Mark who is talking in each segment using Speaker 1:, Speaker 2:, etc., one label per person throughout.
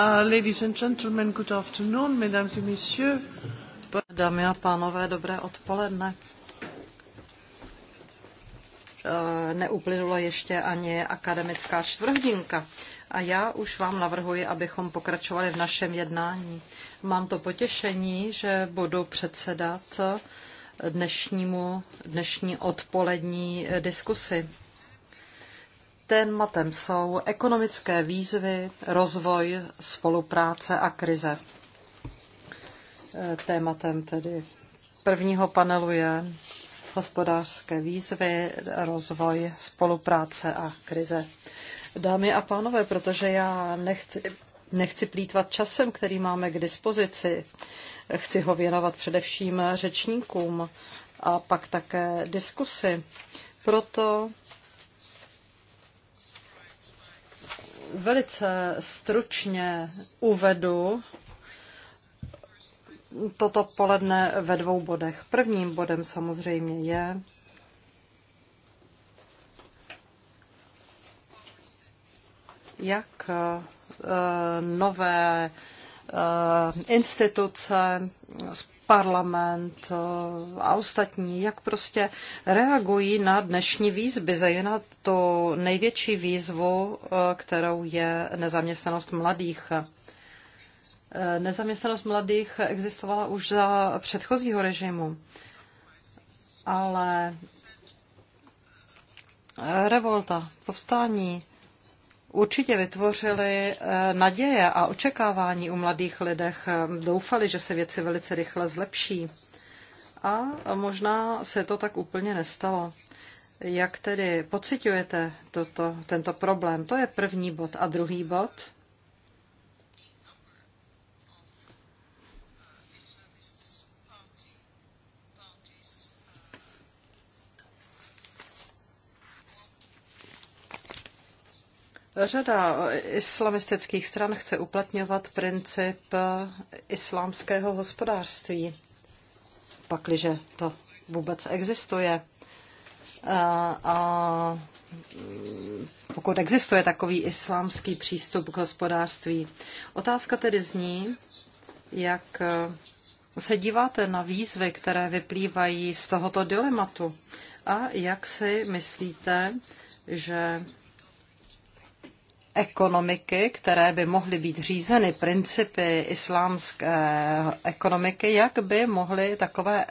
Speaker 1: Uh, ladies and gentlemen, good afternoon, Dámy a pánové, dobré odpoledne. Eh, neuplynula ještě ani akademická čtvrtdinka a já už vám navrhuji, abychom pokračovali v našem jednání. Mám to potěšení, že budu předsedat dnešnímu, dnešní odpolední diskusi tématem jsou ekonomické výzvy, rozvoj, spolupráce a krize. Eh, tématem tedy prvního panelu je hospodářské výzvy, rozvoj, spolupráce a krize. Dámy a pánové, protože já nechci, nechci plítvat časem, který máme k dispozici, chci ho věnovat především řečníkům a pak také diskusy. Proto Velice stručně uvedu toto poledne ve dvou bodech. Prvním bodem samozřejmě je jak eh, nové eh, instituce parlament eh, a ostatní, jak prostě reagují na dnešní výzvy, zejména tu největší výzvu, eh, kterou je nezaměstnanost mladých. Eh, nezaměstnanost mladých existovala už za předchozího režimu, ale revolta, povstání určitě vytvořily eh, naděje a očekávání u mladých lidech. Doufali, že se věci velice rychle zlepší. A možná se to tak úplně nestalo. Jak tedy pociťujete toto, tento problém? To je první bod. A druhý bod? Řada islamistických stran chce uplatňovat princip islámského hospodářství, pakliže to vůbec existuje. A, a pokud existuje takový islámský přístup k hospodářství. Otázka tedy zní, jak se díváte na výzvy, které vyplývají z tohoto dilematu a jak si myslíte, že ekonomiky, které by mohly být řízeny principy islámské ekonomiky, jak by mohly takové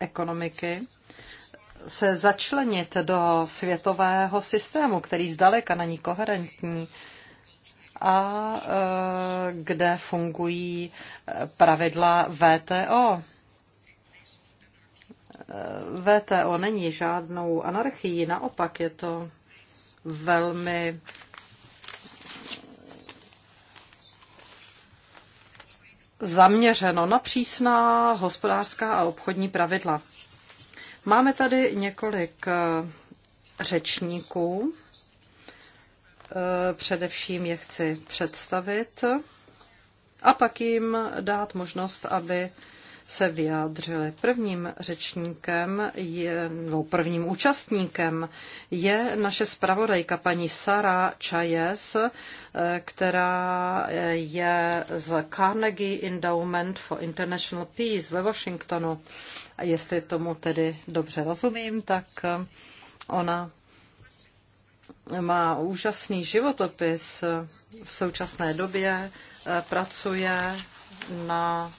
Speaker 1: ekonomiky se začlenit do světového systému, který zdaleka není koherentní a eh, kde fungují eh, pravidla VTO. Eh, VTO není žádnou anarchií, naopak je to velmi zaměřeno na přísná hospodářská a obchodní pravidla. Máme tady několik eh, řečníků. Eh, především je chci představit a pak jim dát možnost, aby se vyjádřili. Prvním řečníkem, je, no, prvním účastníkem je naše zpravodajka paní Sara Čajes, eh, která eh, je z Carnegie Endowment for International Peace ve Washingtonu. A jestli tomu tedy dobře rozumím, tak eh, ona má úžasný životopis. V současné době pracuje na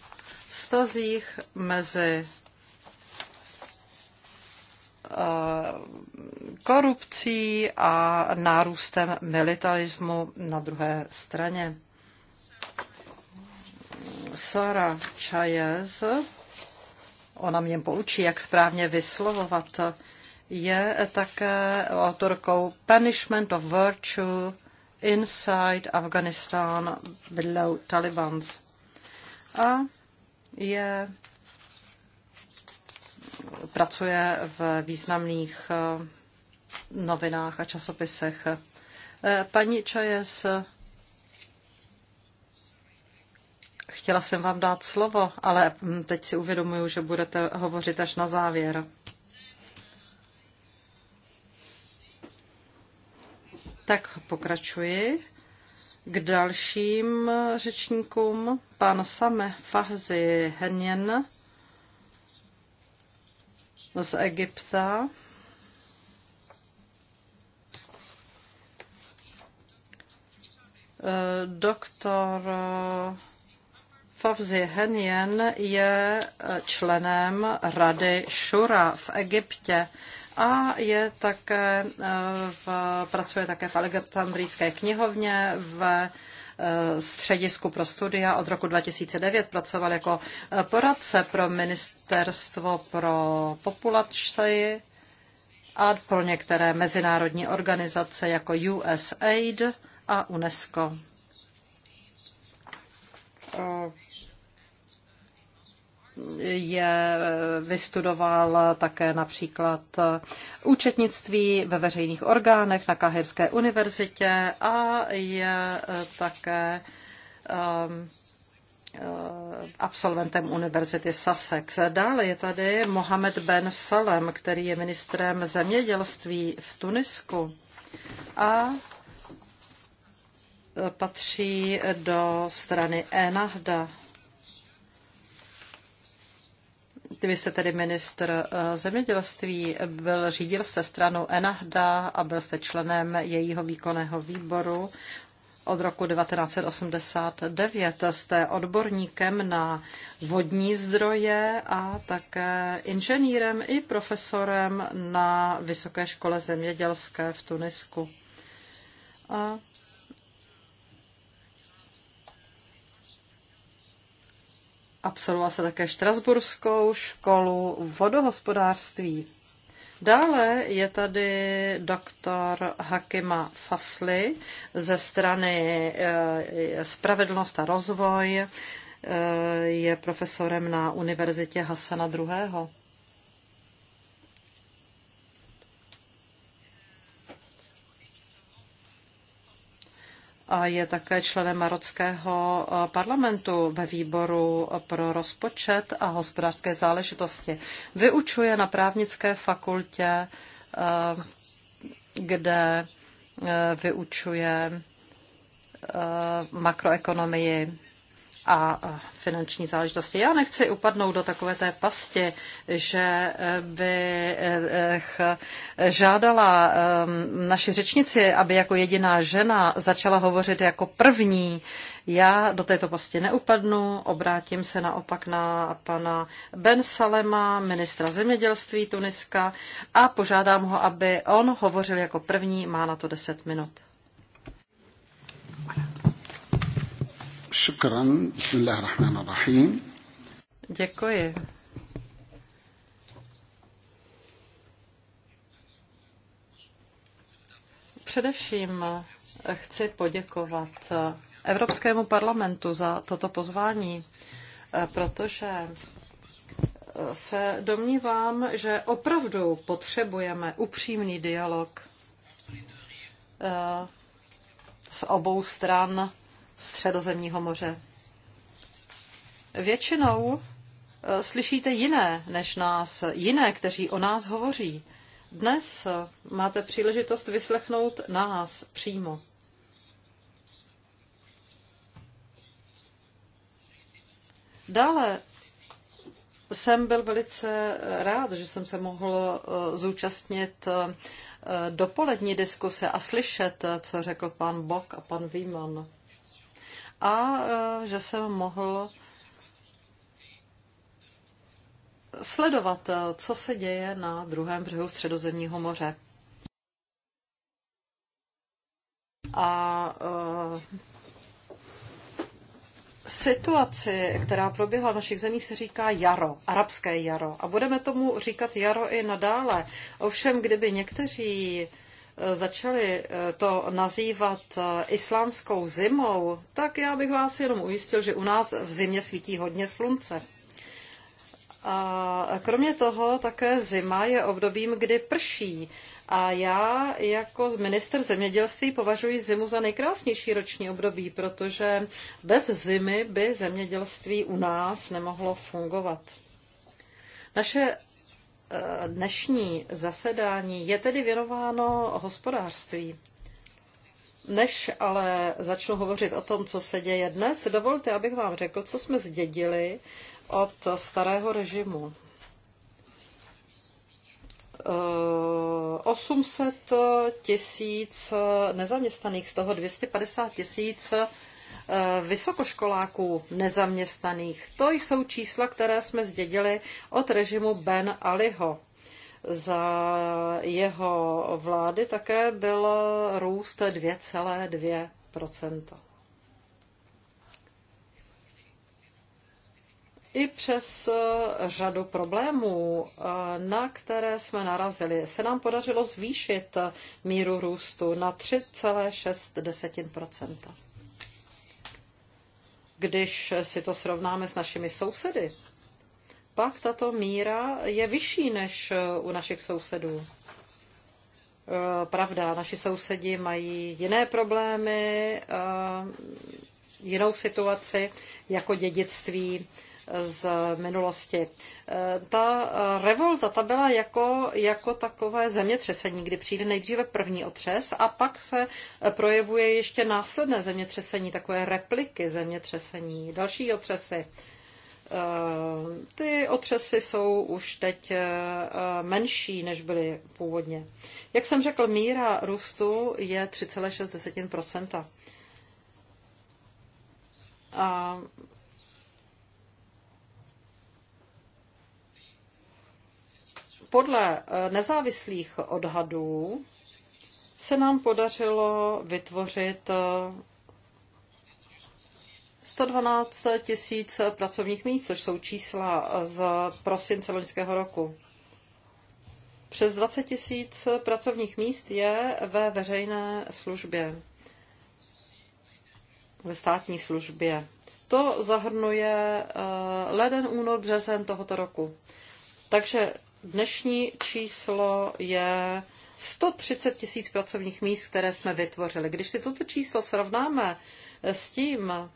Speaker 1: vztazích mezi eh, korupcí a nárůstem militarismu na druhé straně. Sara Chayez, ona mě poučí, jak správně vyslovovat, je také autorkou Punishment of Virtue Inside Afghanistan Below Talibans. A je pracuje v významných eh, novinách a časopisech. Eh, paní Čajes, chtěla jsem vám dát slovo, ale hm, teď si uvědomuju, že budete hovořit až na závěr. Tak pokračuji k dalším řečníkům. Pan Same Fahzi Henjen z Egypta. Doktor Favzi Henjen je členem Rady Šura v Egyptě a je také eh, v, pracuje také v Alexandrijské knihovně v eh, středisku pro studia. Od roku 2009 pracoval jako eh, poradce pro ministerstvo pro populaci a pro některé mezinárodní organizace jako USAID a UNESCO je eh, vystudoval také například eh, účetnictví ve veřejných orgánech na Kahirské univerzitě a je eh, také um, absolventem univerzity Sussex. Dále je tady Mohamed Ben Salem, který je ministrem zemědělství v Tunisku a patří do strany Enahda Vy jste tedy ministr eh, zemědělství, byl, řídil se stranu Enahda a byl jste členem jejího výkonného výboru. Od roku 1989 jste odborníkem na vodní zdroje a také inženýrem i profesorem na Vysoké škole zemědělské v Tunisku. A Absolvoval se také Štrasburskou školu vodohospodářství. Dále je tady doktor Hakima Fasli ze strany eh, Spravedlnost a rozvoj. Eh, je profesorem na Univerzitě Hasana II. a je také členem Marockého eh, parlamentu ve výboru pro rozpočet a hospodářské záležitosti. Vyučuje na právnické fakultě, eh, kde eh, vyučuje makroekonomii a finanční záležitosti. Já nechci upadnout do takové té pasti, že eh, bych eh, žádala eh, naši řečnici, aby jako jediná žena začala hovořit jako první. Já do této pasti neupadnu, obrátím se naopak na pana Ben Salema, ministra zemědělství Tuniska a požádám ho, aby on hovořil jako první, má na to 10 minut. Šukran, Děkuji. Především chci poděkovat Evropskému parlamentu za toto pozvání, protože se domnívám, že opravdu potřebujeme upřímný dialog eh, s obou stran Středozemního moře. Většinou eh, slyšíte jiné než nás, jiné, kteří o nás hovoří. Dnes eh, máte příležitost vyslechnout nás přímo. Dále jsem byl velice eh, rád, že jsem se mohl zúčastnit dopolední diskuse a slyšet, co řekl pan Bok a pan Výman a e, že jsem mohl sledovat, e, co se děje na druhém břehu Středozemního moře. A e, situaci, která proběhla v našich zemích, se říká jaro, arabské jaro. A budeme tomu říkat jaro i nadále. Ovšem, kdyby někteří začali eh, to nazývat eh, islámskou zimou, tak já bych vás jenom ujistil, že u nás v zimě svítí hodně slunce. A kromě toho také zima je obdobím, kdy prší. A já jako minister zemědělství považuji zimu za nejkrásnější roční období, protože bez zimy by zemědělství u nás nemohlo fungovat. Naše dnešní zasedání je tedy věnováno hospodářství. Než ale začnu hovořit o tom, co se děje dnes, dovolte, abych vám řekl, co jsme zdědili od starého režimu. 800 eh, tisíc nezaměstnaných, z toho 250 tisíc Eh, vysokoškoláků nezaměstnaných. To jsou čísla, které jsme zdědili od režimu Ben Aliho. Za jeho vlády také byl růst 2,2 I přes eh, řadu problémů, eh, na které jsme narazili, se nám podařilo zvýšit míru růstu na 3,6 když si to srovnáme s našimi sousedy, pak tato míra je vyšší než u našich sousedů. Eh, pravda, naši sousedi mají jiné problémy, eh, jinou situaci jako dědictví z minulosti. E, ta revolta, ta byla jako, jako takové zemětřesení, kdy přijde nejdříve první otřes a pak se projevuje ještě následné zemětřesení, takové repliky zemětřesení, další otřesy. E, ty otřesy jsou už teď e, menší, než byly původně. Jak jsem řekl, míra růstu je 3,6 a Podle eh, nezávislých odhadů se nám podařilo vytvořit 112 eh, tisíc pracovních míst, což jsou čísla eh, z prosince loňského roku. Přes 20 tisíc pracovních míst je ve veřejné službě, ve státní službě. To zahrnuje leden, únor, březen tohoto roku. Takže Dnešní číslo je 130 tisíc pracovních míst, které jsme vytvořili. Když si toto číslo srovnáme s tím, eh,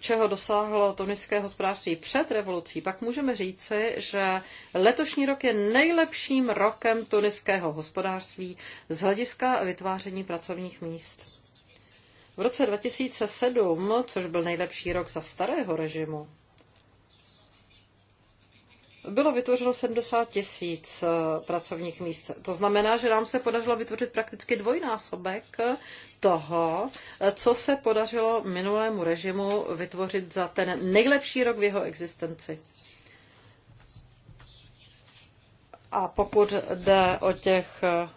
Speaker 1: čeho dosáhlo tuniské hospodářství před revolucí, pak můžeme říci, že letošní rok je nejlepším rokem tuniského hospodářství z hlediska vytváření pracovních míst. V roce 2007, což byl nejlepší rok za starého režimu, bylo vytvořeno 70 tisíc eh, pracovních míst. To znamená, že nám se podařilo vytvořit prakticky dvojnásobek toho, eh, co se podařilo minulému režimu vytvořit za ten nejlepší rok v jeho existenci. A pokud jde o těch eh,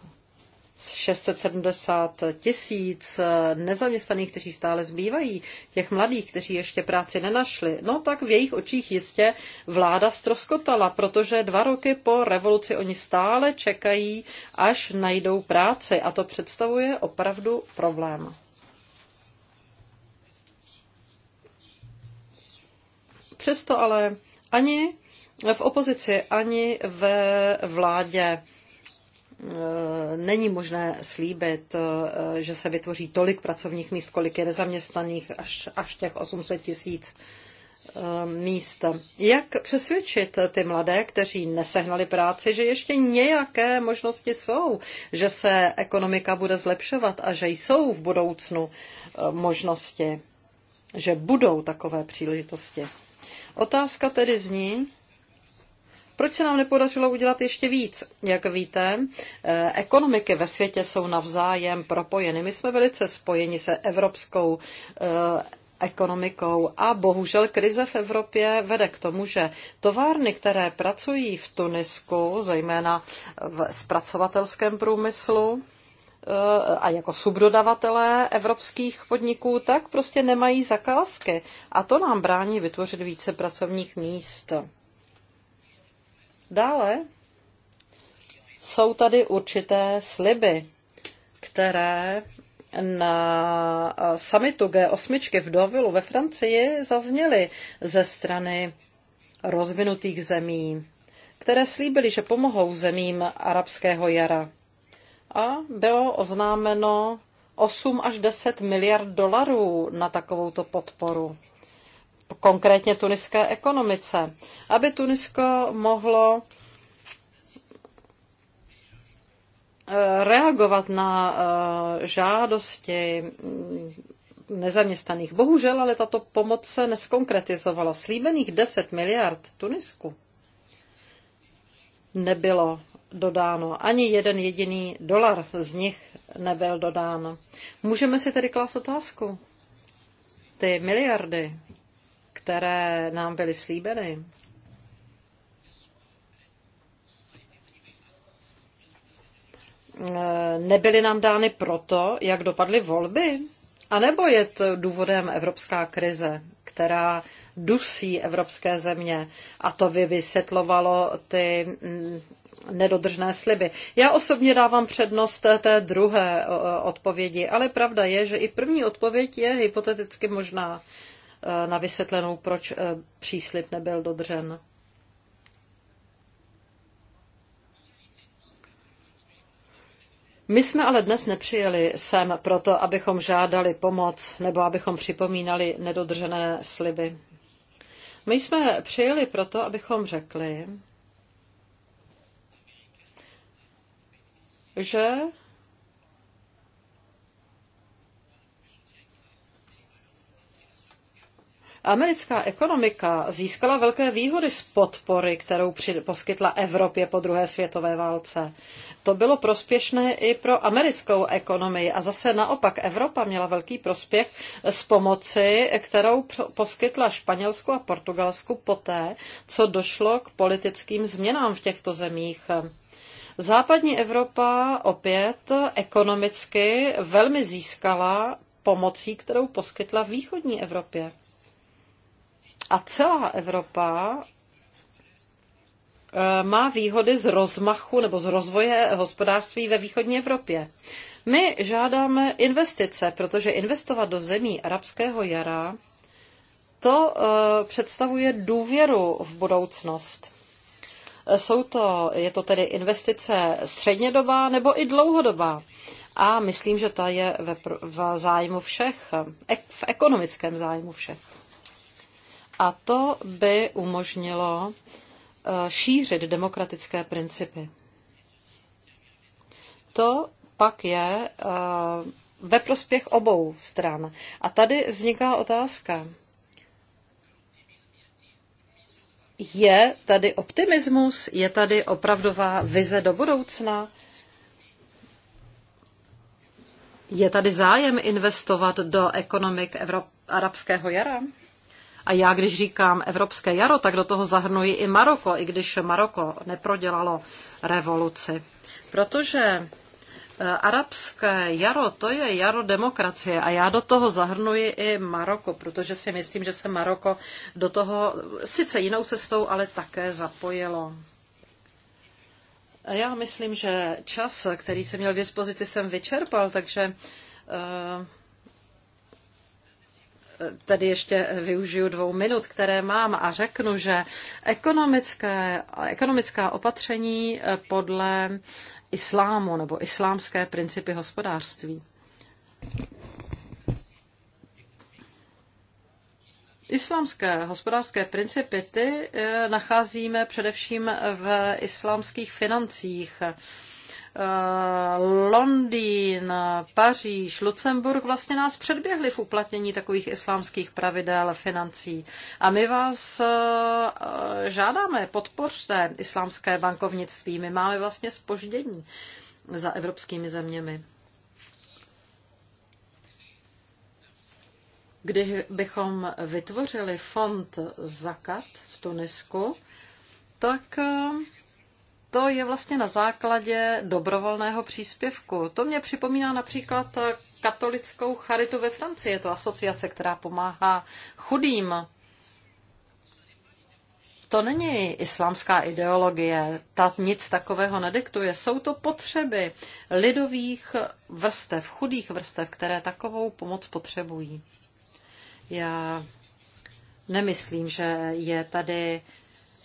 Speaker 1: 670 tisíc nezaměstnaných, kteří stále zbývají, těch mladých, kteří ještě práci nenašli, no tak v jejich očích jistě vláda stroskotala, protože dva roky po revoluci oni stále čekají, až najdou práci a to představuje opravdu problém. Přesto ale ani v opozici, ani ve vládě Eh, není možné slíbit, eh, že se vytvoří tolik pracovních míst, kolik je nezaměstnaných, až, až těch 800 tisíc eh, míst. Jak přesvědčit ty mladé, kteří nesehnali práci, že ještě nějaké možnosti jsou, že se ekonomika bude zlepšovat a že jsou v budoucnu možnosti, že budou takové příležitosti? Otázka tedy zní, proč se nám nepodařilo udělat ještě víc? Jak víte, eh, ekonomiky ve světě jsou navzájem propojeny. My jsme velice spojeni se evropskou eh, ekonomikou a bohužel krize v Evropě vede k tomu, že továrny, které pracují v Tunisku, zejména v zpracovatelském průmyslu, eh, a jako subdodavatelé evropských podniků, tak prostě nemají zakázky. A to nám brání vytvořit více pracovních míst. Dále jsou tady určité sliby, které na eh, samitu G8 v Dovilu ve Francii zazněly ze strany rozvinutých zemí, které slíbily, že pomohou zemím arabského jara. A bylo oznámeno 8 až 10 miliard dolarů na takovouto podporu konkrétně tuniské ekonomice, aby Tunisko mohlo eh, reagovat na eh, žádosti mm, nezaměstnaných. Bohužel, ale tato pomoc se neskonkretizovala. Slíbených 10 miliard Tunisku nebylo dodáno. Ani jeden jediný dolar z nich nebyl dodán. Můžeme si tedy klást otázku. Ty miliardy které nám byly slíbeny. Eh, nebyly nám dány proto, jak dopadly volby? A nebo je to důvodem evropská krize, která dusí evropské země a to by vysvětlovalo ty mm, nedodržné sliby. Já osobně dávám přednost té druhé odpovědi, ale pravda je, že i první odpověď je hypoteticky možná. Eh, na vysvětlenou, proč eh, příslip nebyl dodržen. My jsme ale dnes nepřijeli sem proto, abychom žádali pomoc nebo abychom připomínali nedodržené sliby. My jsme přijeli proto, abychom řekli, že Americká ekonomika získala velké výhody z podpory, kterou poskytla Evropě po druhé světové válce. To bylo prospěšné i pro americkou ekonomii a zase naopak Evropa měla velký prospěch z pomoci, kterou poskytla Španělsku a Portugalsku poté, co došlo k politickým změnám v těchto zemích. Západní Evropa opět ekonomicky velmi získala pomocí, kterou poskytla východní Evropě. A celá Evropa eh, má výhody z rozmachu nebo z rozvoje hospodářství ve východní Evropě. My žádáme investice, protože investovat do zemí arabského jara, to eh, představuje důvěru v budoucnost. Eh, jsou to, je to tedy investice střednědobá nebo i dlouhodobá. A myslím, že ta je ve, v zájmu všech, v ekonomickém zájmu všech a to by umožnilo eh, šířit demokratické principy. To pak je eh, ve prospěch obou stran. A tady vzniká otázka. Je tady optimismus? Je tady opravdová vize do budoucna? Je tady zájem investovat do ekonomik Evrop- arabského jara? A já, když říkám Evropské jaro, tak do toho zahrnuji i Maroko, i když Maroko neprodělalo revoluci. Protože e, arabské jaro, to je jaro demokracie a já do toho zahrnuji i Maroko, protože si myslím, že se Maroko do toho sice jinou cestou, ale také zapojilo. Já myslím, že čas, který jsem měl k dispozici, jsem vyčerpal, takže uh, tady ještě využiju dvou minut, které mám a řeknu, že ekonomické, ekonomická opatření eh, podle islámu nebo islámské principy hospodářství. Islámské hospodářské principy ty eh, nacházíme především v islámských financích Eh, Londýn, Paříž, Lucemburg vlastně nás předběhli v uplatnění takových islámských pravidel financí. A my vás eh, žádáme, podpořte islámské bankovnictví. My máme vlastně spoždění za evropskými zeměmi. Kdybychom vytvořili fond Zakat v Tunisku, tak eh, to je vlastně na základě dobrovolného příspěvku. To mě připomíná například katolickou charitu ve Francii. Je to asociace, která pomáhá chudým. To není islámská ideologie, ta nic takového nediktuje. Jsou to potřeby lidových vrstev, chudých vrstev, které takovou pomoc potřebují. Já nemyslím, že je tady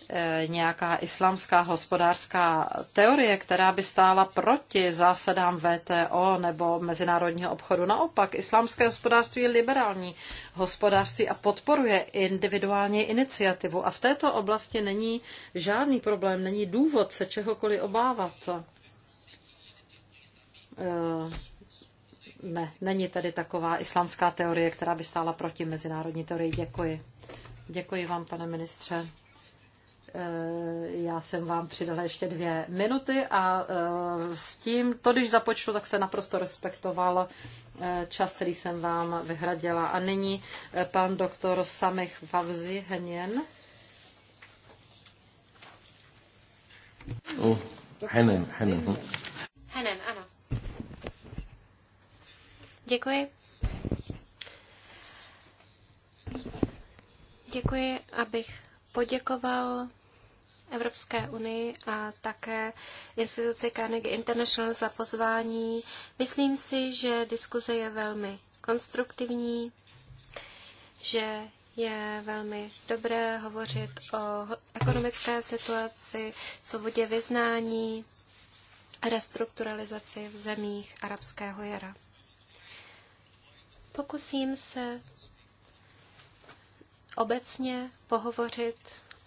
Speaker 1: Eh, nějaká islámská hospodářská teorie, která by stála proti zásadám VTO nebo mezinárodního obchodu. Naopak, islámské hospodářství je liberální hospodářství a podporuje individuální iniciativu. A v této oblasti není žádný problém, není důvod se čehokoliv obávat. Eh, ne, není tady taková islámská teorie, která by stála proti mezinárodní teorii. Děkuji. Děkuji vám, pane ministře. Eh, já jsem vám přidala ještě dvě minuty a eh, s tím, to když započtu, tak jste naprosto respektoval eh, čas, který jsem vám vyhradila. A nyní pan doktor Samich Vavzi Heněn. Oh, Henen, Henen. Hm? Henen, ano.
Speaker 2: Děkuji. Děkuji, abych poděkoval Evropské unii a také instituci Carnegie International za pozvání. Myslím si, že diskuze je velmi konstruktivní, že je velmi dobré hovořit o ekonomické situaci, svobodě vyznání, restrukturalizaci v zemích arabského jara. Pokusím se obecně pohovořit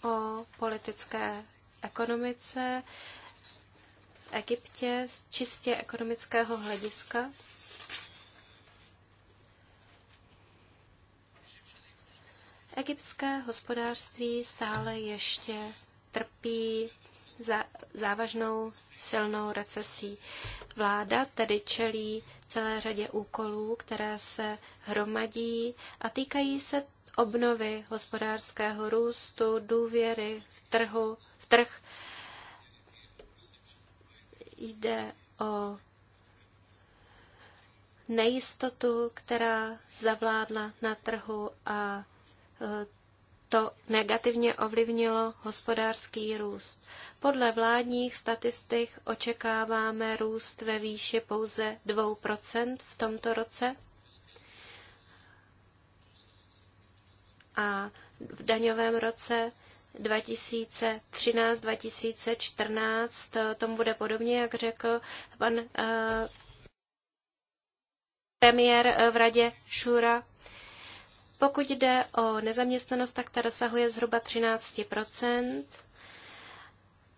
Speaker 2: o politické ekonomice v Egyptě z čistě ekonomického hlediska. Egyptské hospodářství stále ještě trpí za závažnou silnou recesí. Vláda tedy čelí celé řadě úkolů, které se hromadí a týkají se obnovy hospodářského růstu, důvěry v, trhu, v trh. Jde o nejistotu, která zavládla na trhu a e, to negativně ovlivnilo hospodářský růst. Podle vládních statistik očekáváme růst ve výši pouze 2 v tomto roce. a v daňovém roce 2013-2014 tomu bude podobně, jak řekl pan uh, premiér eh, v radě Šura. Pokud jde o nezaměstnanost, tak ta dosahuje zhruba 13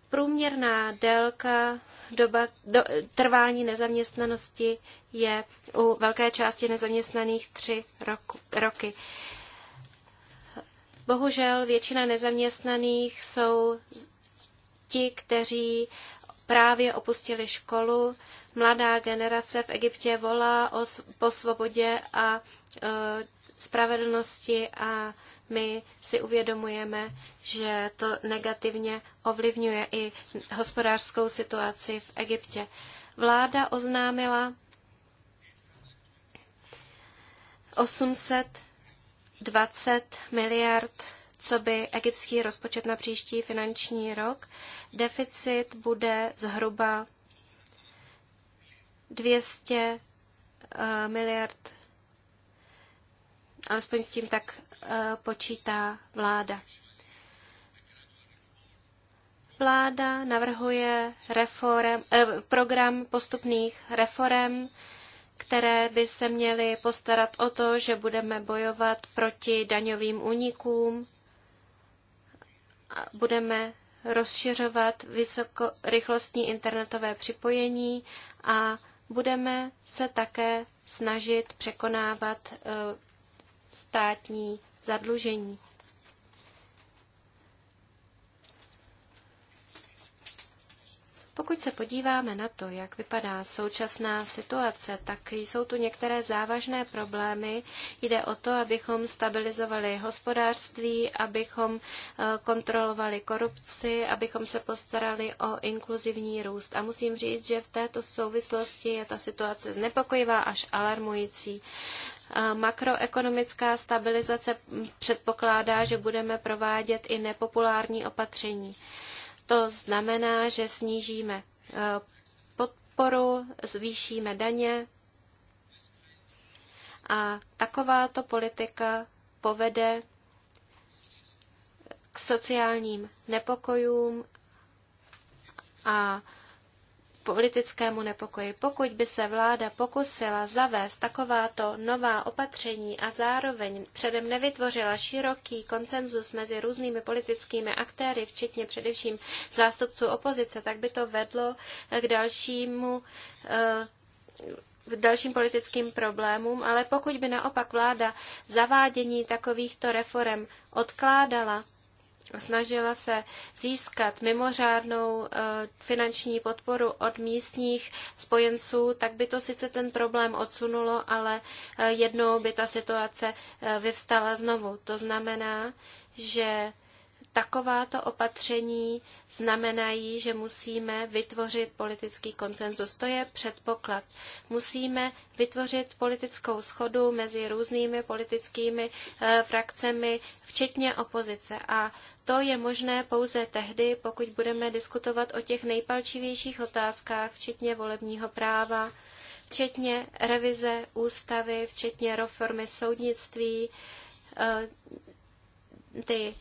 Speaker 2: Průměrná délka doba, do, trvání nezaměstnanosti je u velké části nezaměstnaných 3 roku, roky. Uh, Bohužel většina nezaměstnaných jsou ti, kteří právě opustili školu. Mladá generace v Egyptě volá o, po svobodě a e, spravedlnosti a my si uvědomujeme, že to negativně ovlivňuje i hospodářskou situaci v Egyptě. Vláda oznámila 800 20 miliard, co by egyptský rozpočet na příští finanční rok. Deficit bude zhruba 200 eh, miliard, alespoň s tím tak eh, počítá vláda. Vláda navrhuje reform, eh, program postupných reform, které by se měly postarat o to, že budeme bojovat proti daňovým únikům, budeme rozšiřovat vysokorychlostní internetové připojení a budeme se také snažit překonávat eh, státní zadlužení. Pokud se podíváme na to, jak vypadá současná situace, tak jsou tu některé závažné problémy. Jde o to, abychom stabilizovali hospodářství, abychom e, kontrolovali korupci, abychom se postarali o inkluzivní růst. A musím říct, že v této souvislosti je ta situace znepokojivá až alarmující. E, makroekonomická stabilizace předpokládá, že budeme provádět i nepopulární opatření. To znamená, že snížíme eh, podporu, zvýšíme daně a takováto politika povede k sociálním nepokojům a politickému nepokoji. Pokud by se vláda pokusila zavést takováto nová opatření a zároveň předem nevytvořila široký konsenzus mezi různými politickými aktéry, včetně především zástupců opozice, tak by to vedlo eh, k dalšímu eh, k dalším politickým problémům, ale pokud by naopak vláda zavádění takovýchto reform odkládala, snažila se získat mimořádnou eh, finanční podporu od místních spojenců, tak by to sice ten problém odsunulo, ale eh, jednou by ta situace eh, vyvstala znovu. To znamená, že takováto opatření znamenají, že musíme vytvořit politický konsenzus. To je předpoklad. Musíme vytvořit politickou schodu mezi různými politickými eh, frakcemi, včetně opozice. A to je možné pouze tehdy, pokud budeme diskutovat o těch nejpalčivějších otázkách, včetně volebního práva, včetně revize ústavy, včetně reformy soudnictví, eh, ty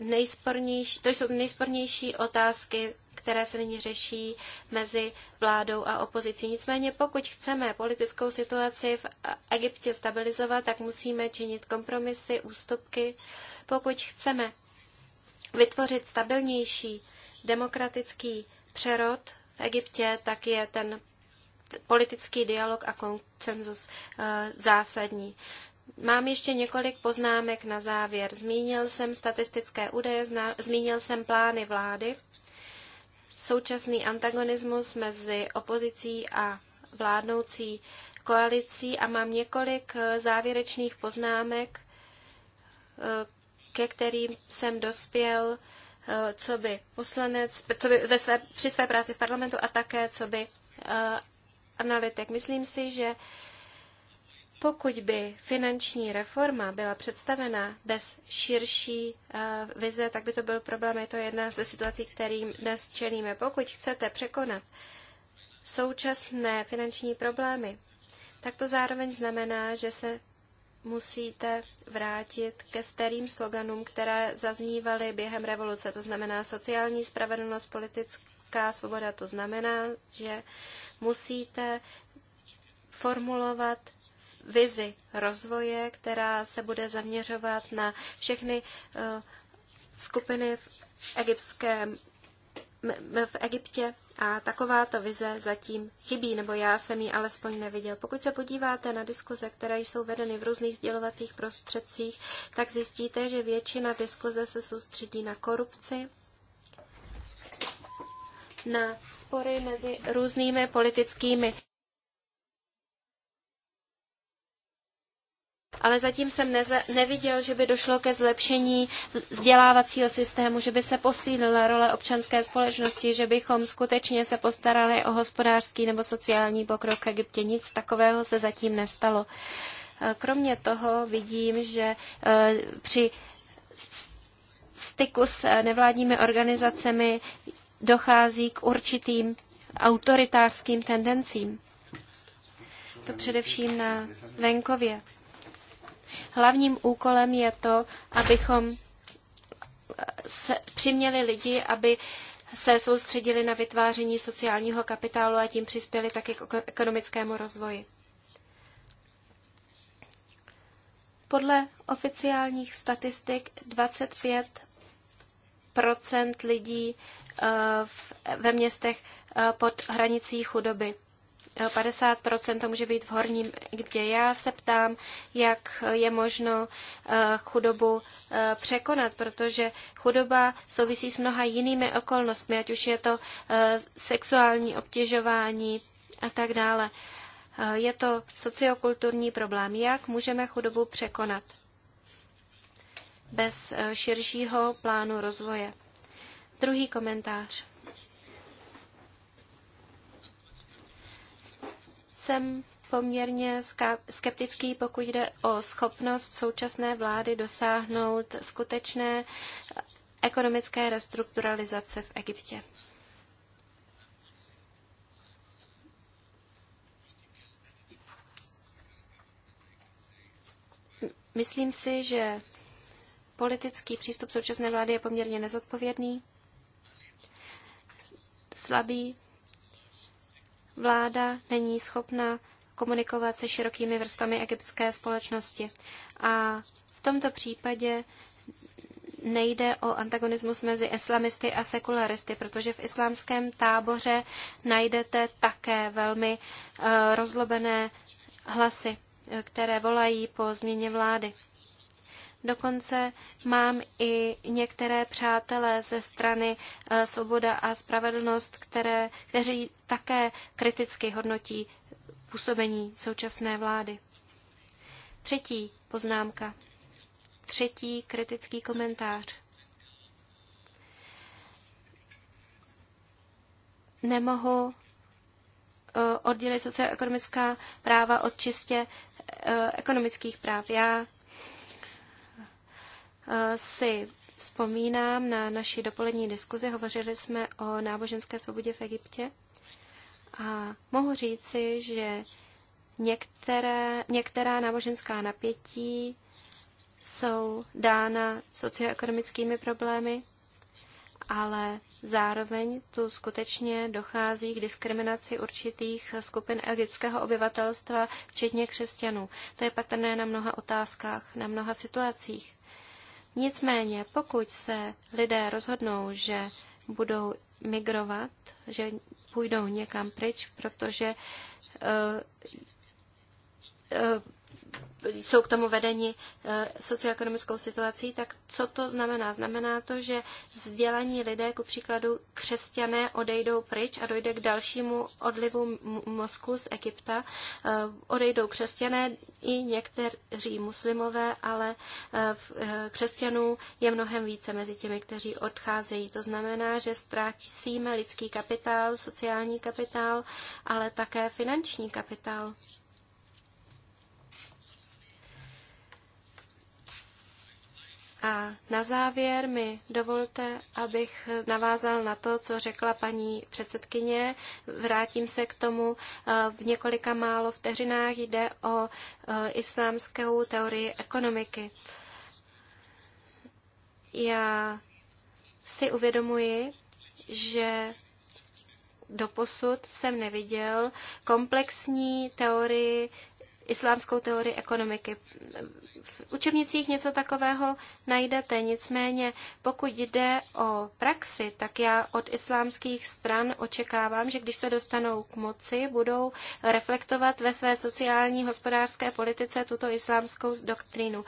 Speaker 2: nejspornější, to jsou nejspornější otázky, které se nyní řeší mezi vládou a opozicí. Nicméně pokud chceme politickou situaci v Egyptě stabilizovat, tak musíme činit kompromisy, ústupky. Pokud chceme vytvořit stabilnější demokratický přerod v Egyptě, tak je ten politický dialog a koncenzus eh, zásadní. Mám ještě několik poznámek na závěr. Zmínil jsem statistické údaje, zmínil jsem plány vlády, současný antagonismus mezi opozicí a vládnoucí koalicí a mám několik eh, závěrečných poznámek, eh, ke kterým jsem dospěl eh, co by poslanec, co by ve své, při své práci v parlamentu a také co by analytik. Myslím si, že pokud by finanční reforma byla představena bez širší uh, vize, tak by to byl problém. Je to jedna ze situací, kterým dnes čelíme. Pokud chcete překonat současné finanční problémy, tak to zároveň znamená, že se musíte vrátit ke starým sloganům, které zaznívaly během revoluce. To znamená sociální spravedlnost, politická svoboda. To znamená, že musíte formulovat vizi rozvoje, která se bude zaměřovat na všechny eh, skupiny v egyptském v Egyptě a takováto vize zatím chybí, nebo já jsem ji alespoň neviděl. Pokud se podíváte na diskuze, které jsou vedeny v různých sdělovacích prostředcích, tak zjistíte, že většina diskuze se soustředí na korupci, na spory mezi různými politickými ale zatím jsem neze- neviděl, že by došlo ke zlepšení vzdělávacího systému, že by se posílila role občanské společnosti, že bychom skutečně se postarali o hospodářský nebo sociální pokrok Egyptě. Nic takového se zatím nestalo. Eh, kromě toho vidím, že eh, při styku s eh, nevládními organizacemi dochází k určitým autoritářským tendencím. To především na venkově. Hlavním úkolem je to, abychom se přiměli lidi, aby se soustředili na vytváření sociálního kapitálu a tím přispěli také k ekonomickému rozvoji. Podle oficiálních statistik 25 lidí eh, ve městech eh, pod hranicí chudoby. 50%, to může být v horním, kde já se ptám, jak je možno eh, chudobu eh, překonat, protože chudoba souvisí s mnoha jinými okolnostmi, ať už je to eh, sexuální obtěžování a tak dále. Je to sociokulturní problém. Jak můžeme chudobu překonat bez širšího plánu rozvoje? Druhý komentář. jsem poměrně skeptický, pokud jde o schopnost současné vlády dosáhnout skutečné ekonomické restrukturalizace v Egyptě. Myslím si, že politický přístup současné vlády je poměrně nezodpovědný, slabý, vláda není schopna komunikovat se širokými vrstami egyptské společnosti. A v tomto případě nejde o antagonismus mezi islamisty a sekularisty, protože v islámském táboře najdete také velmi eh, rozlobené hlasy, eh, které volají po změně vlády. Dokonce mám i některé přátelé ze strany eh, Svoboda a Spravedlnost, které, kteří také kriticky hodnotí působení současné vlády. Třetí poznámka. Třetí kritický komentář. Nemohu eh, oddělit socioekonomická práva od čistě eh, ekonomických práv. Já si vzpomínám na naši dopolední diskuzi, hovořili jsme o náboženské svobodě v Egyptě a mohu říci, že některé, některá náboženská napětí jsou dána socioekonomickými problémy, ale zároveň tu skutečně dochází k diskriminaci určitých skupin egyptského obyvatelstva, včetně křesťanů. To je patrné na mnoha otázkách, na mnoha situacích. Nicméně, pokud se lidé rozhodnou, že budou migrovat, že půjdou někam pryč, protože uh, uh, jsou k tomu vedeni eh, socioekonomickou situací, tak co to znamená? Znamená to, že vzdělaní lidé, ku příkladu křesťané, odejdou pryč a dojde k dalšímu odlivu mozku z Egypta. Eh, odejdou křesťané i někteří muslimové, ale eh, křesťanů je mnohem více mezi těmi, kteří odcházejí. To znamená, že ztrácíme lidský kapitál, sociální kapitál, ale také finanční kapitál. A na závěr mi dovolte, abych navázal na to, co řekla paní předsedkyně. Vrátím se k tomu eh, v několika málo vteřinách. Jde o eh, islámskou teorii ekonomiky. Já si uvědomuji, že doposud jsem neviděl komplexní teorii islámskou teorii ekonomiky. V učebnicích něco takového najdete, nicméně pokud jde o praxi, tak já od islámských stran očekávám, že když se dostanou k moci, budou reflektovat ve své sociální hospodářské politice tuto islámskou doktrínu.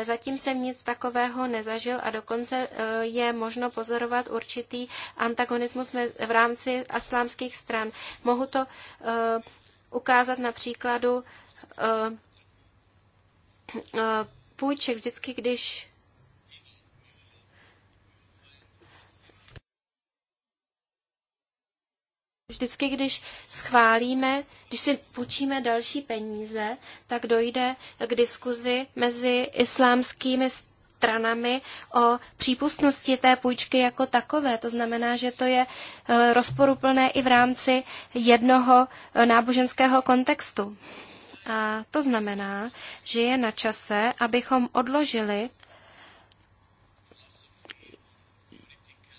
Speaker 2: E, zatím jsem nic takového nezažil a dokonce e, je možno pozorovat určitý antagonismus v rámci islámských stran. Mohu to e, ukázat na příkladu eh, eh, půjček vždycky, když Vždycky, když schválíme, když si půjčíme další peníze, tak dojde k diskuzi mezi islámskými stranami o přípustnosti té půjčky jako takové. To znamená, že to je eh, rozporuplné i v rámci jednoho eh, náboženského kontextu. A to znamená, že je na čase, abychom odložili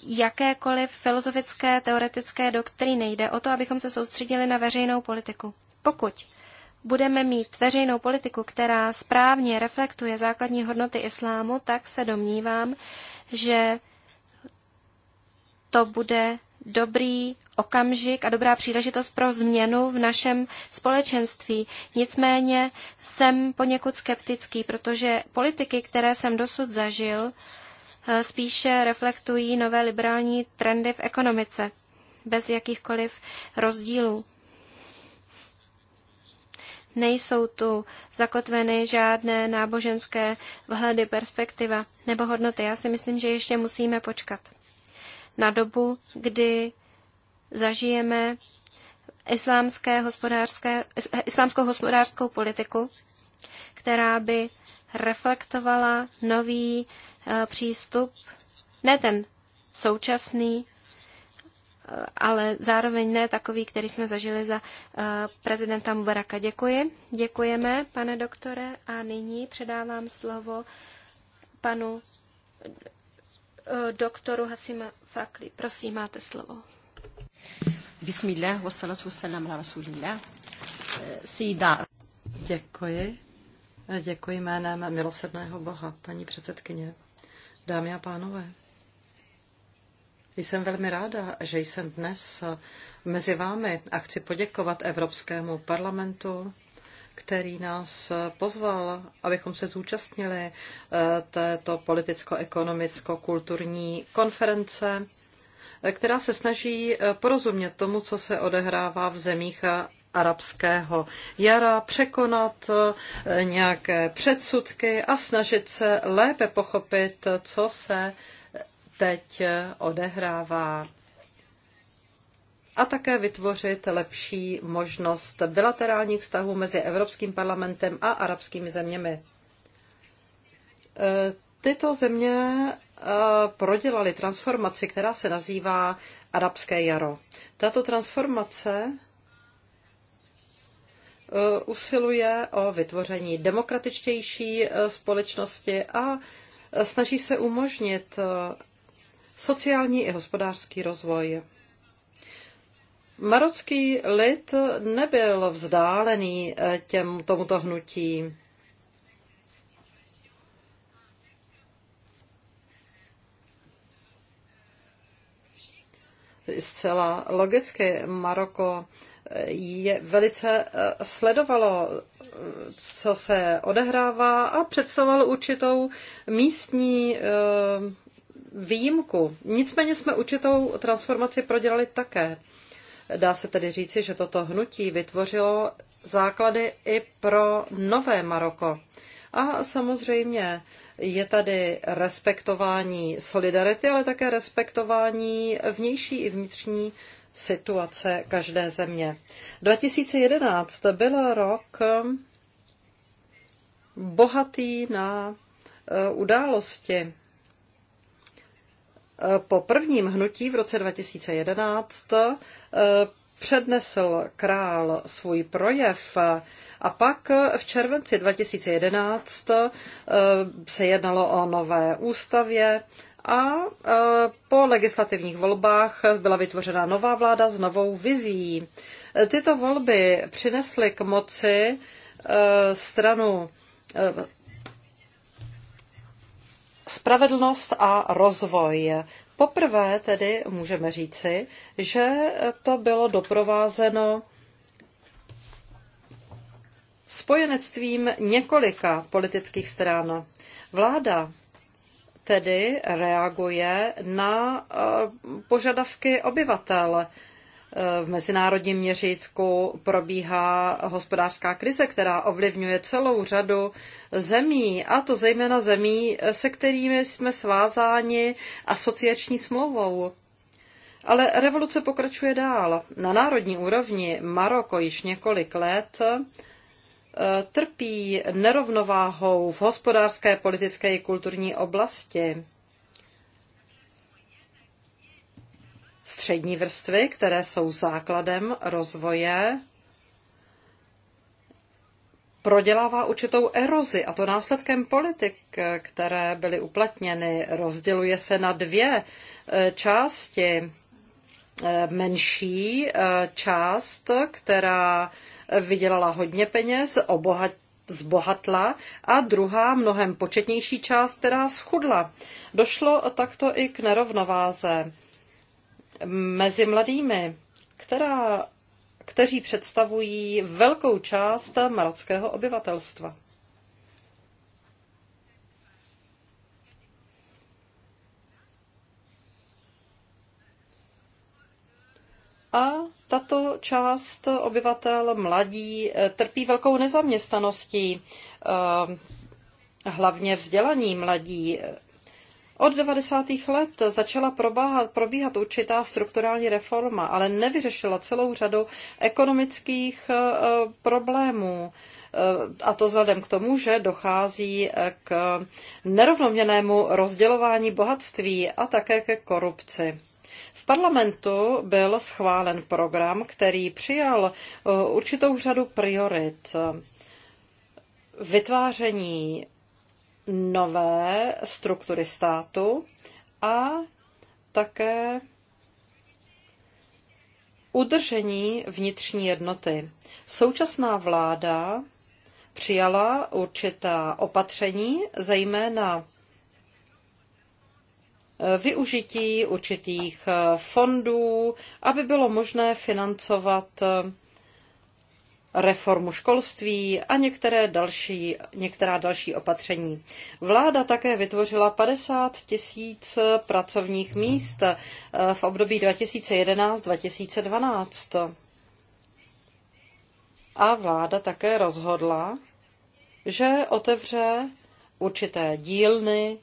Speaker 2: jakékoliv filozofické, teoretické doktríny. Jde o to, abychom se soustředili na veřejnou politiku. Pokud budeme mít veřejnou politiku, která správně reflektuje základní hodnoty islámu, tak se domnívám, že to bude dobrý okamžik a dobrá příležitost pro změnu v našem společenství. Nicméně jsem poněkud skeptický, protože politiky, které jsem dosud zažil, eh, spíše reflektují nové liberální trendy v ekonomice bez jakýchkoliv rozdílů. Nejsou tu zakotveny žádné náboženské vhledy, perspektiva nebo hodnoty. Já si myslím, že ještě musíme počkat na dobu, kdy zažijeme islámské hospodářské, islámskou hospodářskou politiku, která by reflektovala nový eh, přístup, ne ten současný, ale zároveň ne takový, který jsme zažili za eh, prezidenta Mubaraka. Děkuji. Děkujeme, pane doktore, a nyní předávám slovo panu eh, doktoru Hasima Fakli. Prosím, máte slovo.
Speaker 1: Bismillah, wassalatu wassalam ala rasulillah. Eh, Děkuji. Děkuji jménem milosrdného Boha, paní předsedkyně. Dámy a pánové, jsem velmi ráda, že jsem dnes mezi vámi a chci poděkovat Evropskému parlamentu, který nás pozval, abychom se zúčastnili eh, této politicko-ekonomicko-kulturní konference, eh, která se snaží eh, porozumět tomu, co se odehrává v zemích arabského jara, překonat nějaké předsudky a snažit se lépe pochopit, co se teď odehrává a také vytvořit lepší možnost bilaterálních vztahů mezi Evropským parlamentem a arabskými zeměmi. E, tyto země e, prodělaly transformaci, která se nazývá arabské jaro. Tato transformace e, usiluje o vytvoření demokratičtější společnosti a snaží se umožnit sociální i hospodářský rozvoj. Marocký lid nebyl vzdálený eh, těm, tomuto hnutí. Zcela logicky Maroko eh, je velice eh, sledovalo, co se odehrává a představoval určitou místní výjimku. Nicméně jsme určitou transformaci prodělali také. Dá se tedy říci, že toto hnutí vytvořilo základy i pro nové Maroko. A samozřejmě je tady respektování solidarity, ale také respektování vnější i vnitřní situace každé země. 2011 byl rok um, bohatý na uh, události po prvním hnutí v roce 2011 eh, přednesl král svůj projev a pak v červenci 2011 eh, se jednalo o nové ústavě a eh, po legislativních volbách byla vytvořena nová vláda s novou vizí. Tyto volby přinesly k moci stranu spravedlnost a rozvoj. Poprvé tedy můžeme říci, že to bylo doprovázeno spojenectvím několika politických stran. Vláda tedy reaguje na eh, požadavky obyvatel v mezinárodním měřítku probíhá hospodářská krize, která ovlivňuje celou řadu zemí, a to zejména zemí, se kterými jsme svázáni asociační smlouvou. Ale revoluce pokračuje dál. Na národní úrovni Maroko již několik let eh, trpí nerovnováhou v hospodářské, politické i kulturní oblasti. střední vrstvy, které jsou základem rozvoje, prodělává určitou erozi a to následkem politik, které byly uplatněny, rozděluje se na dvě e, části. E, menší e, část, která vydělala hodně peněz, obohat, zbohatla a druhá mnohem početnější část, která schudla. Došlo takto i k nerovnováze mezi mladými, která, kteří představují velkou část marockého obyvatelstva. A tato část obyvatel mladí eh, trpí velkou nezaměstnaností, eh, hlavně vzdělaní mladí eh, od 90. let začala probáhat, probíhat určitá strukturální reforma, ale nevyřešila celou řadu ekonomických e, problémů. E, a to vzhledem k tomu, že dochází k nerovnoměrnému rozdělování bohatství a také ke korupci V parlamentu byl schválen program, který přijal e, určitou řadu priorit. Vytváření nové struktury státu a také udržení vnitřní jednoty. Současná vláda přijala určitá opatření, zejména využití určitých fondů, aby bylo možné financovat reformu školství a některé další, některá další opatření. Vláda také vytvořila 50 tisíc pracovních míst eh, v období 2011-2012. A vláda také rozhodla, že otevře určité dílny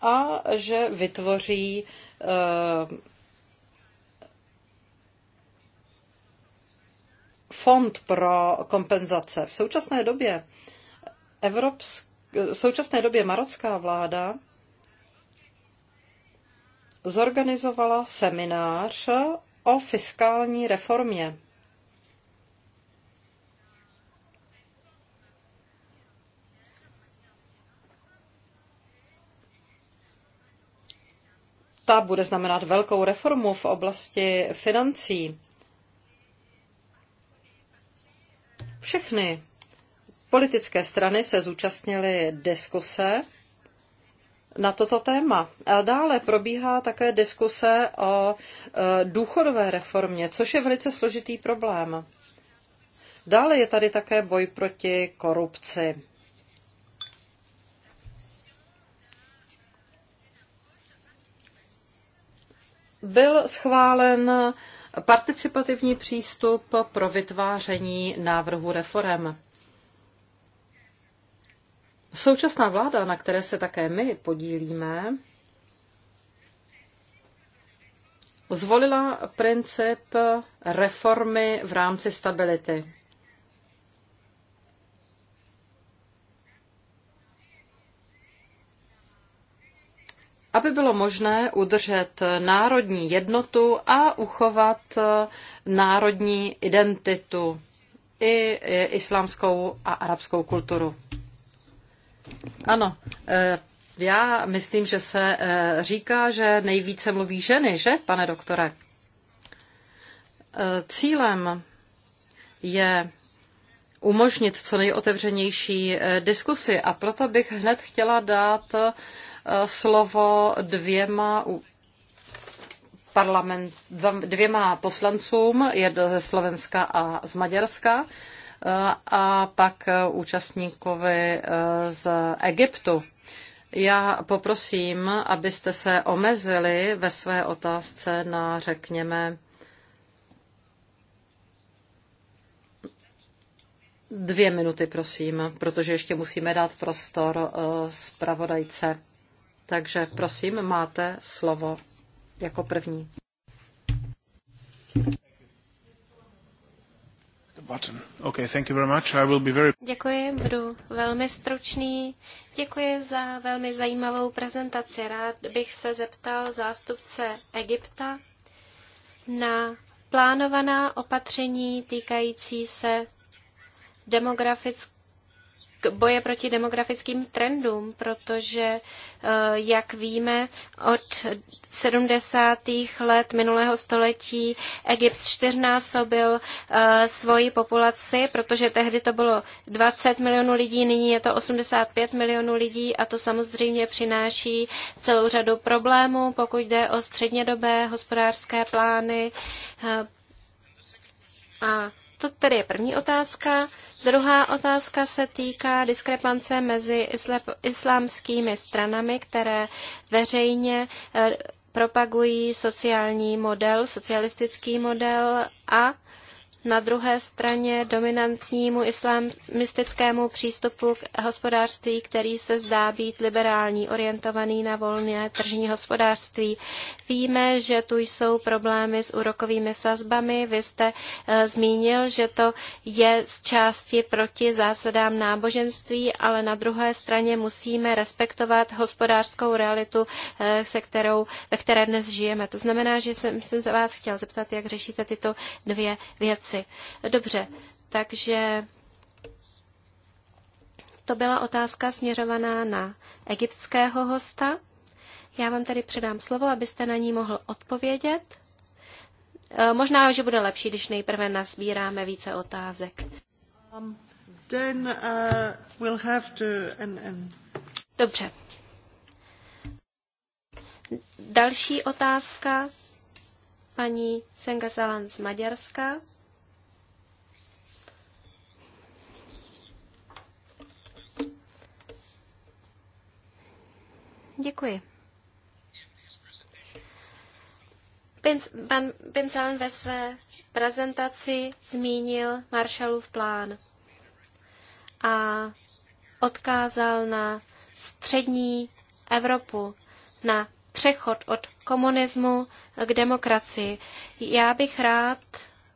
Speaker 1: a že vytvoří eh, fond pro kompenzace. V současné době Evropsk, v současné době marocká vláda zorganizovala seminář o fiskální reformě. ta bude znamenat velkou reformu v oblasti financí. Všechny politické strany se zúčastnily diskuse na toto téma. A dále probíhá také diskuse o e, důchodové reformě, což je velice složitý problém. Dále je tady také boj proti korupci. byl schválen participativní přístup pro vytváření návrhu reform. Současná vláda, na které se také my podílíme, zvolila princip reformy v rámci stability. aby bylo možné udržet národní jednotu a uchovat národní identitu i islámskou a arabskou kulturu. Ano, e, já myslím, že se e, říká, že nejvíce mluví ženy, že, pane doktore? E, cílem je umožnit co nejotevřenější diskusy a proto bych hned chtěla dát Eh, slovo dvěma parlament, dvěma poslancům, jedno ze Slovenska a z Maďarska, eh, a pak eh, účastníkovi z Egyptu. Já poprosím, abyste se omezili ve své otázce na, řekněme, dvě minuty, prosím, protože ještě musíme dát prostor zpravodajce. Takže prosím, máte slovo jako první.
Speaker 2: Okay, very... Děkuji, budu velmi stručný. Děkuji za velmi zajímavou prezentaci. Rád bych se zeptal zástupce Egypta na plánovaná opatření týkající se demografické boje proti demografickým trendům, protože, eh, jak víme, od 70. let minulého století Egypt čtyřnásobil eh, svoji populaci, protože tehdy to bylo 20 milionů lidí, nyní je to 85 milionů lidí a to samozřejmě přináší celou řadu problémů, pokud jde o střednědobé hospodářské plány. Eh, a to tedy je první otázka. Druhá otázka se týká diskrepance mezi islámskými stranami, které veřejně eh, propagují sociální model, socialistický model a na druhé straně dominantnímu islamistickému přístupu k hospodářství, který se zdá být liberální, orientovaný na volné tržní hospodářství. Víme, že tu jsou problémy s úrokovými sazbami. Vy jste e, zmínil, že to je z části proti zásadám náboženství, ale na druhé straně musíme respektovat hospodářskou realitu, e, se kterou, ve které dnes žijeme. To znamená, že jsem se vás chtěl zeptat, jak řešíte tyto dvě věci věci. Dobře, takže to byla otázka směřovaná na egyptského hosta. Já vám tady předám slovo, abyste na ní mohl odpovědět. E, možná, že bude lepší, když nejprve nasbíráme více otázek.
Speaker 1: Um, then, uh, we'll have to, and, and... Dobře. Další otázka
Speaker 2: paní Sengasalan z Maďarska. Děkuji. Pan Pinceln ve své prezentaci zmínil Marshallův plán a odkázal na střední Evropu, na přechod od komunismu k demokracii. Já bych rád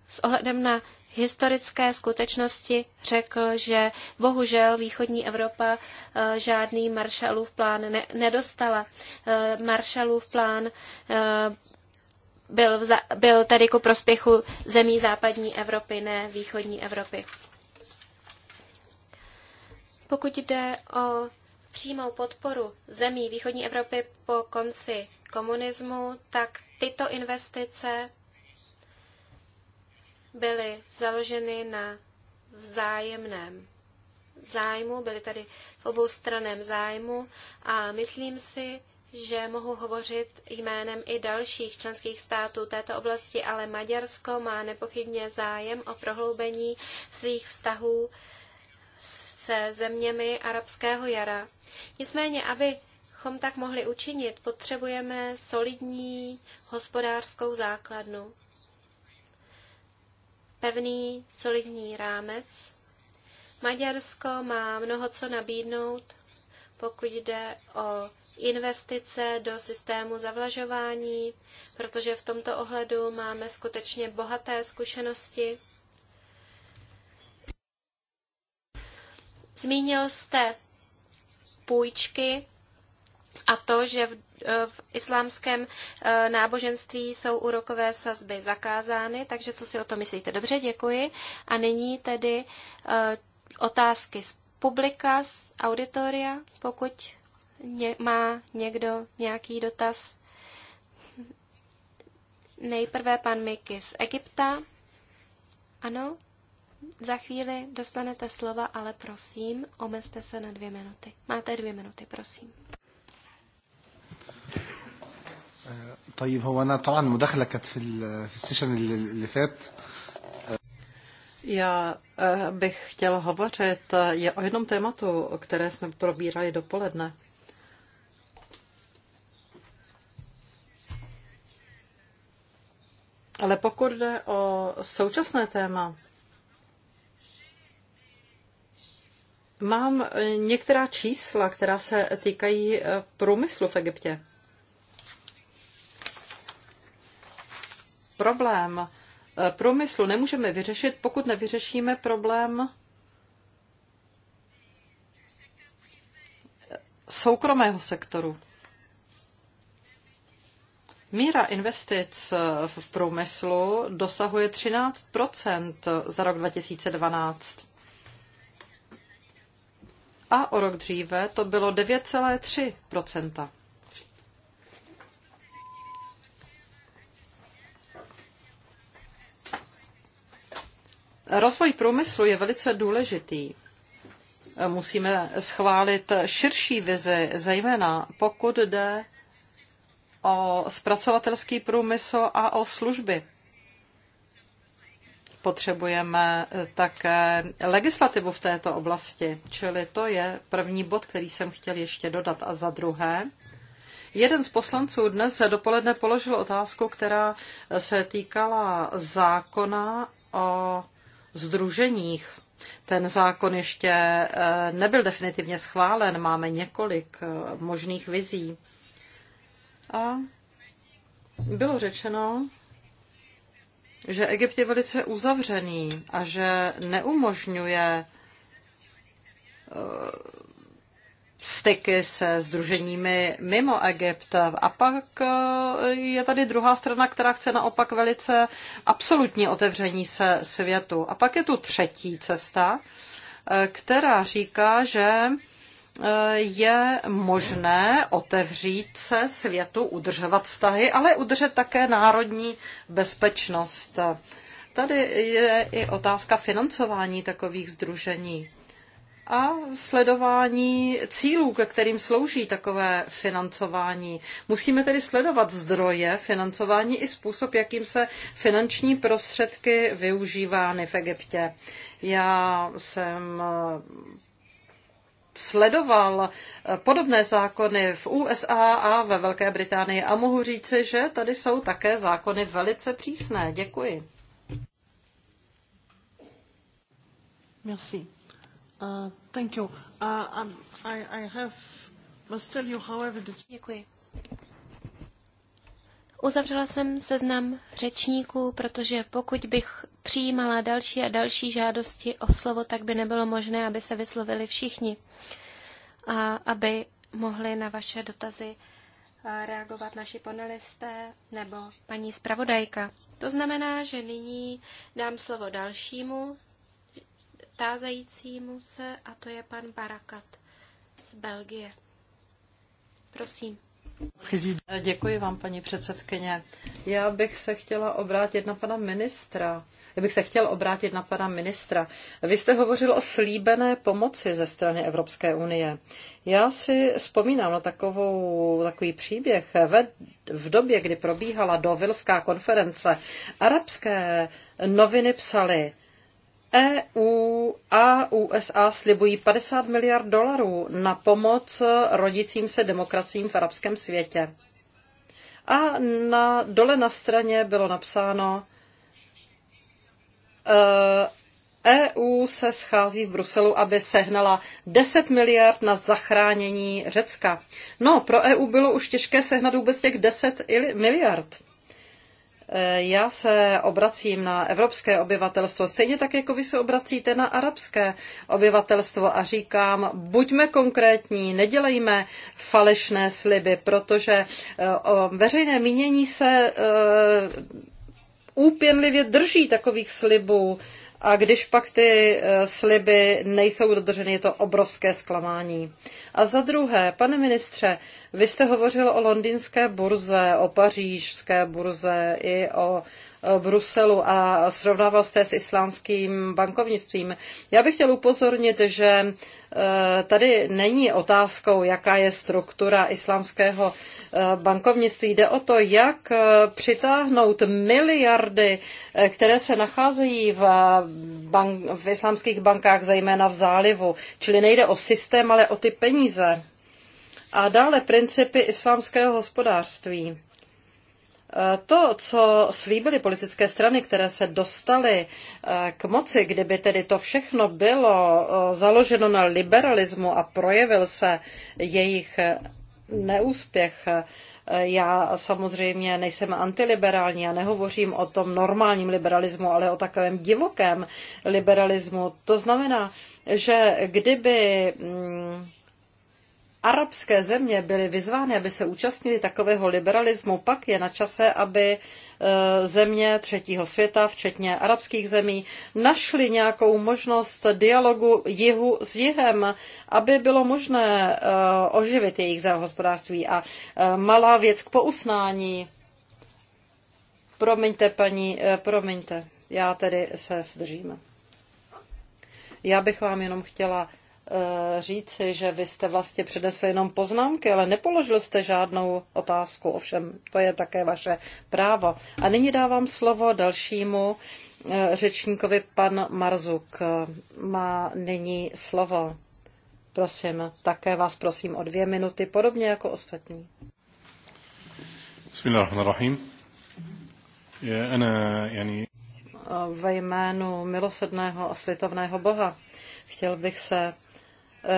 Speaker 2: s ohledem na historické skutečnosti řekl, že bohužel východní Evropa eh, žádný Marshallův plán ne- nedostala. Eh, Marshallův plán eh, byl, za, byl tedy ku prospěchu zemí západní Evropy, ne východní Evropy. Pokud jde o přímou podporu zemí východní Evropy po konci komunismu, tak tyto investice byly založeny na vzájemném zájmu, byly tady v obou straném zájmu a myslím si, že mohu hovořit jménem i dalších členských států této oblasti, ale Maďarsko má nepochybně zájem o prohloubení svých vztahů se zeměmi arabského jara. Nicméně, abychom tak mohli učinit, potřebujeme solidní hospodářskou základnu pevný solidní rámec. Maďarsko má mnoho co nabídnout, pokud jde o investice do systému zavlažování, protože v tomto ohledu máme skutečně bohaté zkušenosti. Zmínil jste půjčky a to, že v, eh, v islámském eh, náboženství jsou úrokové sazby zakázány, takže co si o to myslíte? Dobře, děkuji. A nyní tedy eh, otázky z publika, z auditoria, pokud ně, má někdo nějaký dotaz. Nejprve pan Miky z Egypta. Ano, za chvíli dostanete slova, ale prosím, omezte se na dvě minuty. Máte dvě minuty, prosím.
Speaker 3: طيب هو أنا طبعا مداخلة كانت في في السيشن اللي فات
Speaker 1: já bych chtěla hovořit je o jednom tématu, o které jsme probírali dopoledne. Ale pokud jde o současné téma, mám některá čísla, která se týkají eh, průmyslu v Egyptě. problém eh, průmyslu nemůžeme vyřešit, pokud nevyřešíme problém eh, soukromého sektoru. Míra investic eh, v průmyslu dosahuje 13 za rok 2012. A o rok dříve to bylo 9,3 Rozvoj průmyslu je velice důležitý. Musíme schválit širší vizi, zejména pokud jde o zpracovatelský průmysl a o služby. Potřebujeme také legislativu v této oblasti, čili to je první bod, který jsem chtěl ještě dodat. A za druhé, jeden z poslanců dnes se dopoledne položil otázku, která se týkala zákona o združeních. Ten zákon ještě eh, nebyl definitivně schválen, máme několik eh, možných vizí. A bylo řečeno, že Egypt je velice uzavřený a že neumožňuje eh, styky se združeními mimo Egypt. A pak e, je tady druhá strana, která chce naopak velice absolutní otevření se světu. A pak je tu třetí cesta, e, která říká, že e, je možné otevřít se světu, udržovat vztahy, ale udržet také národní bezpečnost. Tady je i otázka financování takových združení a sledování cílů, ke kterým slouží takové financování. Musíme tedy sledovat zdroje financování i způsob, jakým se finanční prostředky využívány v Egyptě. Já jsem eh, sledoval eh, podobné zákony v USA a ve Velké Británii a mohu říci, že tady jsou také zákony velice přísné. Děkuji. Merci. Uh, thank you. Uh, um, I, must tell you, however, that... Děkuji.
Speaker 2: Uzavřela jsem seznam řečníků, protože pokud bych přijímala další a další žádosti o slovo, tak by nebylo možné, aby se vyslovili všichni a aby mohli na vaše dotazy uh, reagovat naši panelisté nebo paní zpravodajka. To znamená, že nyní dám slovo dalšímu tázajícímu se, a to je pan Barakat z Belgie.
Speaker 1: Prosím. Děkuji vám, paní předsedkyně. Já bych se chtěla obrátit na pana ministra. Já bych se chtěl obrátit na pana ministra. Vy jste hovořil o slíbené pomoci ze strany Evropské unie. Já si vzpomínám na takovou, takový příběh. Ve, v době, kdy probíhala dovilská konference, arabské noviny psaly, EU a USA slibují 50 miliard dolarů na pomoc rodícím se demokracím v arabském světě. A na, dole na straně bylo napsáno, EU e se schází v Bruselu, aby sehnala 10 miliard na zachránění Řecka. No, pro EU bylo už těžké sehnat vůbec těch 10 miliard. Eh, já se obracím na evropské obyvatelstvo, stejně tak, jako vy se obracíte na arabské obyvatelstvo a říkám, buďme konkrétní, nedělejme falešné sliby, protože eh, veřejné mínění se eh, úpěnlivě drží takových slibů, a když pak ty eh, sliby nejsou dodrženy, je to obrovské zklamání. A za druhé, pane ministře, vy jste hovořil o londýnské burze, o pařížské burze i o Bruselu a srovnával jste s islánským bankovnictvím. Já bych chtěl upozornit, že e, tady není otázkou, jaká je struktura islámského e, bankovnictví. Jde o to, jak e, přitáhnout miliardy, které se nacházejí v, bank, v islámských bankách, zejména v zálivu. Čili nejde o systém, ale o ty peníze. A dále principy islámského hospodářství. To, co slíbily politické strany, které se dostaly eh, k moci, kdyby tedy to všechno bylo eh, založeno na liberalismu a projevil se jejich eh, neúspěch, já samozřejmě nejsem antiliberální, já nehovořím o tom normálním liberalismu, ale o takovém divokém liberalismu. To znamená, že kdyby mm, arabské země byly vyzvány, aby se účastnili takového liberalismu, pak je na čase, aby e, země třetího světa, včetně arabských zemí, našly nějakou možnost dialogu jihu s jihem, aby bylo možné e, oživit jejich hospodářství. A e, malá věc k pousnání. Promiňte, paní, promiňte, já tedy se zdržím. Já bych vám jenom chtěla Eh, říci, že vy jste vlastně přednesli jenom poznámky, ale nepoložil jste žádnou otázku. Ovšem, to je také vaše právo. A nyní dávám slovo dalšímu eh, řečníkovi, pan Marzuk. Má nyní slovo. Prosím, také vás prosím o dvě minuty, podobně jako ostatní. Bismillahirrahmanirrahim. أنا يعني eh, ve jménu milosedného a slitovného Boha. Chtěl bych se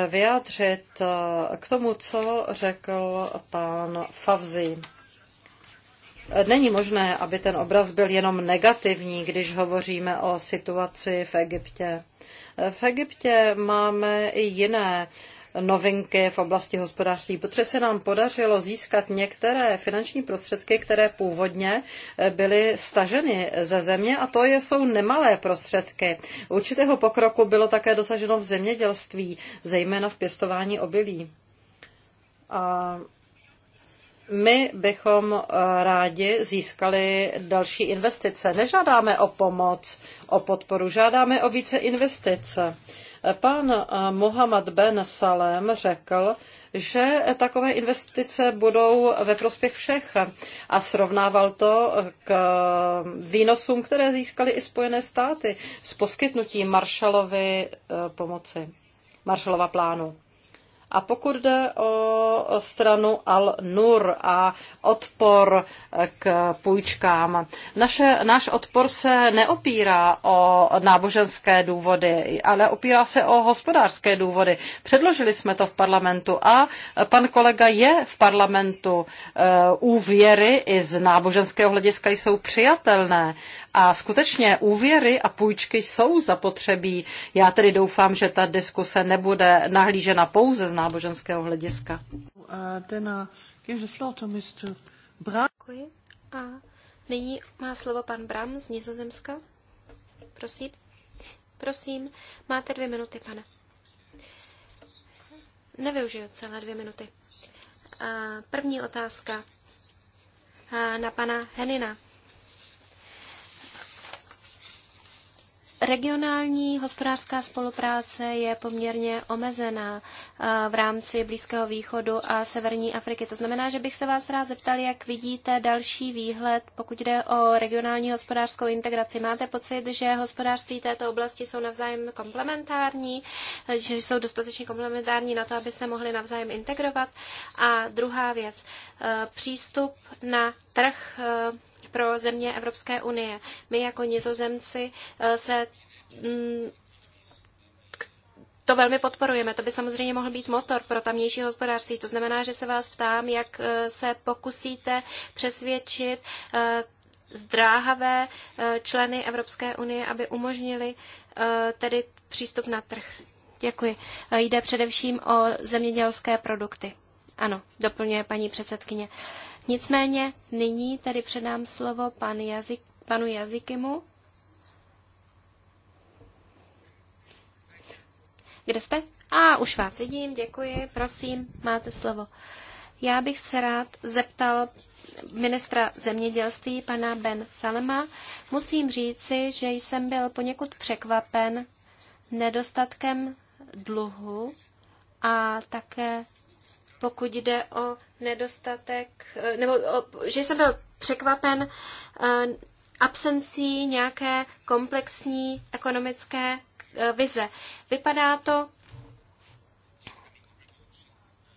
Speaker 1: vyjádřit eh, k tomu, co řekl pán Favzi. Není možné, aby ten obraz byl jenom negativní, když hovoříme o situaci v Egyptě. V Egyptě máme i jiné novinky v oblasti hospodářství, protože se nám podařilo získat některé finanční prostředky, které původně eh, byly staženy ze země a to jsou nemalé prostředky. Určitého pokroku bylo také dosaženo v zemědělství, zejména v pěstování obilí. A my bychom eh, rádi získali další investice. Nežádáme o pomoc, o podporu, žádáme o více investice. Pan Mohamed Ben Salem řekl, že takové investice budou ve prospěch všech a srovnával to k výnosům, které získaly i Spojené státy s poskytnutím Marshallovy eh, pomoci, Marshallova plánu. A pokud jde o stranu Al-Nur a odpor k půjčkám, naše, náš odpor se neopírá o náboženské důvody, ale opírá se o hospodářské důvody. Předložili jsme to v parlamentu a pan kolega je v parlamentu. E, úvěry i z náboženského hlediska jsou přijatelné a skutečně úvěry a půjčky jsou zapotřebí. Já tedy doufám, že ta diskuse nebude nahlížena pouze z náboženského hlediska. Děkuji. A nyní má
Speaker 2: slovo pan Bram z Nizozemska. Prosím. Prosím, máte dvě minuty, pane. Nevyužiju celé dvě minuty. První otázka na pana Henina. Regionální hospodářská spolupráce je poměrně omezená eh, v rámci Blízkého východu a Severní Afriky. To znamená, že bych se vás rád zeptal, jak vidíte další výhled, pokud jde o regionální hospodářskou integraci. Máte pocit, že hospodářství této oblasti jsou navzájem komplementární, že jsou dostatečně komplementární na to, aby se mohly navzájem integrovat? A druhá věc, eh, přístup na trh eh, pro země Evropské unie. My jako nizozemci eh, se mm, to velmi podporujeme. To by samozřejmě mohl být motor pro tamnější hospodářství. To znamená, že se vás ptám, jak eh, se pokusíte přesvědčit eh, zdráhavé členy Evropské unie, aby umožnili tedy přístup na trh. Děkuji. Jde především o zemědělské produkty. Ano, doplňuje paní předsedkyně. Uh, Nicméně nyní tedy předám slovo pan Jazyk, panu Jazykimu. Kde jste? A ah, už vás vidím, děkuji, prosím, máte slovo. Já bych se rád zeptal ministra zemědělství, pana Ben Salema. Musím říci, že jsem byl poněkud překvapen nedostatkem dluhu a také pokud jde o nedostatek, eh, nebo že jsem byl překvapen eh, absencí nějaké komplexní ekonomické eh, vize. Vypadá to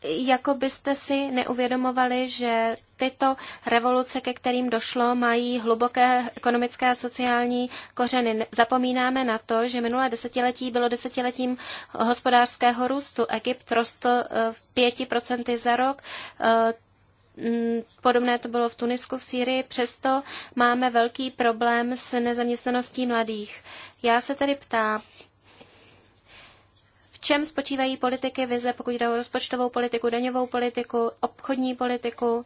Speaker 2: jako byste si neuvědomovali, že tyto revoluce, ke kterým došlo, mají hluboké ekonomické a sociální kořeny. Zapomínáme na to, že minulé desetiletí bylo desetiletím hospodářského růstu. Egypt rostl eh, v 5% za rok. Eh, podobné to bylo v Tunisku, v Sýrii, přesto máme velký problém s nezaměstnaností mladých. Já se tedy ptám, čem spočívají politiky vize, pokud jde o rozpočtovou politiku, daňovou politiku, obchodní politiku.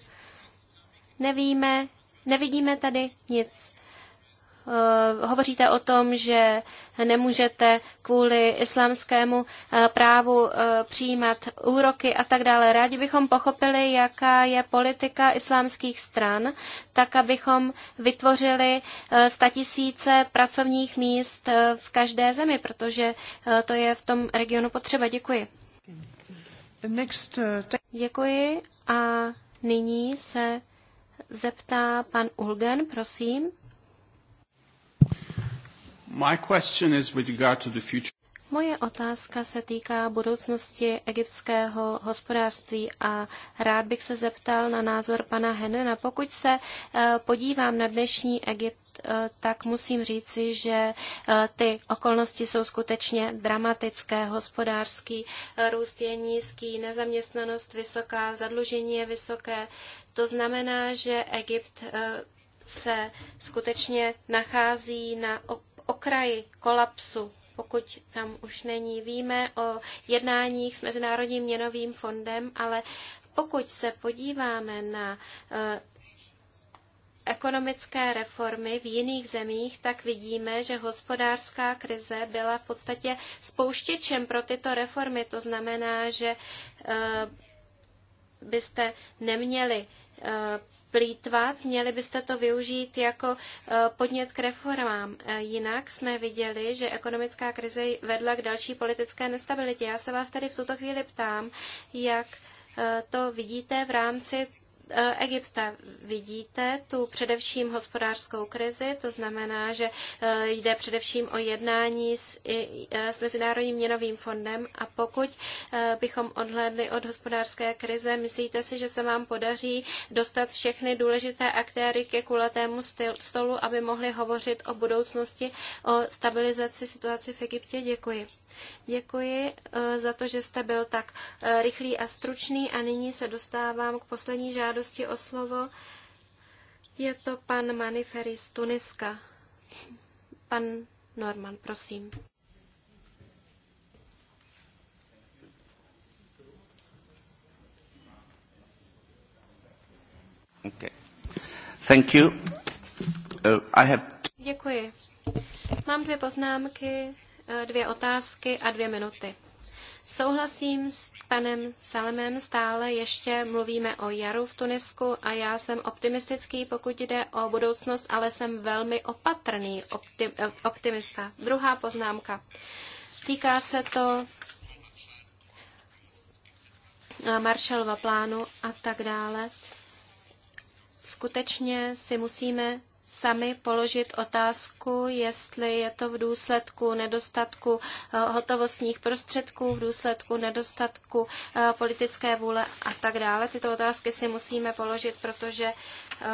Speaker 2: Nevíme, nevidíme tady nic. Uh, hovoříte o tom, že nemůžete kvůli islámskému eh, právu eh, přijímat úroky a tak dále. Rádi bychom pochopili, jaká je politika islámských stran, tak abychom vytvořili eh, statisíce pracovních míst v každé zemi, protože to je v tom regionu potřeba. Děkuji. Děkuji a nyní se zeptá pan Ulgen, prosím.
Speaker 1: My question is with regard to the future.
Speaker 2: Moje otázka se týká budoucnosti egyptského hospodářství a rád bych se zeptal na názor pana Henena. Pokud se eh, podívám na dnešní Egypt, eh, tak musím říci, že eh, ty okolnosti jsou skutečně dramatické. Hospodářský růst je nízký, nezaměstnanost vysoká, zadlužení je vysoké. To znamená, že Egypt se skutečně nachází na okraji kolapsu, pokud tam už není. Víme o jednáních s Mezinárodním měnovým fondem, ale pokud se podíváme na e, ekonomické reformy v jiných zemích, tak vidíme, že hospodářská krize byla v podstatě spouštěčem pro tyto reformy. To znamená, že e, byste neměli e, plítvat, měli byste to využít jako e, podnět k reformám. E, jinak jsme viděli, že ekonomická krize vedla k další politické nestabilitě. Já se vás tedy v tuto chvíli ptám, jak e, to vidíte v rámci Eh, Egypta. Vidíte tu především hospodářskou krizi, to znamená, že eh, jde především o jednání s, eh, s Mezinárodním měnovým fondem a pokud bychom odhlédli od hospodářské krize, myslíte si, že se vám podaří dostat všechny důležité aktéry ke kulatému stolu, aby mohli hovořit o budoucnosti, o stabilizaci situaci v Egyptě? Děkuji. Děkuji eh, za to, že jste byl tak eh, rychlý a stručný a nyní se dostávám k poslední žádosti o slovo. Je to pan Maniferi z Tuniska. Pan Norman, prosím. Okay. Thank you. Uh, I have... Děkuji. Mám dvě poznámky dvě otázky a dvě minuty. Souhlasím s panem Salemem, stále ještě mluvíme o jaru v Tunisku a já jsem optimistický, pokud jde o budoucnost, ale jsem velmi opatrný optimista. Druhá poznámka. Týká se to eh, Marshallova plánu a tak dále. Skutečně si musíme sami položit otázku, jestli je to v důsledku nedostatku eh, hotovostních prostředků, v důsledku nedostatku eh, politické vůle a tak dále. Tyto otázky si musíme položit, protože eh,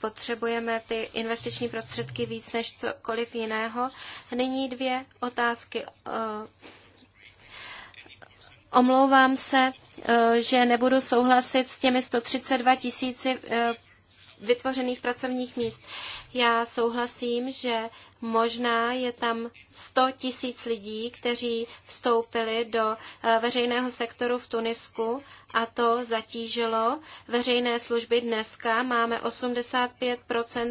Speaker 2: potřebujeme ty investiční prostředky víc než cokoliv jiného. Nyní dvě otázky. Omlouvám se, že nebudu souhlasit s těmi 132 tisíci vytvořených pracovních míst. Já souhlasím, že možná je tam 100 tisíc lidí, kteří vstoupili do eh, veřejného sektoru v Tunisku a to zatížilo veřejné služby dneska. Máme 85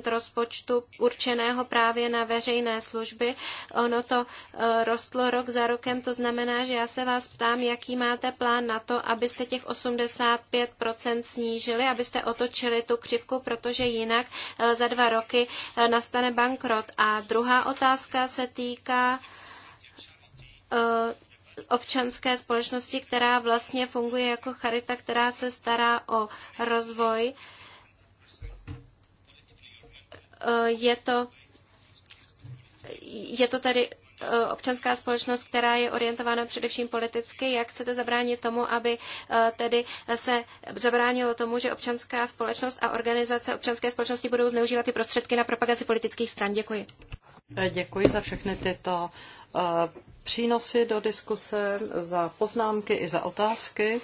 Speaker 2: rozpočtu určeného právě na veřejné služby. Ono to eh, rostlo rok za rokem, to znamená, že já se vás ptám, jaký máte plán na to, abyste těch 85 snížili, abyste otočili tu křivku, protože jinak eh, za dva roky Eh, nastane bankrot. A druhá otázka se týká eh, občanské společnosti, která vlastně funguje jako charita, která se stará o rozvoj. Eh, je to, je to tedy Eh, občanská společnost, která je orientována především politicky. Jak chcete zabránit tomu, aby eh, tedy se zabránilo tomu, že občanská společnost a organizace občanské společnosti budou zneužívat ty prostředky na propagaci
Speaker 1: politických stran? Děkuji. Eh, děkuji za všechny tyto přínosy do diskuse, za poznámky i za otázky.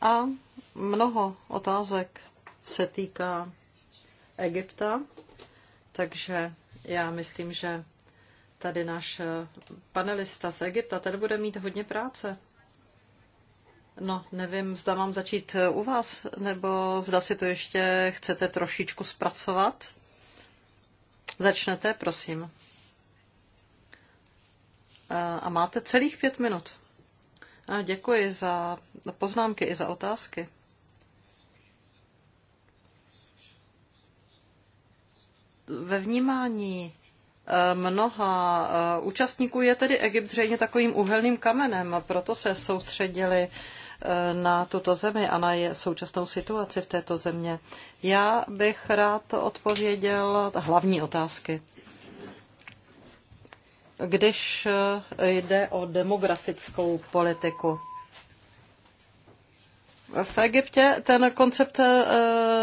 Speaker 1: A mnoho otázek se týká Egypta, takže já myslím, že tady náš eh, panelista z Egypta, ten bude mít hodně práce. No, nevím, zda mám začít eh, u vás, nebo zda si to ještě chcete trošičku zpracovat. Začnete, prosím. Eh, a máte celých pět minut. A děkuji za poznámky i za otázky. Ve vnímání Eh, mnoha eh, účastníků je tedy Egypt zřejmě takovým uhelným kamenem a proto se soustředili eh, na tuto zemi a na je současnou situaci v této země. Já bych rád odpověděl hlavní otázky. Když jde o demografickou politiku, v Egyptě ten koncept eh,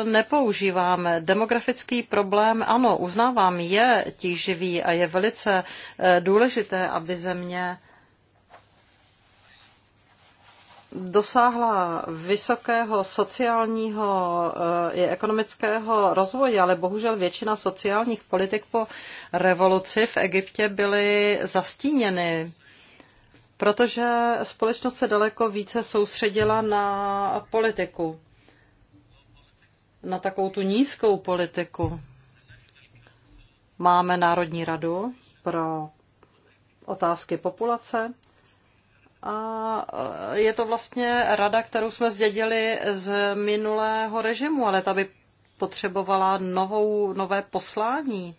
Speaker 1: nepoužíváme. Demografický problém, ano, uznávám, je tíživý a je velice eh, důležité, aby země dosáhla vysokého sociálního eh, i ekonomického rozvoje, ale bohužel většina sociálních politik po revoluci v Egyptě byly zastíněny protože společnost se daleko více soustředila na politiku, na takovou tu nízkou politiku. Máme Národní radu pro otázky populace, a je to vlastně rada, kterou jsme zdědili z minulého režimu, ale ta by potřebovala novou, nové poslání.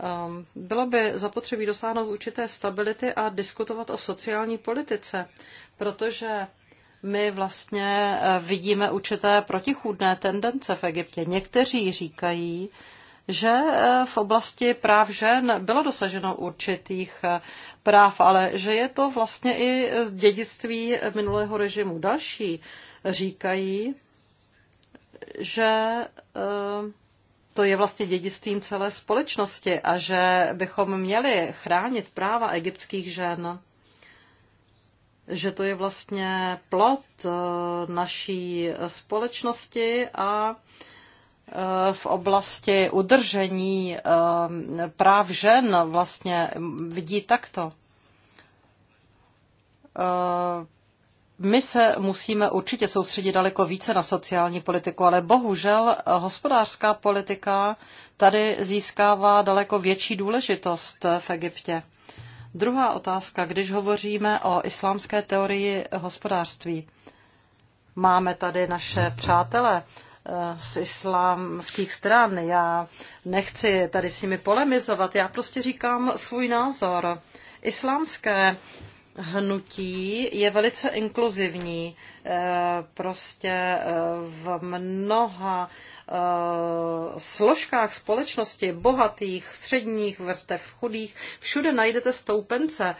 Speaker 1: Ehm, bylo by zapotřebí dosáhnout určité stability a diskutovat o sociální politice, protože my vlastně eh, vidíme určité protichůdné tendence v Egyptě. Někteří říkají, že eh, v oblasti práv žen bylo dosaženo určitých eh, práv, ale že je to vlastně i z dědictví minulého režimu. Další říkají, že to je vlastně dědictvím celé společnosti a že bychom měli chránit práva egyptských žen, že to je vlastně plot eh, naší společnosti a eh, v oblasti udržení eh, práv žen vlastně vidí takto my se musíme určitě soustředit daleko více na sociální politiku, ale bohužel eh, hospodářská politika tady získává daleko větší důležitost eh, v Egyptě. Druhá otázka, když hovoříme o islámské teorii hospodářství. Máme tady naše přátele eh, z islámských stran. Já nechci tady s nimi polemizovat, já prostě říkám svůj názor. Islámské hnutí je velice inkluzivní. Eh, prostě eh, v mnoha eh, složkách společnosti, bohatých, středních vrstev, chudých, všude najdete stoupence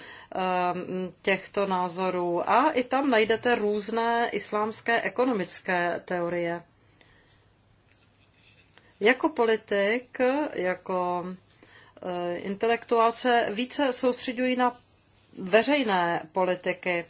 Speaker 1: těchto názorů a i tam najdete různé islámské ekonomické teorie. Jako politik, jako intelektuál se více soustředují na veřejné politiky,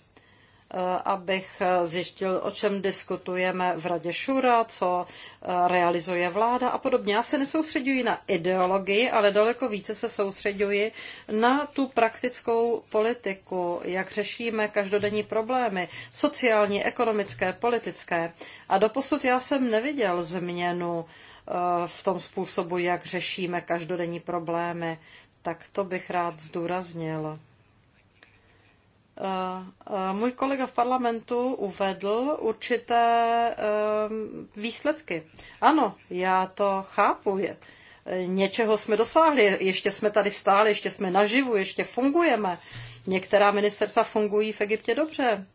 Speaker 1: eh, abych zjištil, o čem diskutujeme v Radě Šura, co eh, realizuje vláda a podobně. Já se nesoustředuji na ideologii, ale daleko více se soustředuji na tu praktickou politiku, jak řešíme každodenní problémy, sociální, ekonomické, politické. A doposud já jsem neviděl změnu eh, v tom způsobu, jak řešíme každodenní problémy. Tak to bych rád zdůraznil. Eh, eh, můj kolega v parlamentu uvedl určité eh, výsledky. Ano, já to chápu. Je. Něčeho jsme dosáhli, ještě jsme tady stáli, ještě jsme naživu, ještě fungujeme. Některá ministerstva fungují v Egyptě dobře.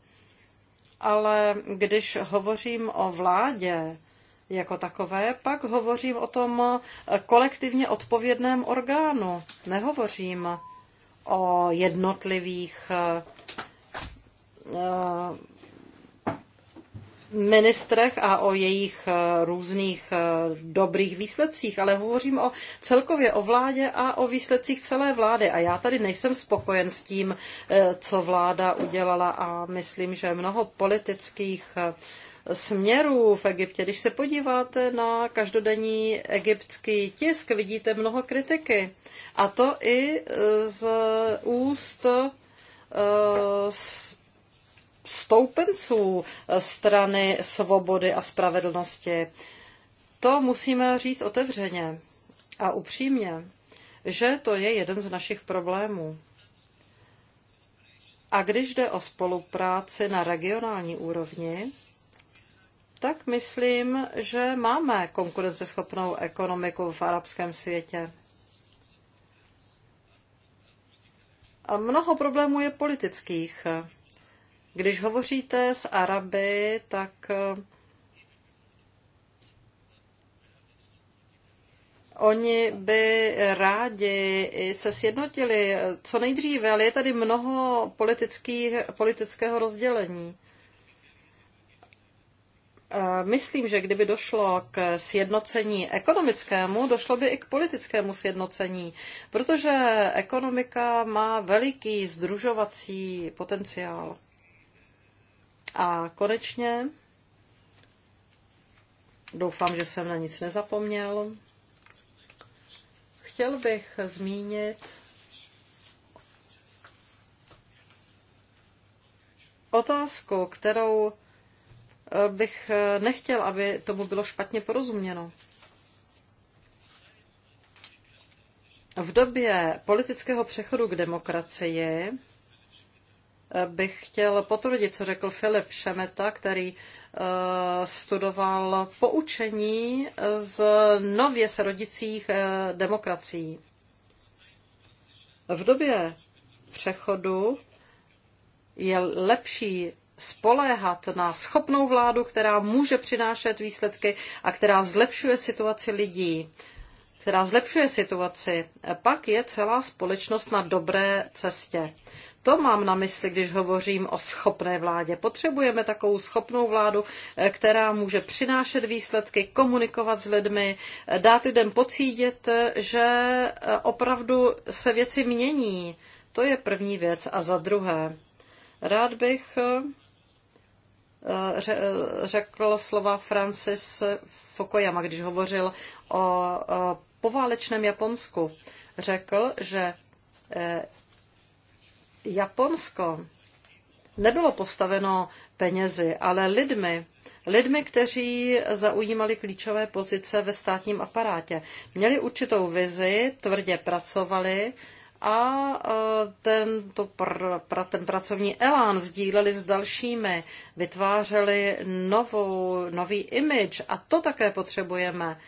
Speaker 1: Ale když hovořím o vládě jako takové, pak hovořím o tom kolektivně odpovědném orgánu. Nehovořím o jednotlivých eh, eh, ministrech a o jejich eh, různých dobrých výsledcích, ale hovořím o celkově o vládě a o výsledcích celé vlády. A já tady nejsem spokojen s tím, co vláda udělala a myslím, že mnoho politických směrů v Egyptě. Když se podíváte na každodenní egyptský tisk, vidíte mnoho kritiky. A to i z úst eh, stoupenců strany svobody a spravedlnosti. To musíme říct otevřeně a upřímně, že to je jeden z našich problémů. A když jde o spolupráci na regionální úrovni, tak myslím, že máme konkurenceschopnou ekonomiku v arabském světě. A mnoho problémů je politických. Když hovoříte s Araby, tak eh, Oni by rádi se sjednotili eh, co nejdříve, ale je tady mnoho politických, politického rozdělení. Eh, myslím, že kdyby došlo k sjednocení ekonomickému, došlo by i k politickému sjednocení, protože ekonomika má veliký združovací potenciál. A konečně, doufám, že jsem na nic nezapomněl, chtěl bych zmínit otázku, kterou Eh, bych eh, nechtěl, aby tomu bylo špatně porozuměno. V době politického přechodu k demokracii eh, bych chtěl potvrdit, co řekl Filip Šemeta, který studoval poučení z nově se rodicích demokracií. V době přechodu je lepší spoléhat na schopnou vládu, která může přinášet výsledky a která zlepšuje situaci lidí, která zlepšuje situaci, pak je celá společnost na dobré cestě. To mám na mysli, když hovořím o schopné vládě. Potřebujeme takovou schopnou vládu, která může přinášet výsledky, komunikovat s lidmi, dát lidem pocítit, že opravdu se věci mění. To je první věc. A za druhé, rád bych řekl slova Francis Fukuyama, když hovořil o poválečném Japonsku. Řekl, že e, Japonsko nebylo postaveno penězi, ale lidmi, lidmi, kteří zaujímali klíčové pozice ve státním aparátě. Měli určitou vizi, tvrdě pracovali, a e, tento pr, pr, ten pracovní elán sdíleli s dalšími, vytvářeli novou, nový image a to také potřebujeme.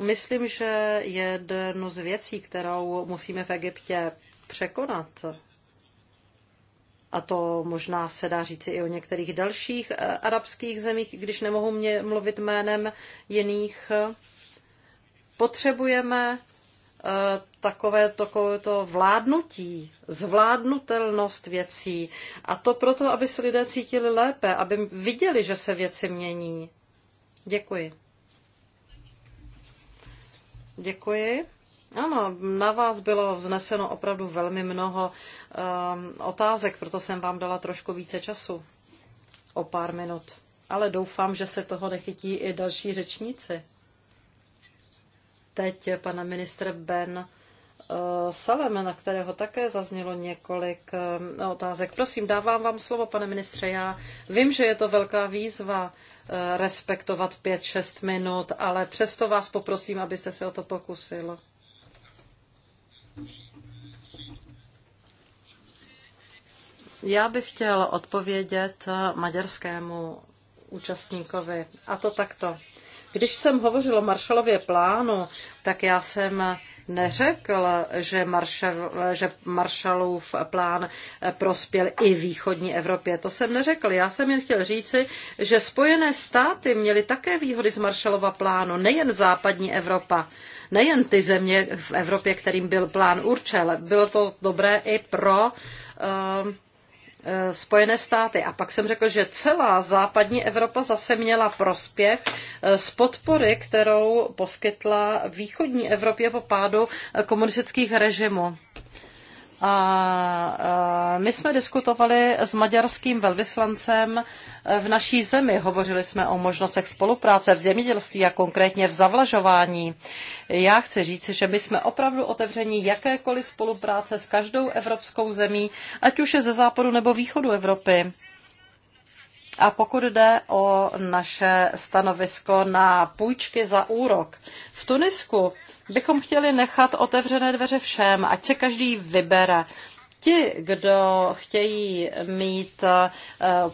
Speaker 1: Myslím, že jednu z věcí, kterou musíme v Egyptě překonat, a to možná se dá říci i o některých dalších e, arabských zemích, když nemohu mě mluvit jménem jiných, potřebujeme Eh, takové, takové to vládnutí, zvládnutelnost věcí. A to proto, aby se lidé cítili lépe, aby viděli, že se věci mění. Děkuji. Děkuji. Ano, na vás bylo vzneseno opravdu velmi mnoho um, otázek, proto jsem vám dala trošku více času. O pár minut. Ale doufám, že se toho nechytí i další řečníci teď pana ministra Ben eh, Salem, na kterého také zaznělo několik eh, otázek. Prosím, dávám vám slovo, pane ministře. Já vím, že je to velká výzva eh, respektovat pět šest minut, ale přesto vás poprosím, abyste se o to pokusil. Já bych chtěl odpovědět maďarskému účastníkovi. A to takto. Když jsem hovořil o Marshallově plánu, tak já jsem neřekl, že, Marshall, že Marshallův plán prospěl i východní Evropě. To jsem neřekl. Já jsem jen chtěl říci, že Spojené státy měly také výhody z Marshallova plánu, nejen západní Evropa nejen ty země v Evropě, kterým byl plán určel, bylo to dobré i pro uh, Eh, Spojené státy. A pak jsem řekl, že celá západní Evropa zase měla prospěch eh, z podpory, kterou poskytla východní Evropě po pádu eh, komunistických režimů. A eh, my jsme diskutovali s maďarským velvyslancem eh, v naší zemi. Hovořili jsme o možnostech spolupráce v zemědělství a konkrétně v zavlažování. Já chci říct, že my jsme opravdu otevření jakékoliv spolupráce s každou evropskou zemí, ať už je ze západu nebo východu Evropy. A pokud jde o naše stanovisko na půjčky za úrok, v Tunisku bychom chtěli nechat otevřené dveře všem, ať se každý vybere. Ti, kdo chtějí mít eh,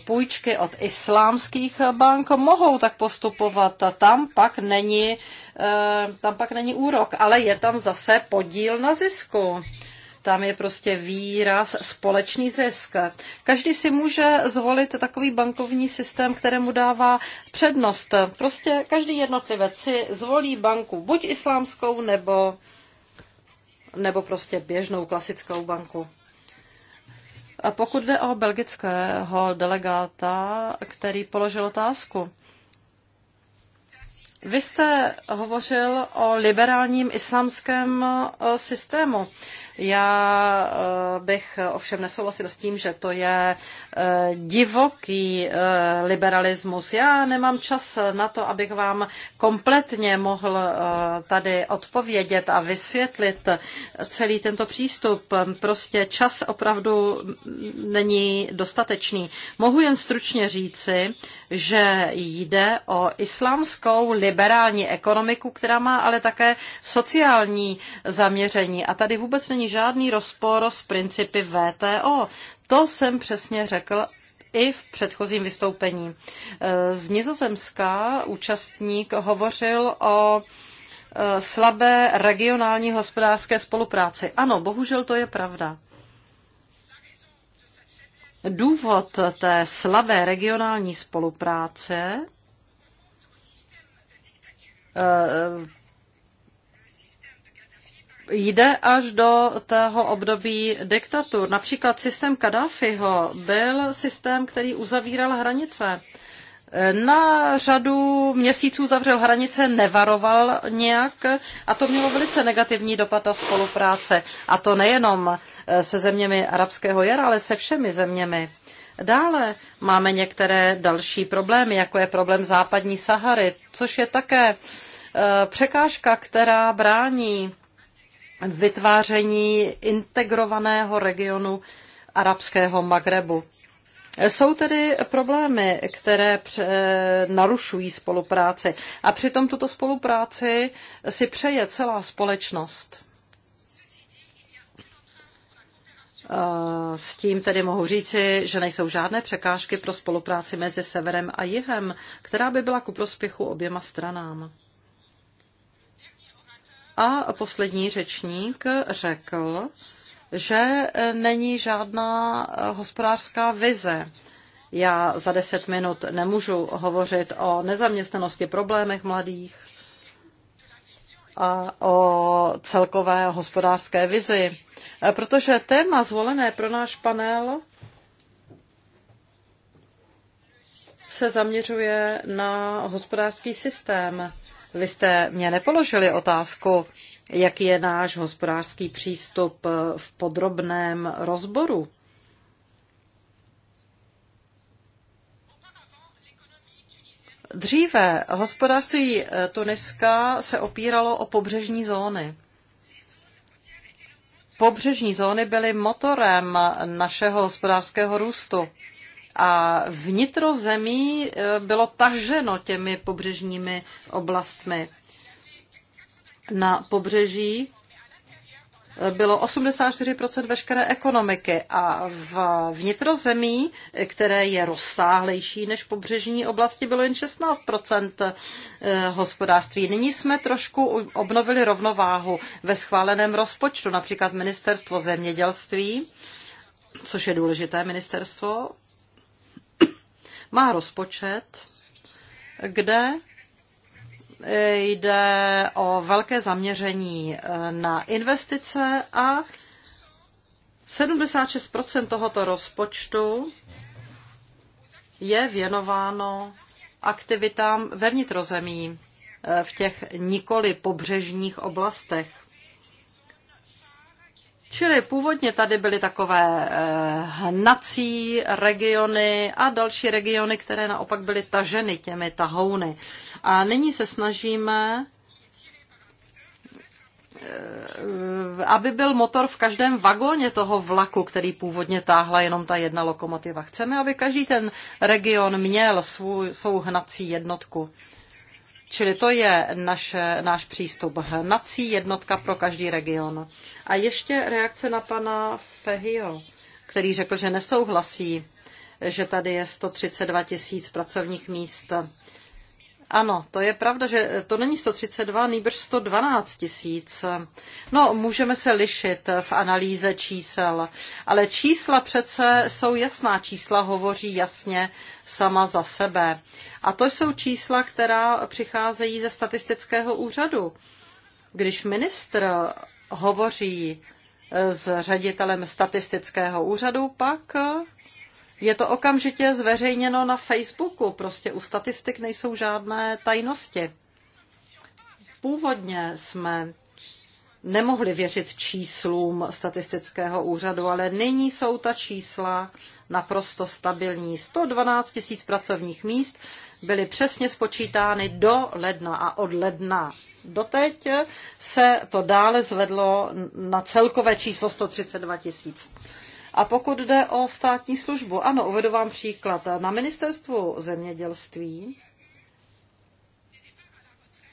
Speaker 1: půjčky od islámských bank, mohou tak postupovat. Tam pak není, eh, tam pak není úrok, ale je tam zase podíl na zisku. Tam je prostě výraz společný zisk. Každý si může zvolit takový bankovní systém, kterému dává přednost. Prostě každý jednotlivec si zvolí banku, buď islámskou, nebo, nebo prostě běžnou klasickou banku. A pokud jde o belgického delegáta, který položil otázku, vy jste hovořil o liberálním islámském eh, systému. Já eh, bych ovšem nesouhlasil s tím, že to je eh, divoký eh, liberalismus. Já nemám čas na to, abych vám kompletně mohl tady odpovědět a vysvětlit celý tento přístup. Prostě čas opravdu není dostatečný. Mohu jen stručně říci, že jde o islámskou liberální ekonomiku, která má ale také sociální zaměření. A tady vůbec není není žádný rozpor s principy VTO. To jsem přesně řekl i v předchozím vystoupení. E, z Nizozemska účastník hovořil o e, slabé regionální hospodářské spolupráci. Ano, bohužel to je pravda. Důvod té slabé regionální spolupráce e, jde až do tého období diktatur. Například systém Kadáfiho byl systém, který uzavíral hranice. Na řadu měsíců zavřel hranice, nevaroval nějak a to mělo velice negativní dopad na spolupráce. A to nejenom eh, se zeměmi arabského jara, ale se všemi zeměmi. Dále máme některé další problémy, jako je problém západní Sahary, což je také eh, překážka, která brání vytváření integrovaného regionu arabského Magrebu. Jsou tedy problémy, které narušují spolupráci a přitom tuto spolupráci si přeje celá společnost. Eh, s tím tedy mohu říci, že nejsou žádné překážky pro spolupráci mezi severem a jihem, která by byla ku prospěchu oběma stranám. A poslední řečník řekl, že není žádná hospodářská vize. Já za deset minut nemůžu hovořit o nezaměstnanosti, problémech mladých a o celkové hospodářské vizi, protože téma zvolené pro náš panel se zaměřuje na hospodářský systém vy jste mě nepoložili otázku, jaký je náš hospodářský přístup eh, v podrobném rozboru. Dříve hospodářství eh, Tuniska se opíralo o pobřežní zóny. Pobřežní zóny byly motorem našeho hospodářského růstu. A vnitro zemí e, bylo taženo těmi pobřežními oblastmi. Na pobřeží e, bylo 84% veškeré ekonomiky a v vnitrozemí, e, které je rozsáhlejší než pobřežní oblasti, bylo jen 16% hospodářství. Nyní jsme trošku obnovili rovnováhu ve schváleném rozpočtu, například ministerstvo zemědělství, což je důležité ministerstvo, má rozpočet, kde eh, jde o velké zaměření eh, na investice a 76 tohoto rozpočtu je věnováno aktivitám ve vnitrozemí eh, v těch nikoli pobřežních oblastech. Čili původně tady byly takové eh, hnací regiony a další regiony, které naopak byly taženy těmi tahouny. A nyní se snažíme eh, aby byl motor v každém vagóně toho vlaku, který původně táhla jenom ta jedna lokomotiva. Chceme, aby každý ten region měl svou, svou hnací jednotku. Čili to je naš, náš přístup. Hnací jednotka pro každý region. A ještě reakce na pana Fehio, který řekl, že nesouhlasí, že tady je 132 tisíc pracovních míst. Ano, to je pravda, že to není 132, nejbrž 112 tisíc. No, můžeme se lišit v analýze čísel, ale čísla přece jsou jasná. Čísla hovoří jasně sama za sebe. A to jsou čísla, která přicházejí ze statistického úřadu. Když ministr hovoří s ředitelem statistického úřadu, pak je to okamžitě zveřejněno na Facebooku, prostě u statistik nejsou žádné tajnosti. Původně jsme nemohli věřit číslům statistického úřadu, ale nyní jsou ta čísla naprosto stabilní. 112 tisíc pracovních míst byly přesně spočítány do ledna a od ledna doteď se to dále zvedlo na celkové číslo 132 tisíc. A pokud jde o státní službu, ano, uvedu vám příklad. Na ministerstvu zemědělství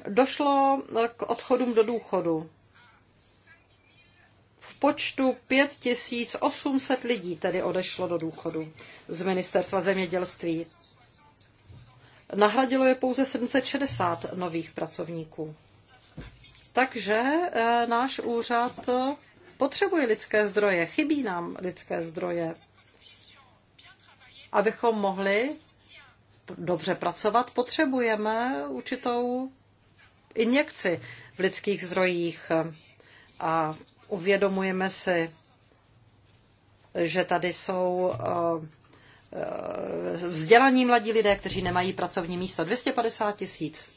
Speaker 1: došlo k odchodům do důchodu v počtu 5800 lidí tedy odešlo do důchodu z ministerstva zemědělství. Nahradilo je pouze 760 nových pracovníků. Takže eh, náš úřad potřebuje lidské zdroje, chybí nám lidské zdroje, abychom mohli dobře pracovat, potřebujeme určitou injekci v lidských zdrojích a uvědomujeme si, že tady jsou eh, vzdělaní mladí lidé, kteří nemají pracovní místo. 250 tisíc.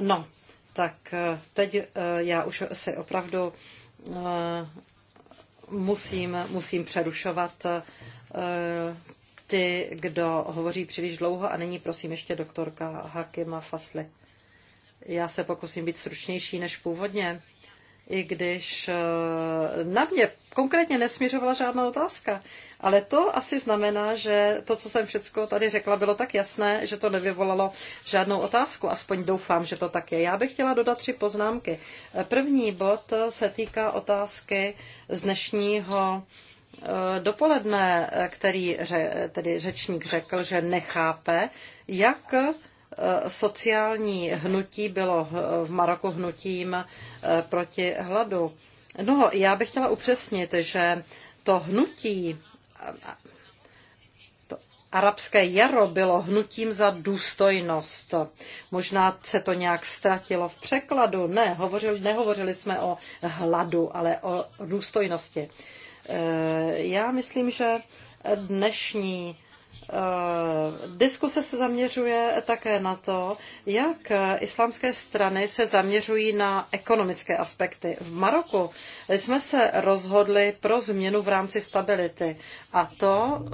Speaker 1: No, tak eh, teď eh, já už si opravdu Eh, musím, musím přerušovat eh, ty, kdo hovoří příliš dlouho a není prosím ještě doktorka Hakima Fasli. Já se pokusím být stručnější než původně i když eh, na mě konkrétně nesměřovala žádná otázka. Ale to asi znamená, že to, co jsem všechno tady řekla, bylo tak jasné, že to nevyvolalo žádnou otázku. Aspoň doufám, že to tak je. Já bych chtěla dodat tři poznámky. První bod se týká otázky z dnešního eh, dopoledne, eh, který tedy řečník řekl, že nechápe, jak Eh, sociální hnutí bylo eh, v Maroku hnutím eh, proti hladu. No, já bych chtěla upřesnit, že to hnutí, to arabské jaro bylo hnutím za důstojnost. Možná se to nějak ztratilo v překladu. Ne, hovořili, nehovořili jsme o hladu, ale o důstojnosti. Já myslím, že dnešní Eh, diskuse se zaměřuje také na to, jak eh, islámské strany se zaměřují na ekonomické aspekty. V Maroku jsme se rozhodli pro změnu v rámci stability a to eh,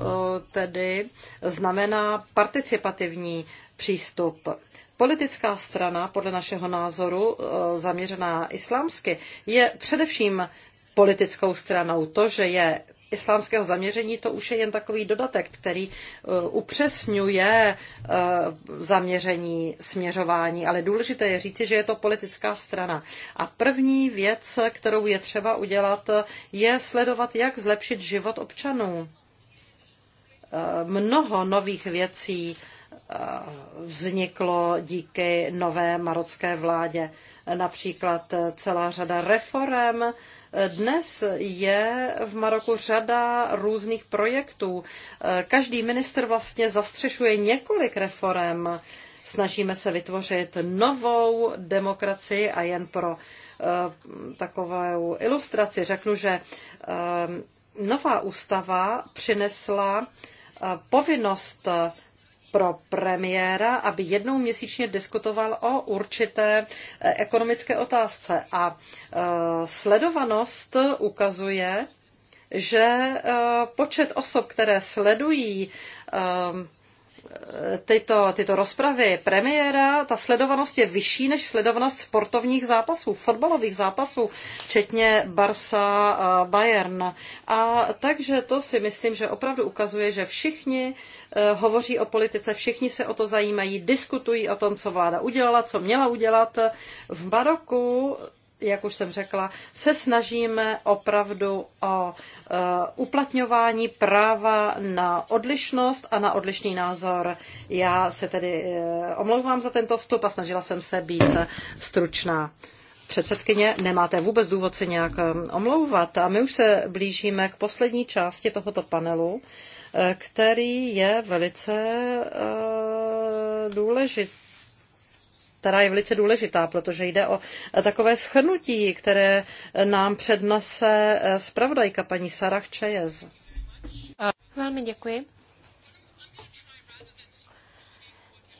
Speaker 1: tedy znamená participativní přístup. Politická strana, podle našeho názoru, zaměřená islámsky, je především politickou stranou. To, že je islámského zaměření, to už je jen takový dodatek, který e, upřesňuje e, zaměření, směřování, ale důležité je říci, že je to politická strana. A první věc, kterou je třeba udělat, je sledovat, jak zlepšit život občanů. E, mnoho nových věcí vzniklo díky nové marocké vládě. Například celá řada reform, dnes je v Maroku řada různých projektů. Každý minister vlastně zastřešuje několik reform. Snažíme se vytvořit novou demokracii a jen pro eh, takovou ilustraci řeknu, že eh, nová ústava přinesla eh, povinnost pro premiéra, aby jednou měsíčně diskutoval o určité eh, ekonomické otázce. A eh, sledovanost ukazuje, že eh, počet osob, které sledují tyto, tyto rozpravy premiéra, ta sledovanost je vyšší než sledovanost sportovních zápasů, fotbalových zápasů, včetně Barsa Bayern. A takže to si myslím, že opravdu ukazuje, že všichni eh, hovoří o politice, všichni se o to zajímají, diskutují o tom, co vláda udělala, co měla udělat. V Maroku jak už jsem řekla, se snažíme opravdu o e, uplatňování práva na odlišnost a na odlišný názor. Já se tedy e, omlouvám za tento vstup a snažila jsem se být stručná. Předsedkyně, nemáte vůbec důvod se nějak e, omlouvat. A my už se blížíme k poslední části tohoto panelu, který je velice důležitý která je velice důležitá, protože jde o takové schrnutí, které nám přednese zpravodajka paní Sarah Čejez.
Speaker 2: Velmi děkuji.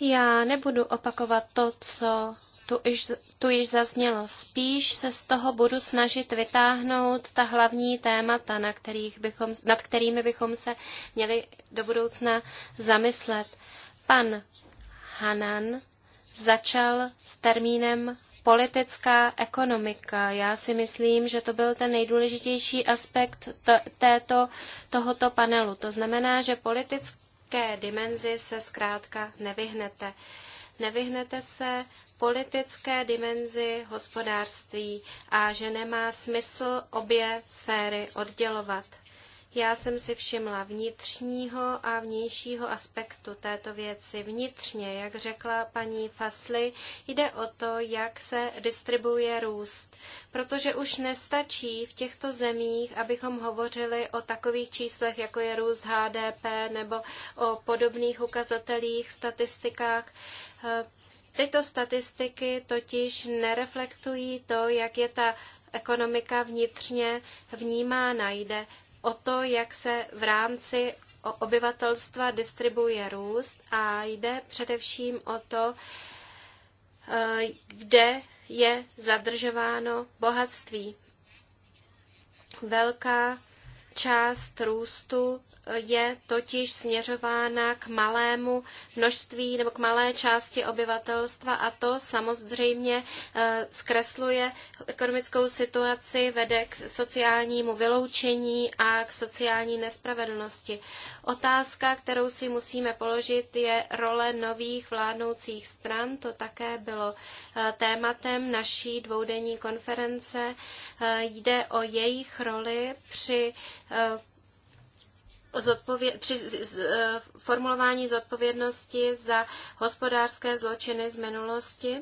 Speaker 2: Já nebudu opakovat to, co tu již, tu již zaznělo. Spíš se z toho budu snažit vytáhnout ta hlavní témata, na kterých bychom, nad kterými bychom se měli do budoucna zamyslet. Pan Hanan začal s termínem politická ekonomika. Já si myslím, že to byl ten nejdůležitější aspekt této, tohoto panelu. To znamená, že politické dimenzi se zkrátka nevyhnete. Nevyhnete se politické dimenzi hospodářství a že nemá smysl obě sféry oddělovat. Já jsem si všimla vnitřního a vnějšího aspektu této věci. Vnitřně, jak řekla paní Fasly, jde o to, jak se distribuje růst. Protože už nestačí v těchto zemích, abychom hovořili o takových číslech, jako je růst HDP nebo o podobných ukazatelích, statistikách. Tyto statistiky totiž nereflektují to, jak je ta ekonomika vnitřně vnímána. Jde o to, jak se v rámci obyvatelstva distribuje růst a jde především o to, eh, kde je zadržováno bohatství. Velká Část růstu eh, je totiž směřována k malému množství nebo k malé části obyvatelstva a to samozřejmě eh, zkresluje ekonomickou situaci, vede k sociálnímu vyloučení a k sociální nespravedlnosti. Otázka, kterou si musíme položit, je role nových vládnoucích stran. To také bylo eh, tématem naší dvoudenní konference. Eh, jde o jejich roli při eh, zodpově- při eh, formulování zodpovědnosti za hospodářské zločiny z minulosti.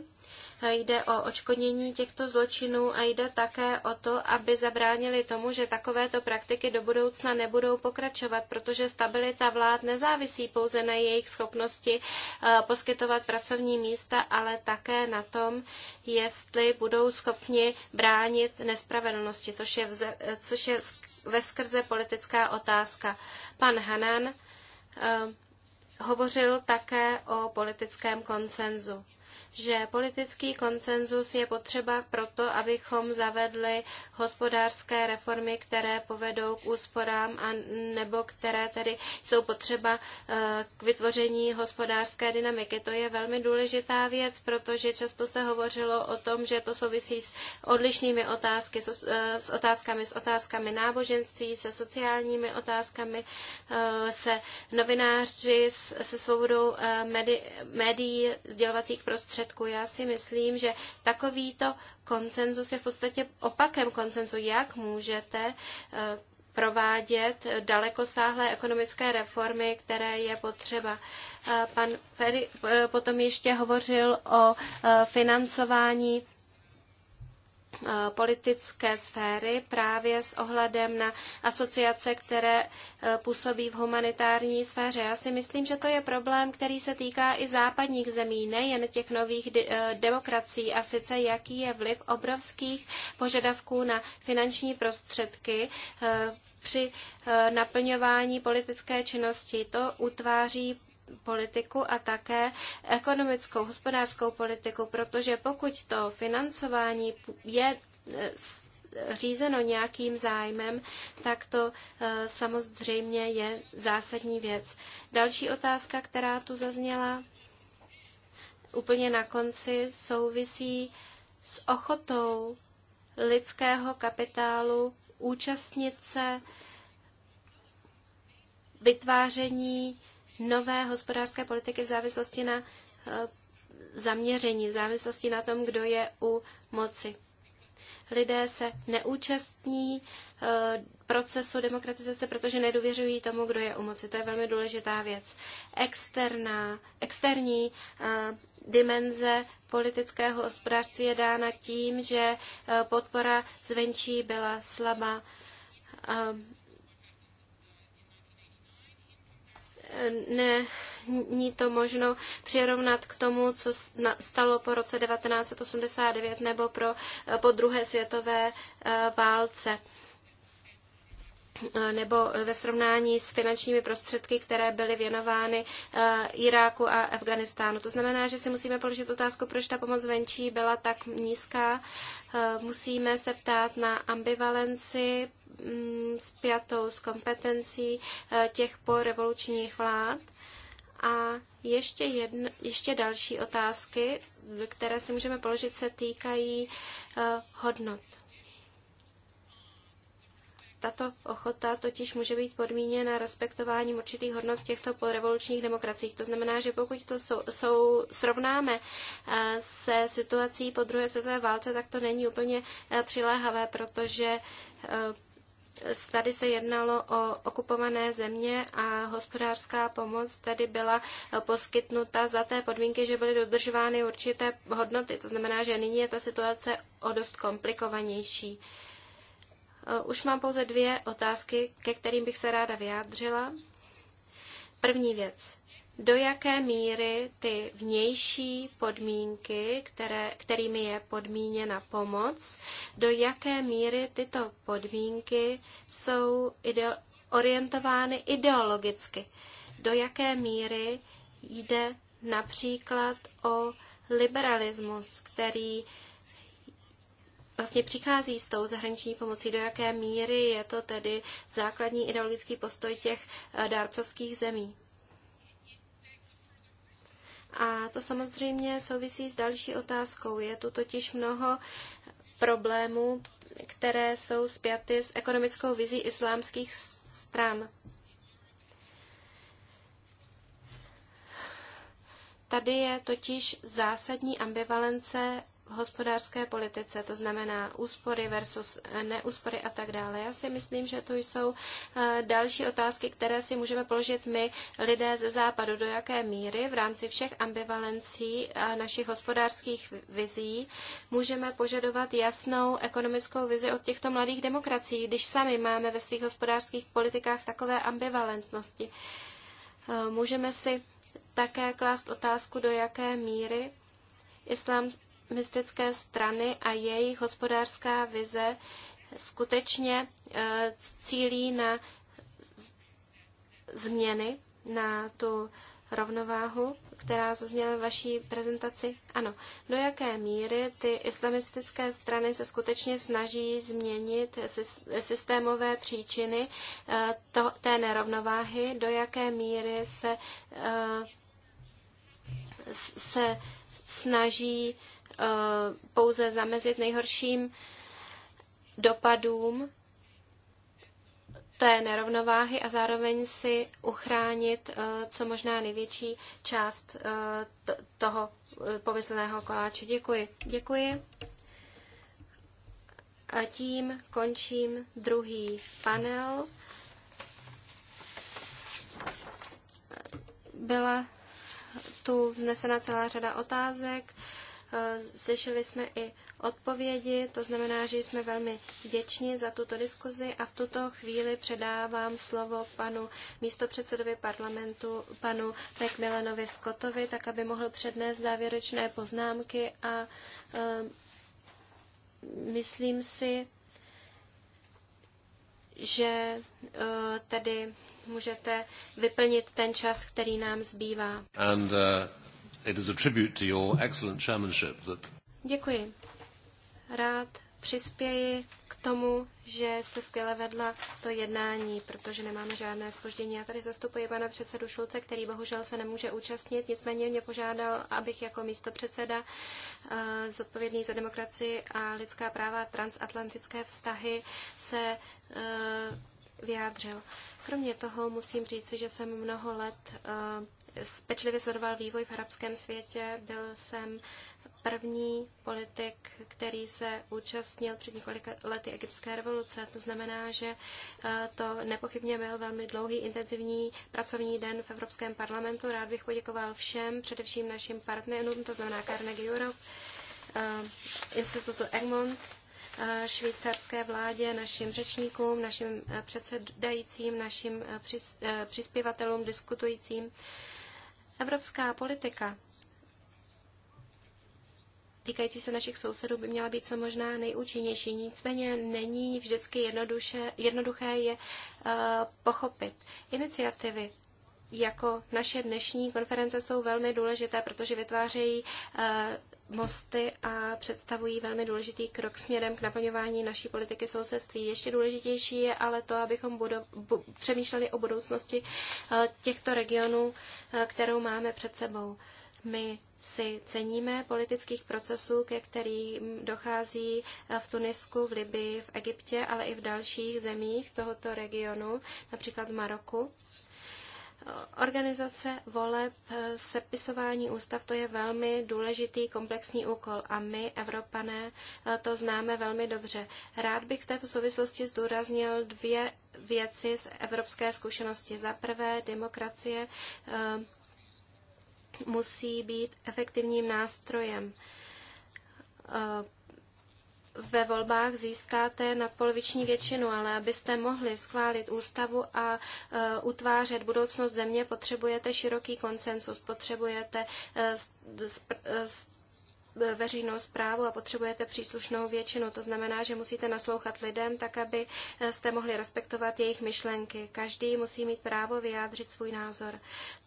Speaker 2: Eh, jde o očkodnění těchto zločinů a jde také o to, aby zabránili tomu, že takovéto praktiky do budoucna nebudou pokračovat, protože stabilita vlád nezávisí pouze na jejich schopnosti eh, poskytovat pracovní místa, ale také na tom, jestli budou schopni bránit nespravedlnosti, což je, vze- což je veskrze politická otázka. Pan Hanan eh, hovořil také o politickém konsenzu že politický konsenzus je potřeba proto, abychom zavedli hospodářské reformy, které povedou k úsporám a nebo které tedy jsou potřeba eh, k vytvoření hospodářské dynamiky. To je velmi důležitá věc, protože často se hovořilo o tom, že to souvisí s odlišnými otázky, eh, s otázkami, s otázkami náboženství, se sociálními otázkami, eh, se novináři, se svobodou médií, sdělovacích prostředků prostředků. Já si myslím, že takovýto konsenzus je v podstatě opakem konsenzu. Jak můžete eh, provádět dalekosáhlé ekonomické reformy, které je potřeba. Eh, pan Ferry eh, potom ještě hovořil o financování Eh, politické sféry právě s ohledem na asociace, které eh, působí v humanitární sféře. Já si myslím, že to je problém, který se týká i západních zemí, nejen těch nových eh, demokracií, a sice jaký je vliv obrovských požadavků na finanční prostředky při naplňování politické činnosti. To utváří politiku a také ekonomickou, hospodářskou politiku, protože pokud to financování je e, řízeno nějakým zájmem, tak to e, samozřejmě je zásadní věc. Další otázka, která tu zazněla úplně na konci, souvisí s ochotou lidského kapitálu účastnit se vytváření nové hospodářské politiky v závislosti na eh, zaměření, v závislosti na tom, kdo je u moci. Lidé se neúčastní eh, procesu demokratizace, protože nedůvěřují tomu, kdo je u moci. To je velmi důležitá věc. Externá, externí eh, dimenze politického hospodářství je dána tím, že podpora zvenčí byla slabá není to možno přirovnat k tomu, co stalo po roce 1989 nebo pro, po druhé světové eh, válce nebo ve srovnání s finančními prostředky, které byly věnovány eh, Iráku a Afganistánu. To znamená, že si musíme položit otázku, proč ta pomoc venčí byla tak nízká. Eh, musíme se ptát na ambivalenci mm, spjatou s kompetencí eh, těch porevolučních vlád. A ještě, jedno, ještě další otázky, které si můžeme položit, se týkají hodnot. Tato ochota totiž může být podmíněna respektováním určitých hodnot v těchto polrevolučních demokraciích. To znamená, že pokud to jsou, jsou, srovnáme eh, se situací po druhé světové válce, tak to není úplně eh, přiléhavé, protože eh, Tady se jednalo o okupované země a hospodářská pomoc tady byla poskytnuta za té podmínky, že byly dodržovány určité hodnoty. To znamená, že nyní je ta situace o dost komplikovanější. Eh, už mám pouze dvě otázky, ke kterým bych se ráda vyjádřila. První věc. Do jaké míry ty vnější podmínky, které, kterými je podmíněna pomoc, do jaké míry tyto podmínky jsou ide, orientovány ideologicky? Do jaké míry jde například o liberalismus, který vlastně přichází s tou zahraniční pomocí, do jaké míry je to tedy základní ideologický postoj těch eh, dárcovských zemí. A to samozřejmě souvisí s další otázkou. Je tu totiž mnoho problémů, které jsou spjaty s ekonomickou vizí islámských stran. Tady je totiž zásadní ambivalence hospodářské politice, to znamená úspory versus eh, neúspory a tak dále. Já si myslím, že to jsou eh, další otázky, které si můžeme položit my, lidé ze západu, do jaké míry v rámci všech ambivalencí a eh, našich hospodářských vizí můžeme požadovat jasnou ekonomickou vizi od těchto mladých demokracií, když sami máme ve svých hospodářských politikách takové ambivalentnosti. Můžeme si také klást otázku, do jaké míry islám, islamistické strany a jejich hospodářská vize skutečně eh, cílí na změny, na tu rovnováhu, která zazněla ve vaší prezentaci? Ano. Do jaké míry ty islamistické strany se skutečně snaží změnit systémové příčiny eh, to, té nerovnováhy? Do jaké míry se, eh, se snaží Eh, pouze zamezit nejhorším dopadům té nerovnováhy a zároveň si uchránit eh, co možná největší část eh, toho pomyslného koláče. Děkuji. Děkuji. A tím končím druhý panel. Byla tu vznesena celá řada otázek. Eh, slyšeli jsme i odpovědi, to znamená, že jsme velmi vděční za tuto diskuzi a v tuto chvíli předávám slovo panu místopředsedovi parlamentu, panu Macmillanovi Scottovi, tak aby mohl přednést závěrečné poznámky a eh, myslím si, že eh, tedy můžete vyplnit ten čas, který nám zbývá.
Speaker 1: And, uh... It is a tribute
Speaker 2: to your excellent chairmanship that... Děkuji. Rád přispěji k tomu, že jste skvěle vedla to jednání, protože nemáme žádné spoždění. Já tady zastupuji pana předsedu Šulce, který bohužel se nemůže účastnit, nicméně mě požádal, abych jako místo předseda eh, zodpovědný za demokracii a lidská práva transatlantické vztahy se eh, vyjádřil. Kromě toho musím říci, že jsem mnoho let eh, pečlivě sledoval vývoj v arabském světě. Byl jsem první politik, který se účastnil před několika lety egyptské revoluce. To znamená, že eh, to nepochybně byl velmi dlouhý, intenzivní pracovní den v Evropském parlamentu. Rád bych poděkoval všem, především našim partnerům, to znamená Carnegie Europe, eh, institutu Egmont, eh, švýcarské vládě, našim řečníkům, našim předsedajícím, našim přispěvatelům, diskutujícím. Evropská politika týkající se našich sousedů by měla být co možná nejúčinnější. Nicméně není vždycky jednoduše, jednoduché je uh, pochopit. Iniciativy jako naše dnešní konference jsou velmi důležité, protože vytvářejí uh, mosty a představují velmi důležitý krok směrem k naplňování naší politiky sousedství. Ještě důležitější je ale to, abychom budu, bu, přemýšleli o budoucnosti eh, těchto regionů, eh, kterou máme před sebou. My si ceníme politických procesů, ke kterým dochází eh, v Tunisku, v Libii, v Egyptě, ale i v dalších zemích tohoto regionu, například v Maroku. Organizace voleb, eh, sepisování ústav, to je velmi důležitý komplexní úkol a my, Evropané, eh, to známe velmi dobře. Rád bych v této souvislosti zdůraznil dvě věci z evropské zkušenosti. Za prvé, demokracie eh, musí být efektivním nástrojem ve volbách získáte nadpoloviční většinu, ale abyste mohli schválit ústavu a e, utvářet budoucnost země, potřebujete široký konsensus, potřebujete e, sp, e, veřejnou zprávu a potřebujete příslušnou většinu. To znamená, že musíte naslouchat lidem tak, aby eh, jste mohli respektovat jejich myšlenky. Každý musí mít právo vyjádřit svůj názor.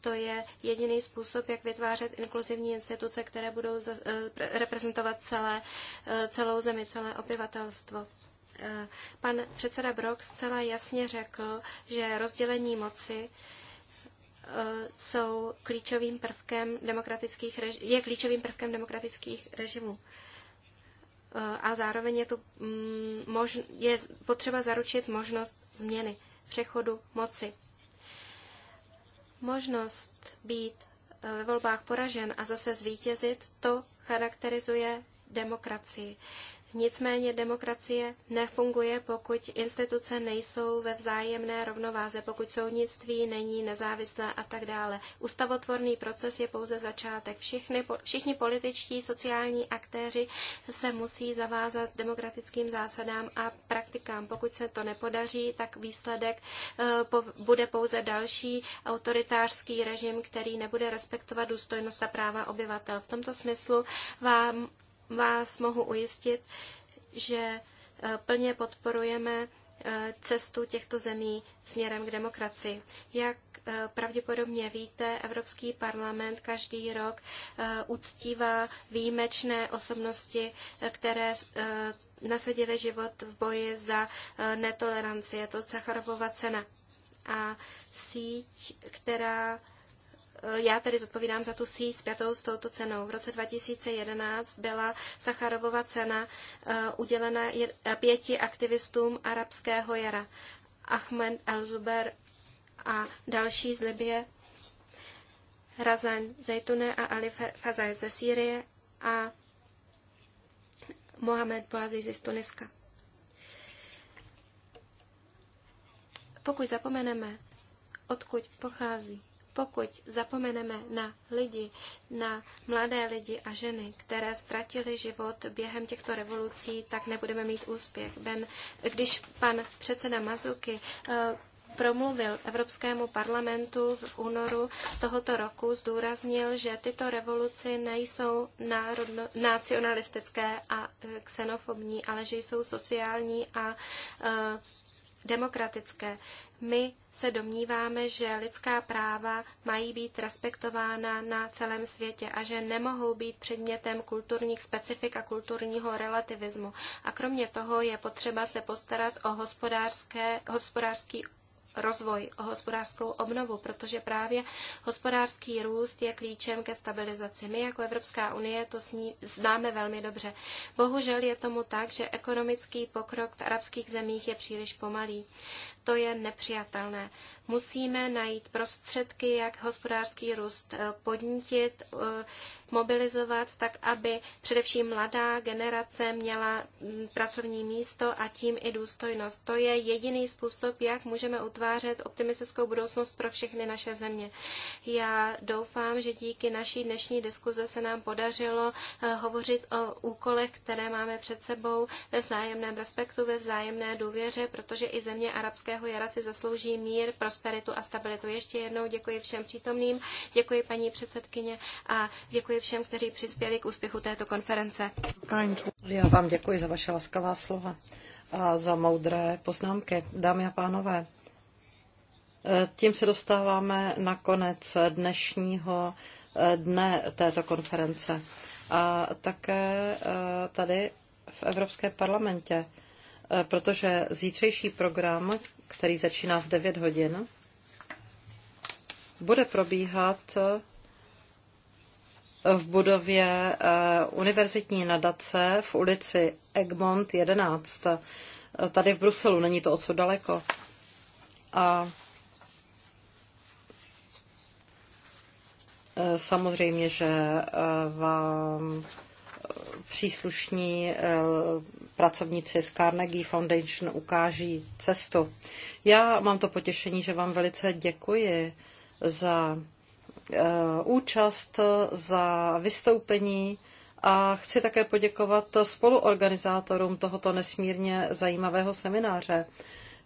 Speaker 2: To je jediný způsob, jak vytvářet inkluzivní instituce, které budou eh, reprezentovat celé, eh, celou zemi, celé obyvatelstvo. Pan předseda Brock zcela jasně řekl, že rozdělení moci Eh, jsou klíčovým prvkem demokratických reži- je klíčovým prvkem demokratických režimů. Eh, a zároveň je, tu, mm, je potřeba zaručit možnost změny, přechodu moci. Možnost být eh, ve volbách poražen a zase zvítězit, to charakterizuje demokracii. Nicméně demokracie nefunguje, pokud instituce nejsou ve vzájemné rovnováze, pokud soudnictví není nezávislé a tak dále. Ustavotvorný proces je pouze začátek. Všichni, všichni političtí, sociální aktéři se musí zavázat demokratickým zásadám a praktikám. Pokud se to nepodaří, tak výsledek eh, bude pouze další autoritářský režim, který nebude respektovat důstojnost a práva obyvatel. V tomto smyslu vám vás mohu ujistit, že eh, plně podporujeme eh, cestu těchto zemí směrem k demokracii. Jak eh, pravděpodobně víte, Evropský parlament každý rok uctívá výjimečné osobnosti, které nasadily život v boji za netoleranci. Je to Sacharovova cena. A síť, která já tedy zodpovídám za tu síť zpětou s touto cenou. V roce 2011 byla Sacharovova cena eh, udělena eh, pěti aktivistům arabského jara. Ahmed El-Zuber a další z Libie, Razan Zejtune a Ali Fazaj ze Sýrie a Mohamed Boazí z Tuniska. Pokud zapomeneme, odkud pochází pokud zapomeneme na lidi, na mladé lidi a ženy, které ztratili život během těchto revolucí, tak nebudeme mít úspěch. Ben, když pan předseda Mazuky eh, promluvil Evropskému parlamentu v únoru tohoto roku, zdůraznil, že tyto revoluce nejsou národno, nacionalistické a xenofobní, eh, ale že jsou sociální a eh, demokratické. My se domníváme, že lidská práva mají být respektována na celém světě a že nemohou být předmětem kulturních specifik a kulturního relativismu. A kromě toho je potřeba se postarat o hospodářské, hospodářský rozvoj, o hospodářskou obnovu, protože právě hospodářský růst je klíčem ke stabilizaci. My jako Evropská unie to ní známe velmi dobře. Bohužel je tomu tak, že ekonomický pokrok v arabských zemích je příliš pomalý to je nepřijatelné. Musíme najít prostředky, jak hospodářský růst eh, podnítit, eh, mobilizovat, tak aby především mladá generace měla mm, pracovní místo a tím i důstojnost. To je jediný způsob, jak můžeme utvářet optimistickou budoucnost pro všechny naše země. Já doufám, že díky naší dnešní diskuze se nám podařilo eh, hovořit o úkolech, které máme před sebou ve vzájemném respektu, ve vzájemné důvěře, protože i země arabské Svatého jara si zaslouží mír, prosperitu a stabilitu. Ještě jednou děkuji všem přítomným, děkuji paní předsedkyně a děkuji všem, kteří přispěli k úspěchu této konference.
Speaker 1: Já vám děkuji za vaše laskavá slova a za moudré poznámky. Dámy a pánové, eh, tím se dostáváme na konec dnešního eh, dne této konference. A také eh, tady v Evropském parlamentě, protože zítřejší program, který začíná v 9 hodin, bude probíhat eh, v budově eh, univerzitní nadace v ulici Egmont 11, eh, tady v Bruselu, není to odsud daleko. A samozřejmě, že vám příslušní eh, pracovníci z Carnegie Foundation ukáží cestu. Já mám to potěšení, že vám velice děkuji za eh, účast, za vystoupení a chci také poděkovat spoluorganizátorům tohoto nesmírně zajímavého semináře,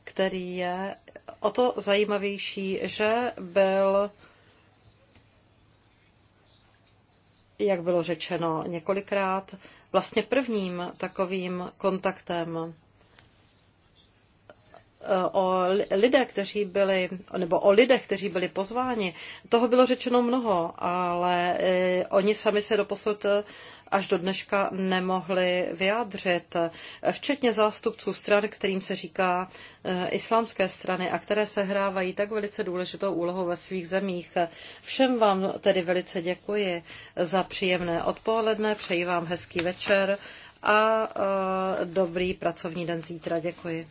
Speaker 1: který je o to zajímavější, že byl jak bylo řečeno několikrát, vlastně prvním takovým kontaktem o lidé, kteří byli, nebo o lidech, kteří byli pozváni. Toho bylo řečeno mnoho, ale eh, oni sami se doposud až do dneška nemohli vyjádřit, včetně zástupců stran, kterým se říká eh, islámské strany a které se hrávají tak velice důležitou úlohu ve svých zemích. Všem vám tedy velice děkuji za příjemné odpoledne, přeji vám hezký večer a eh, dobrý pracovní den zítra. Děkuji.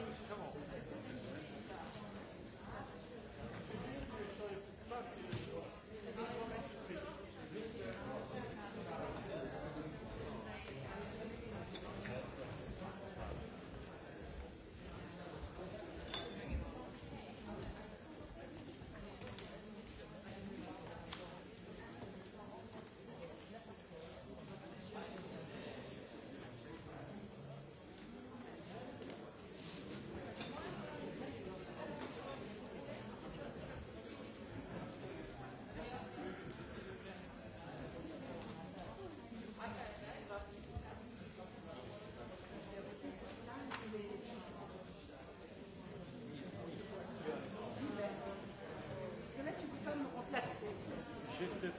Speaker 1: Ale musíš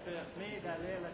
Speaker 2: فيه دليل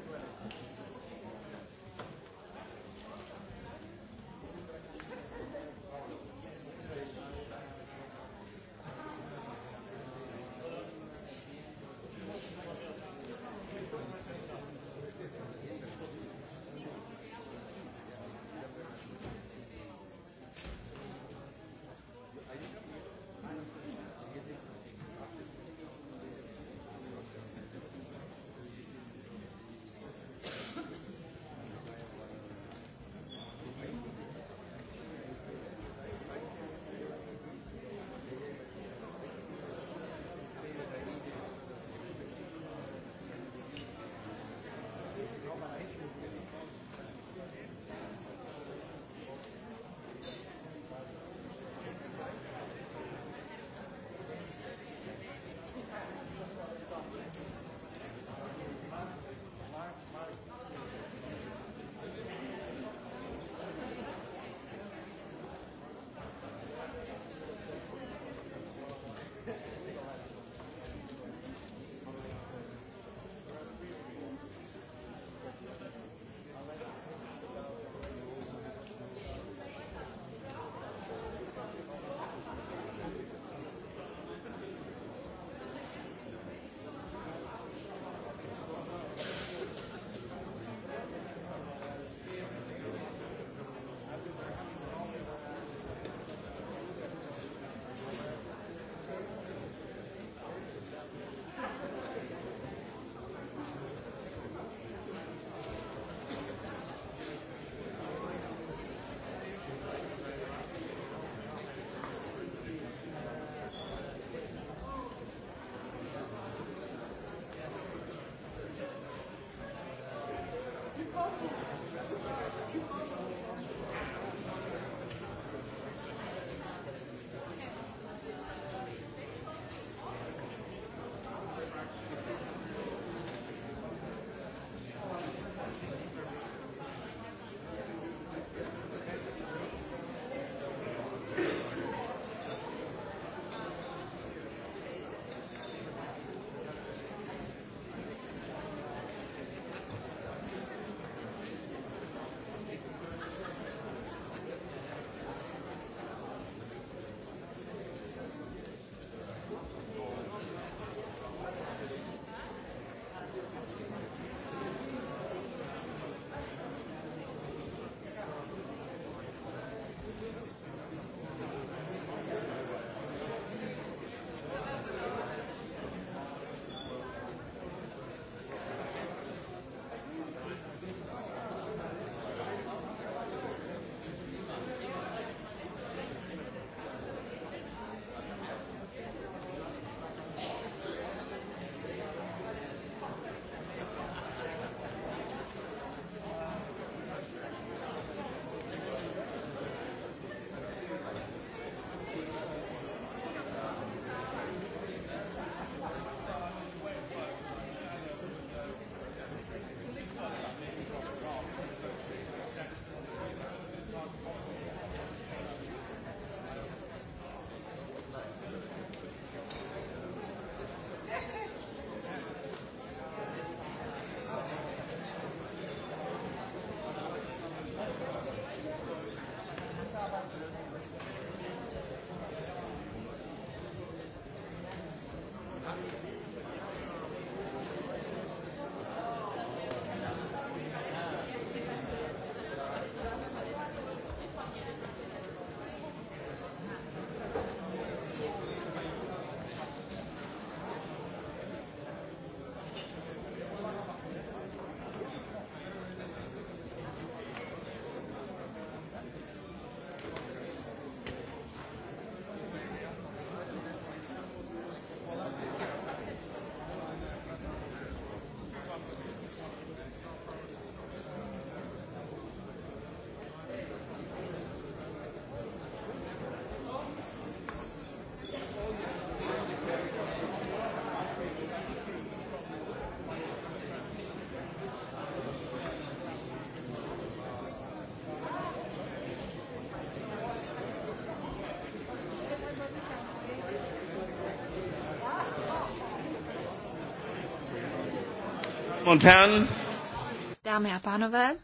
Speaker 3: Dámy a pánové,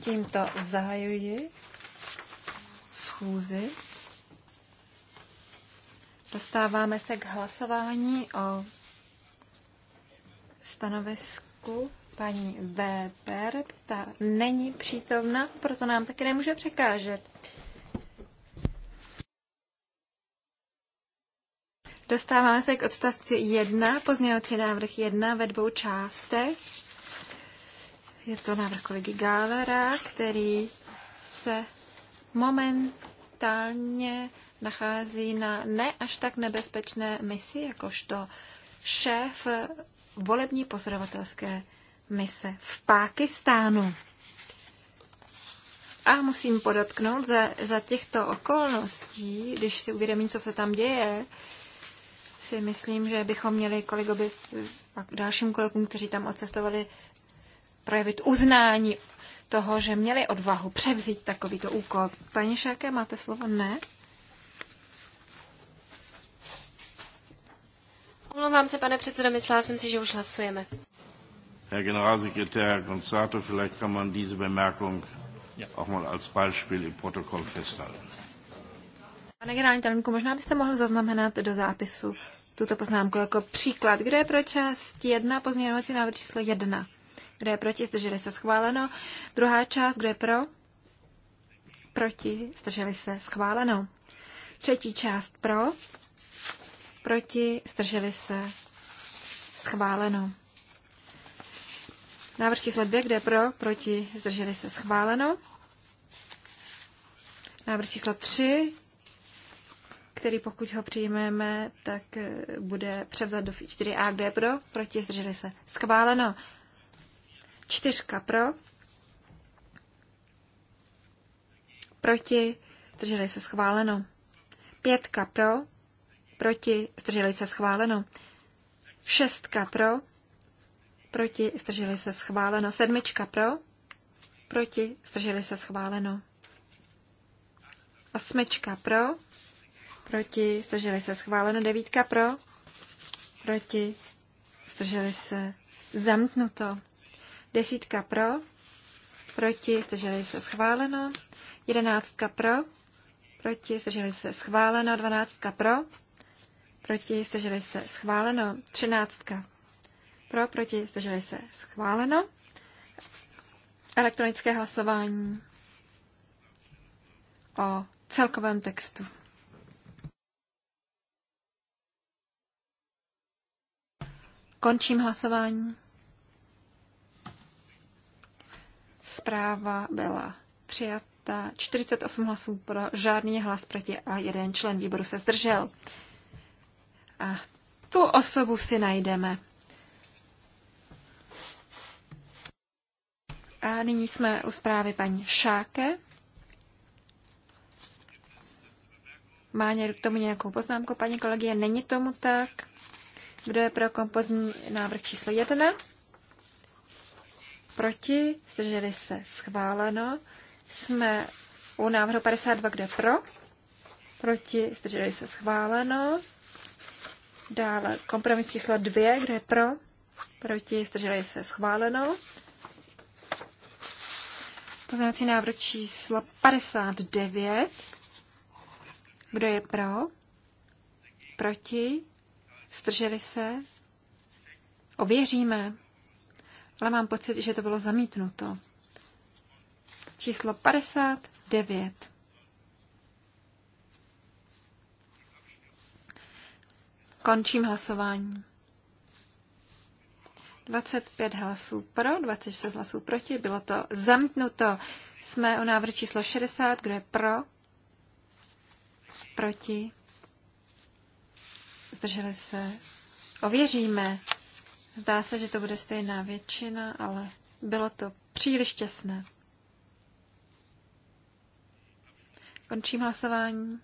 Speaker 3: tímto zahajuji schůzi. Dostáváme se k hlasování o stanovisku paní Weber. Ta není přítomna, proto nám taky nemůže překážet. Dostáváme se k odstavci 1, pozměňovací návrh 1 ve dvou částech. Je to návrh kolegy Gálera, který se momentálně nachází na ne až tak nebezpečné misi, jakožto šéf volební pozorovatelské mise v Pákistánu. A musím podotknout, za, za těchto okolností, když si uvědomím, co se tam děje, si myslím, že bychom měli kolegovi a dalším kolegům, kteří tam odcestovali, projevit uznání toho, že měli odvahu převzít takovýto úkol. Paní Šáke, máte slovo? Ne?
Speaker 2: Omlouvám se, pane předsedo, myslela jsem si, že už hlasujeme.
Speaker 3: Herr Generalsekretär Gonzato, vielleicht kann man diese Bemerkung auch mal als Beispiel im Protokoll festhalten. Pane generální tajemníku, možná byste mohl zaznamenat do zápisu tuto poznámku jako příklad. Kdo je pro část 1, pozměňovací návrh číslo 1? Kdo je proti, zdrželi se schváleno. Druhá část, kdo je pro? Proti, zdrželi se schváleno. Třetí část pro, proti, zdrželi se schváleno. Návrh číslo 2, kdo je pro, proti, zdrželi se schváleno. Návrh číslo 3, který pokud ho přijmeme, tak eh, bude převzat do 4a, kde je pro, proti, zdrželi se. Schváleno. Čtyřka pro, proti, zdrželi se schváleno. Pětka pro, proti, zdrželi se schváleno. Šestka pro, proti, zdrželi se schváleno. Sedmička pro, proti, zdrželi se schváleno. Osmička pro, proti, zdrželi se schváleno, devítka pro, proti, zdrželi se zamknuto, desítka pro, proti, zdrželi se schváleno, jedenáctka pro, proti, zdrželi se schváleno, dvanáctka pro, proti, zdrželi se schváleno, třináctka pro, proti, zdrželi se schváleno, elektronické hlasování o celkovém textu. Končím hlasování. Zpráva byla přijata 48 hlasů pro, žádný hlas proti a jeden člen výboru se zdržel. A tu osobu si najdeme. A nyní jsme u zprávy paní Šáke. Má někdo k tomu nějakou poznámku, paní kolegie? Není tomu tak. Kdo je pro kompozní návrh číslo 1? Proti? Zdrželi se? Schváleno. Jsme u návrhu 52, kdo je pro? Proti? Zdrželi se? Schváleno. Dále kompromis číslo 2, kdo je pro? Proti? Zdrželi se? Schváleno. Poznávací návrh číslo 59. Kdo je pro? Proti? Zdrželi se? Ověříme. Ale mám pocit, že to bylo zamítnuto. Číslo 59. Končím hlasování. 25 hlasů pro, 26 hlasů proti, bylo to zamítnuto. Jsme o návrh číslo 60, kdo je pro, proti, zdrželi se, ověříme. Zdá se, že to bude stejná většina, ale bylo to příliš těsné. Končím hlasování.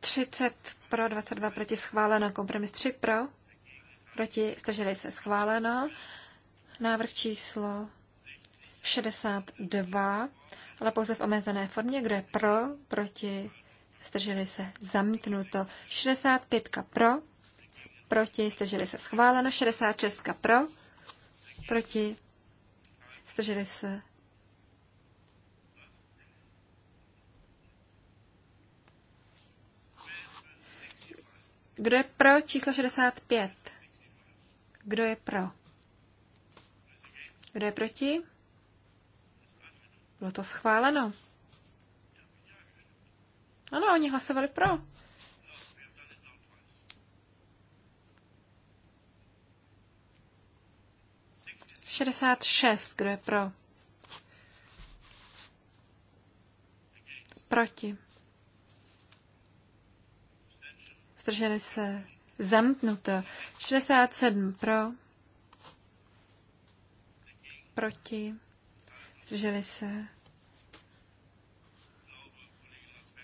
Speaker 3: 30 pro, 22 proti schváleno, kompromis 3 pro, proti, zdrželi se schváleno. Návrh číslo 62, ale pouze v omezené formě, kde pro, proti, strželi se, zamítnuto. 65 pro, proti, strželi se, schváleno. 66 pro, proti, strželi se, Kdo je pro číslo 65? Kdo je pro? Kdo je proti? Bylo to schváleno. Ano, oni hlasovali pro. Šedesát šest, kdo je pro? Proti. Zdrželi se. Zamknuto. sedm pro. Proti. Zdrželi se.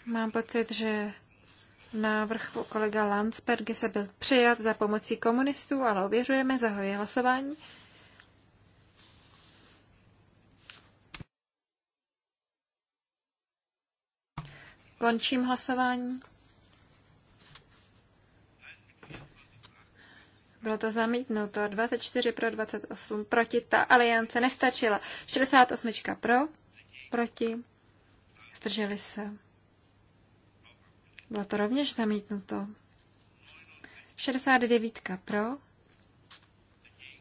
Speaker 3: Mám pocit, že návrh kolega Landsbergy se byl přijat za pomocí komunistů, ale ověřujeme, zahoji hlasování. Končím hlasování. Bylo to zamítnuto. 24 pro 28 proti. Ta aliance nestačila. 68 pro, proti. Zdrželi se. Bylo to rovněž zamítnuto. 69 pro,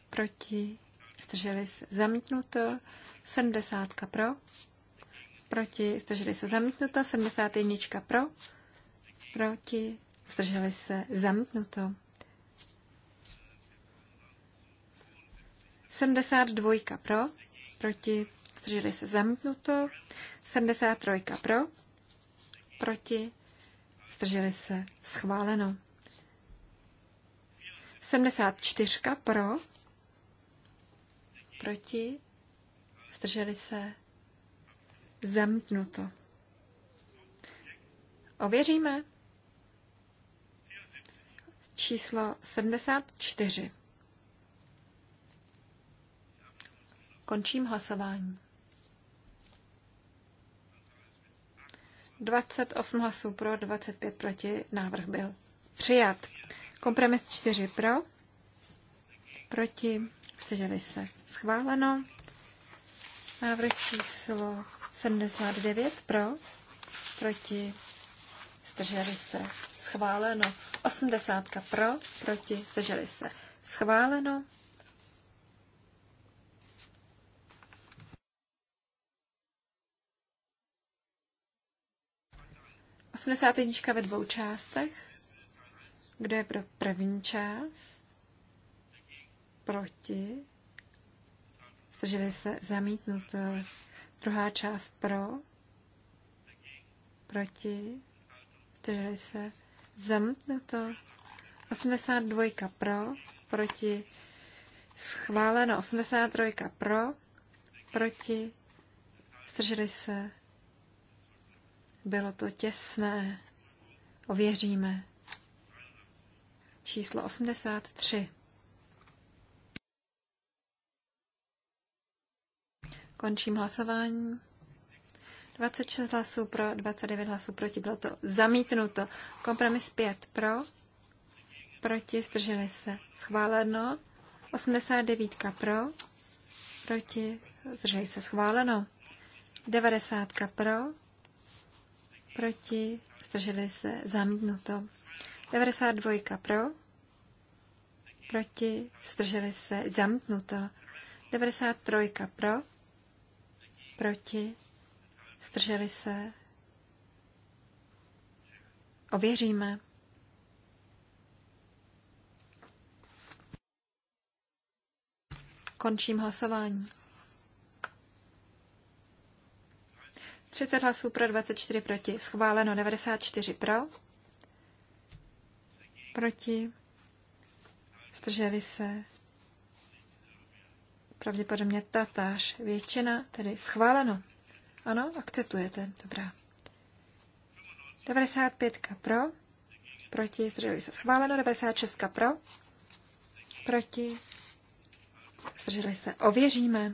Speaker 3: proti, zdrželi se zamítnuto, 70 pro, proti, zdrželi se zamítnuto, 71 pro, proti, zdrželi se zamítnuto. 72 pro, proti, zdrželi se zamítnuto, 73 pro, proti, zdrželi se, schváleno. 74 pro, proti, zdrželi se, zamknuto. Ověříme. Číslo 74. Končím hlasování. 28 hlasů pro, 25 proti. Návrh byl přijat. Kompromis 4 pro, proti, chceželi se. Schváleno. Návrh číslo 79 pro, proti, zdrželi se. Schváleno. 80 pro, proti, zdrželi se. Schváleno. 81 ve dvou částech. Kdo je pro první část? Proti? Zdrželi se zamítnuto. Druhá část pro? Proti? Zdrželi se zamítnuto. 82 pro? Proti? Schváleno 83 pro? Proti? Zdrželi se bylo to těsné. Ověříme. Číslo 83. Končím hlasování. 26 hlasů pro, 29 hlasů proti. Bylo to zamítnuto. Kompromis 5 pro, proti, zdrželi se. Schváleno. 89 pro, proti, zdrželi se. Schváleno. 90 pro, proti, zdrželi se, zamítnuto. 92 pro, proti, zdrželi se, zamítnuto. 93 pro, proti, zdrželi se, ověříme. Končím hlasování. 30 hlasů pro, 24 proti. Schváleno 94 pro. Proti. Zdrželi se. Pravděpodobně tatáž většina, tedy schváleno. Ano, akceptujete. Dobrá. 95 pro. Proti. Zdrželi se. Schváleno 96 pro. Proti. Zdrželi se. Ověříme.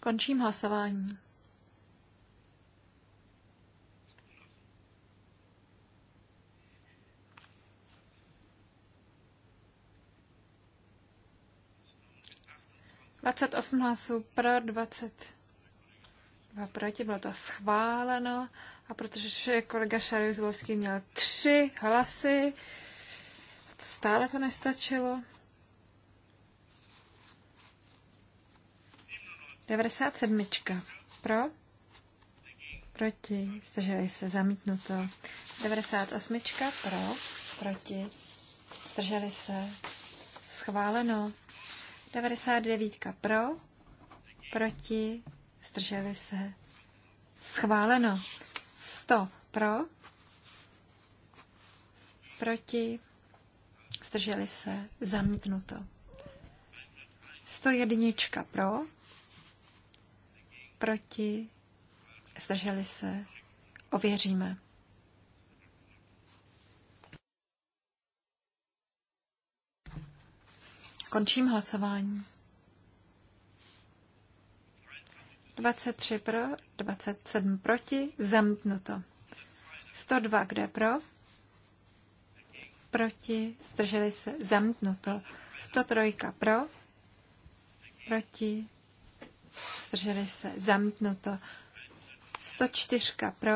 Speaker 3: Končím hlasování. Dvacet osm hlasů pro, dvacet dva proti, bylo to schváleno. A protože kolega Šaroj Zlovský měl tři hlasy, stále to nestačilo. 97. Pro? Proti. Zdrželi se. Zamítnuto. 98. Pro? Proti. Zdrželi se. Schváleno. 99. Pro? Proti. Zdrželi se. Schváleno. 100. Pro? Proti. Zdrželi se. Zamítnuto. 101. Pro? proti, zdrželi se, ověříme. Končím hlasování. 23 pro, 27 proti, zamítnuto. 102, kde pro? Proti, zdrželi se, zamítnuto. 103 pro, proti, zdrželi se, zamítnuto. 104 pro,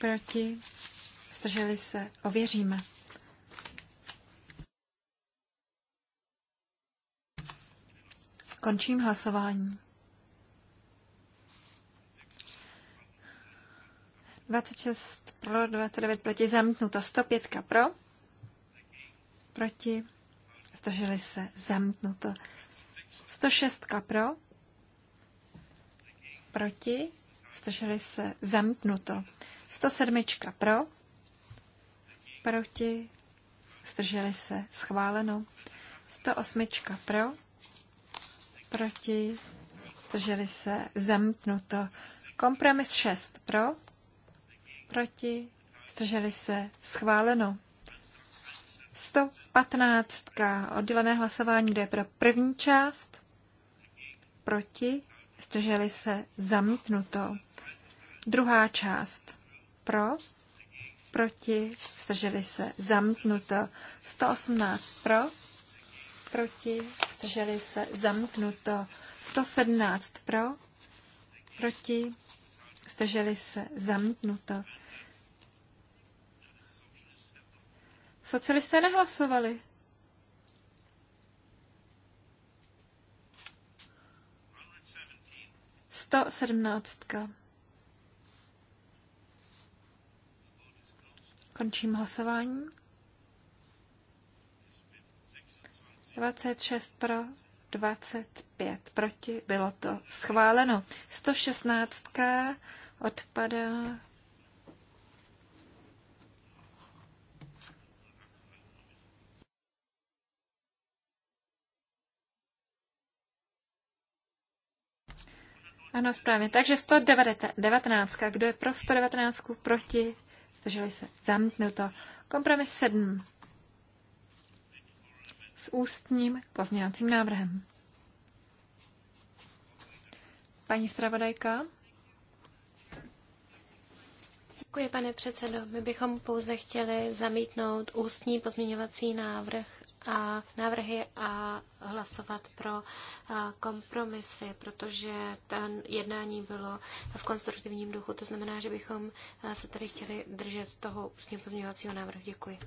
Speaker 3: proti, zdrželi se, ověříme. Končím hlasování. 26 pro, 29 proti, zamítnuto 105 pro, proti, zdrželi se, zamítnuto 106 pro, proti, zdrželi se, zamítnuto. 107 pro, proti, zdrželi se, schváleno. 108 pro, proti, zdrželi se, zamítnuto. Kompromis 6 pro, proti, zdrželi se, schváleno. 115. Oddělené hlasování, kdo je pro první část, proti, zdrželi se, zamítnuto. Druhá část pro, proti, zdrželi se, zamítnuto. 118 pro, proti, zdrželi se, zamítnuto. 117 pro, proti, zdrželi se, zamítnuto. Socialisté nehlasovali. 117. Končím hlasování. 26 pro, 25 proti, bylo to schváleno. 116 odpadá, Ano, správně. Takže 119. Kdo je pro 119? Proti? Zdrželi se. to. Kompromis 7. S ústním pozměňovacím návrhem. Paní zpravodajka?
Speaker 2: Děkuji, pane předsedo. My bychom pouze chtěli zamítnout ústní pozměňovací návrh a návrhy a hlasovat pro kompromisy, protože ten jednání bylo v konstruktivním duchu. To znamená, že bychom se tady chtěli držet toho ústního
Speaker 3: pozměňovacího návrhu. Děkuji.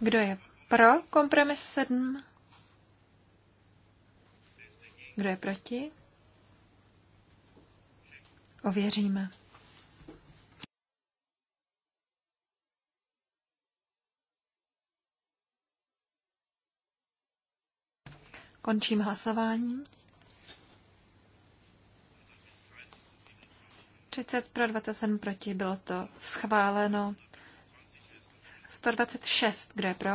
Speaker 3: Kdo je pro kompromis 7? Kdo je proti? Ověříme. Končím hlasování. 30 pro 27 proti, bylo to schváleno. 126, kdo je pro?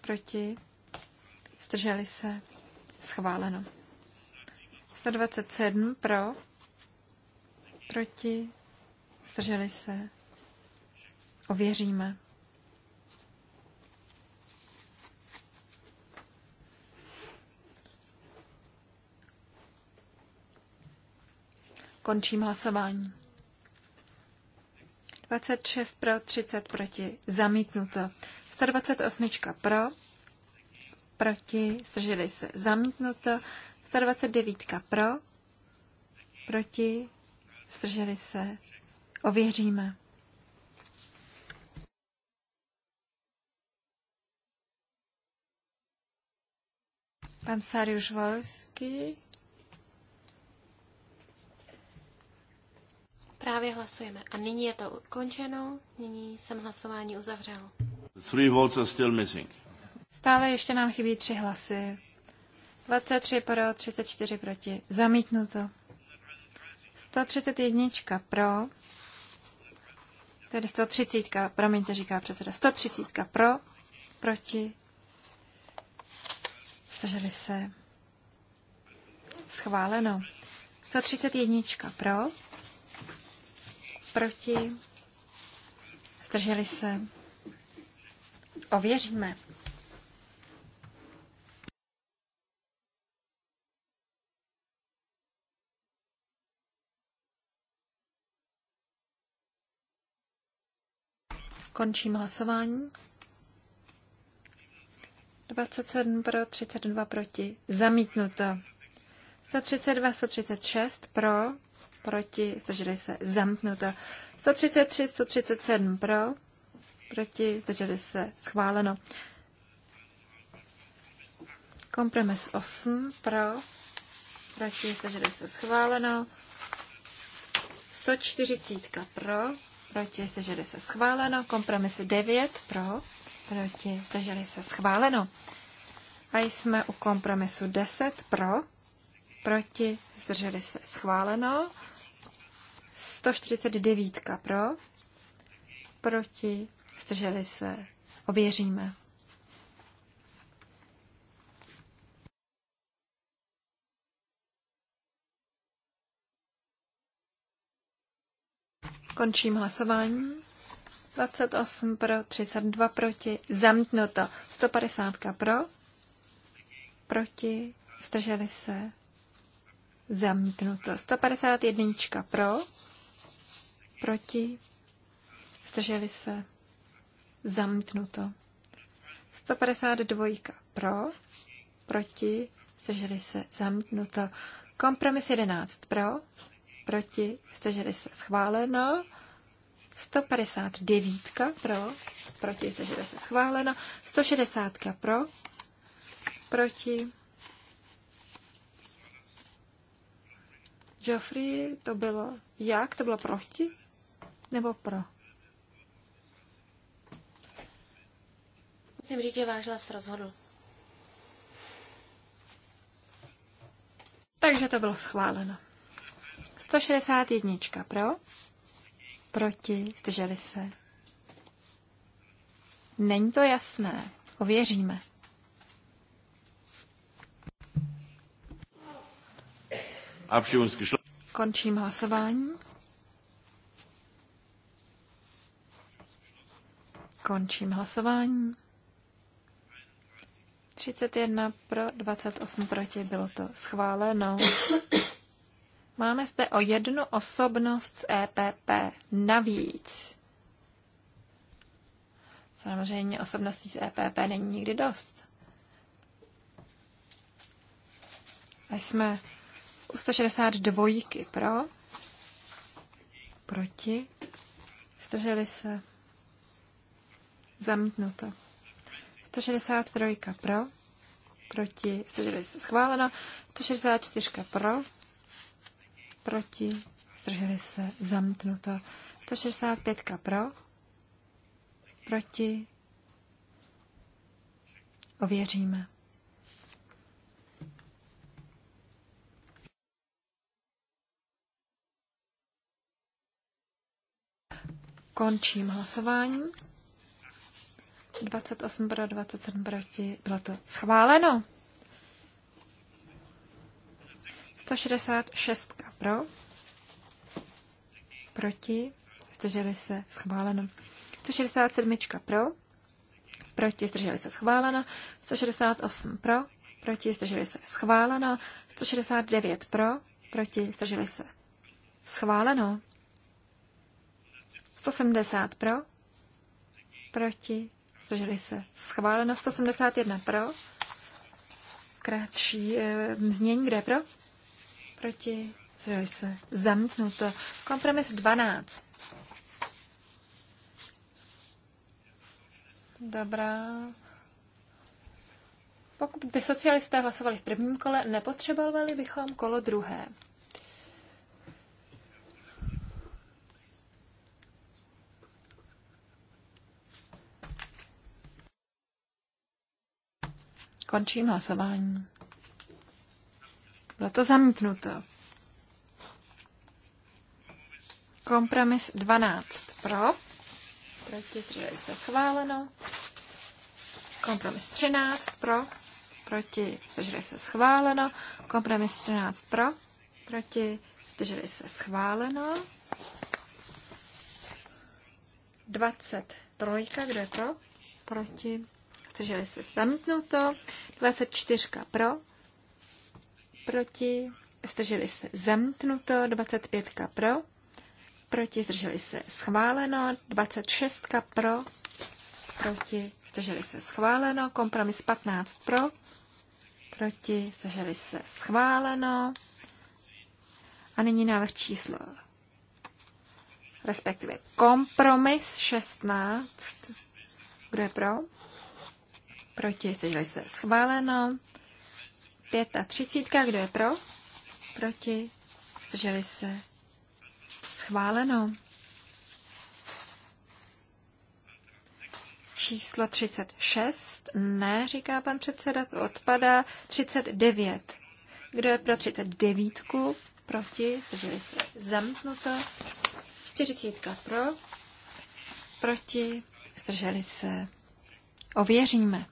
Speaker 3: Proti? Zdrželi se? Schváleno. 127 pro? Proti? Zdrželi se? Ověříme. Končím hlasování. 26 pro, 30 proti. Zamítnuto. 128 pro, proti, zdrželi se. Zamítnuto. 129 pro, proti, zdrželi se. Ověříme. Pan Sariusz Wolski. Právě hlasujeme. A nyní je to ukončeno. Nyní
Speaker 2: jsem hlasování uzavřel.
Speaker 3: Three votes are still missing. Stále ještě nám chybí tři hlasy. 23 pro, 34 proti. to. 131 pro. Tedy 130, promiňte, říká předseda. 130 pro, proti. Zdrželi se. Schváleno. 131 pro, Proti? Zdrželi se? Ověříme. Končím hlasování. 27 pro, 32 proti. Zamítnuto. 132, 136 pro, proti, zdrželi se, zamknuto. 133, 137 pro, proti, zdrželi se, schváleno. Kompromis 8 pro, proti, zdrželi se, schváleno. 140 pro, proti, zdrželi se, schváleno. Kompromis 9 pro, proti, zdrželi se, schváleno. A jsme u kompromisu 10 pro, proti, zdrželi se, schváleno. 149 pro, proti, zdrželi se, ověříme. Končím hlasování. 28 pro, 32 proti, zamítnuto. 150 pro, proti, zdrželi se, zamítnuto. 151 pro, proti, zdrželi se, zamítnuto. 152 pro, proti, zdrželi se, zamítnuto. Kompromis 11 pro, proti, zdrželi se, schváleno. 159 pro, proti, zdrželi se, schváleno. 160 pro, proti. Geoffrey, to bylo jak? To bylo proti? nebo pro?
Speaker 2: Musím říct, že váš hlas rozhodl.
Speaker 3: Takže to bylo schváleno. 161 pro, proti, zdrželi se. Není to jasné, ověříme. Končím hlasování. Končím hlasování. 31 pro, 28 proti, bylo to schváleno. Máme zde o jednu osobnost z EPP navíc. Samozřejmě osobností z EPP není nikdy dost. A jsme u 162 pro, proti, zdrželi se Zamítnuto. 163 pro, proti, schváleno. 164 pro, proti, zdrželi se zamítnuto. 165 pro, proti, ověříme. Končím hlasování. 28 pro, 27 proti. Bylo to schváleno. 166 pro, proti, zdrželi se, schváleno. 167 pro, proti, zdrželi se, schváleno. 168 pro, proti, zdrželi se, schváleno. 169 pro, proti, zdrželi se, schváleno. 170 pro, proti, zdrželi se schváleno 171 pro, Kratší e, znění, kde pro, proti, zdrželi se zamítnuto, kompromis 12. Dobrá. Pokud by socialisté hlasovali v prvním kole, nepotřebovali bychom kolo druhé. Končím hlasování. Bylo to zamítnuto. Kompromis 12 pro. Proti 3 se schváleno. Kompromis 13 pro. Proti 4 se schváleno. Kompromis 14 pro. Proti 4 se schváleno. 23, kdo je pro? Proti zdrželi se zamítnuto, 24 pro, proti, zdrželi se zamítnuto, 25 pro, proti, zdrželi se schváleno, 26 pro, proti, zdrželi se schváleno, kompromis 15 pro, proti, zdrželi se schváleno. A nyní návrh číslo, respektive kompromis 16. Kdo je pro? proti, zdrželi se schváleno. 35, kdo je pro, proti, zdrželi se schváleno. Číslo 36, ne, říká pan předseda, to odpadá. 39, kdo je pro 39, proti, zdrželi se zamknuto. 40 pro, proti, zdrželi se. Ověříme.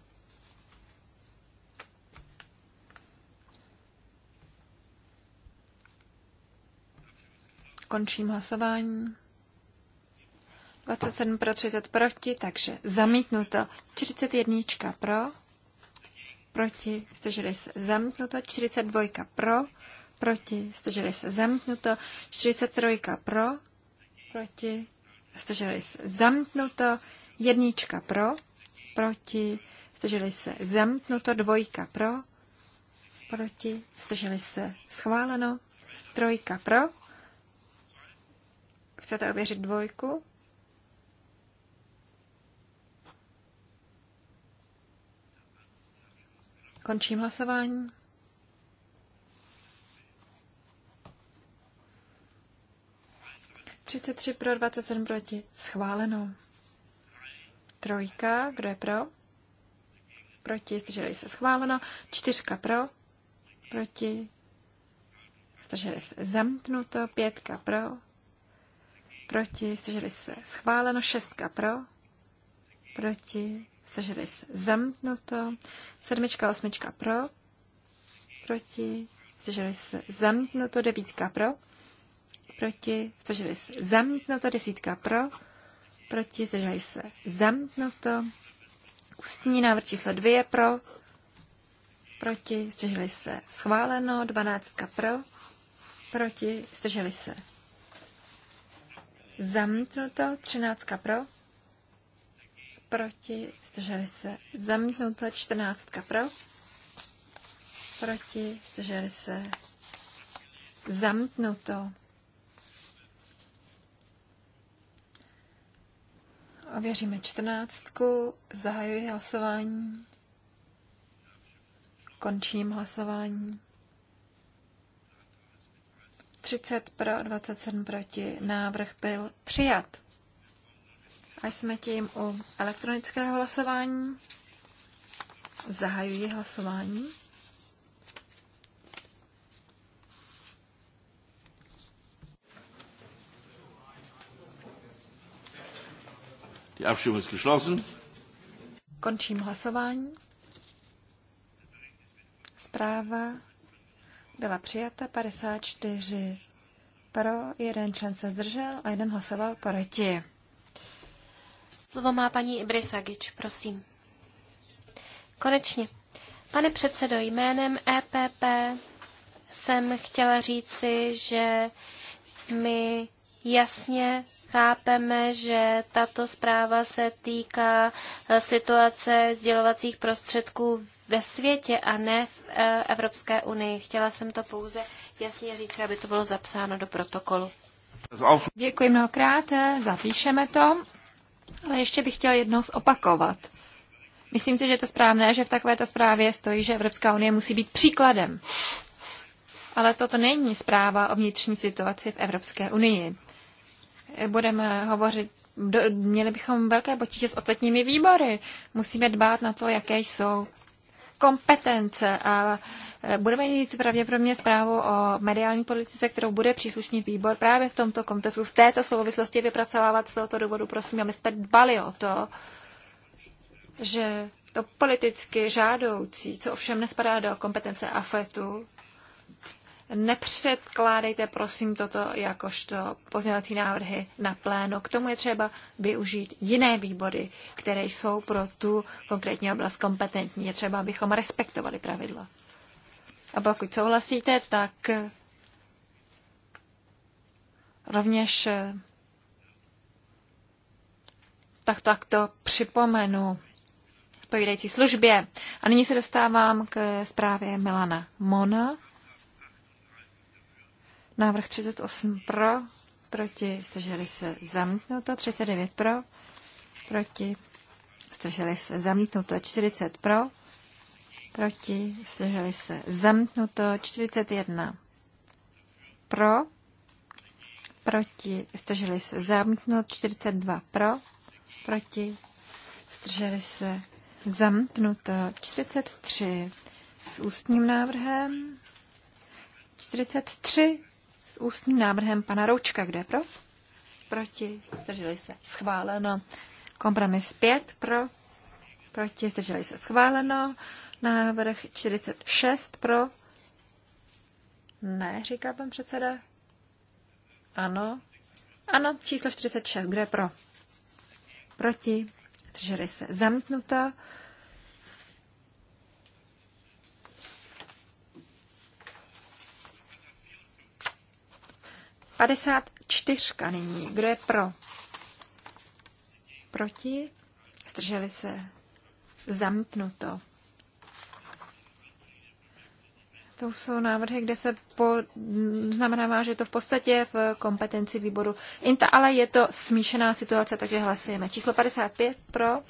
Speaker 3: Končím hlasování. 27 pro 30 proti, takže zamítnuto. 41 pro, proti, zdrželi se zamítnuto. 42 pro, proti, zdrželi se zamítnuto. 43 pro, proti, zdrželi se zamítnuto. Jednička pro, proti, zdrželi se zamítnuto. Dvojka pro, proti, zdrželi se schváleno. Trojka pro, Chcete ověřit dvojku? Končím hlasování. Třicet tři pro, dvacet sedm proti. Schváleno. Trojka, kdo je pro? Proti, zdrželi se schváleno. Čtyřka pro, proti, zdrželi se zamknuto. Pětka pro, proti, zdrželi se schváleno, šestka pro, proti, zdrželi se zamknuto, sedmička, osmička pro, proti, zdrželi se zamknuto, devítka pro, proti, zdrželi se zamknuto, desítka pro, proti, zdrželi se zamknuto. ústní návrh číslo dvě pro, proti, zdrželi se schváleno, dvanáctka pro, proti, zdrželi se Zamítnuto 13 pro. Proti zdrželi se. Zamítnuto 14 pro. Proti zdrželi se. Zamítnuto. Ověříme čtrnáctku. Zahajuji hlasování. Končím hlasování. 30 pro, 27 proti. Návrh byl přijat. A jsme tím u elektronického hlasování. Zahajuji hlasování. Končím hlasování. Zpráva byla přijata 54 pro, jeden člen se zdržel a jeden hlasoval proti.
Speaker 2: Slovo má paní Ibrisagič, prosím. Konečně. Pane předsedo, jménem EPP jsem chtěla říci, že my jasně chápeme, že tato zpráva se týká eh, situace sdělovacích prostředků ve světě a ne v e, Evropské unii. Chtěla jsem to pouze jasně říct, aby
Speaker 3: to bylo zapsáno do protokolu. Děkuji mnohokrát, e, zapíšeme to, ale ještě bych chtěl jednou zopakovat. Myslím si, že je to správné, že v takovéto zprávě stojí, že Evropská unie musí být příkladem. Ale toto není zpráva o vnitřní situaci v Evropské unii. Budeme hovořit, do, měli bychom velké potíže s ostatními výbory. Musíme dbát na to, jaké jsou kompetence a e, budeme mít pravděpodobně zprávu o mediální politice, kterou bude příslušný výbor právě v tomto kontextu, z této souvislosti vypracovávat z tohoto důvodu, prosím, abyste dbali o to, že to politicky žádoucí, co ovšem nespadá do kompetence AFETu, nepředkládejte prosím toto jakožto pozměňovací návrhy na pléno. K tomu je třeba využít jiné výbory, které jsou pro tu konkrétní oblast kompetentní. Je třeba, abychom respektovali pravidla. A pokud souhlasíte, tak rovněž eh, tak takto připomenu odpovídající službě. A nyní se dostávám k zprávě Milana Mona. Návrh 38 pro, proti, zdrželi se zamítnuto, 39 pro, proti, zdrželi se zamítnuto, 40 pro, proti, zdrželi se zamítnuto, 41 pro, proti, zdrželi se zamítnuto, 42 pro, proti, zdrželi se zamítnuto, 43 s ústním návrhem, 43 ústním návrhem pana Roučka. Kde pro? Proti. Zdrželi se. Schváleno. Kompromis 5 pro. Proti. Zdrželi se. Schváleno. Návrh 46 pro. Ne, říká pan předseda. Ano. Ano, číslo 46. Kde pro? Proti. Zdrželi se. Zamknuto. 54 nyní. Kdo je pro? Proti? Zdrželi se. Zamknuto. To jsou návrhy, kde se po, znamená, že je to v podstatě v kompetenci výboru INTA, ale je to smíšená situace, takže hlasujeme. Číslo 55 pro,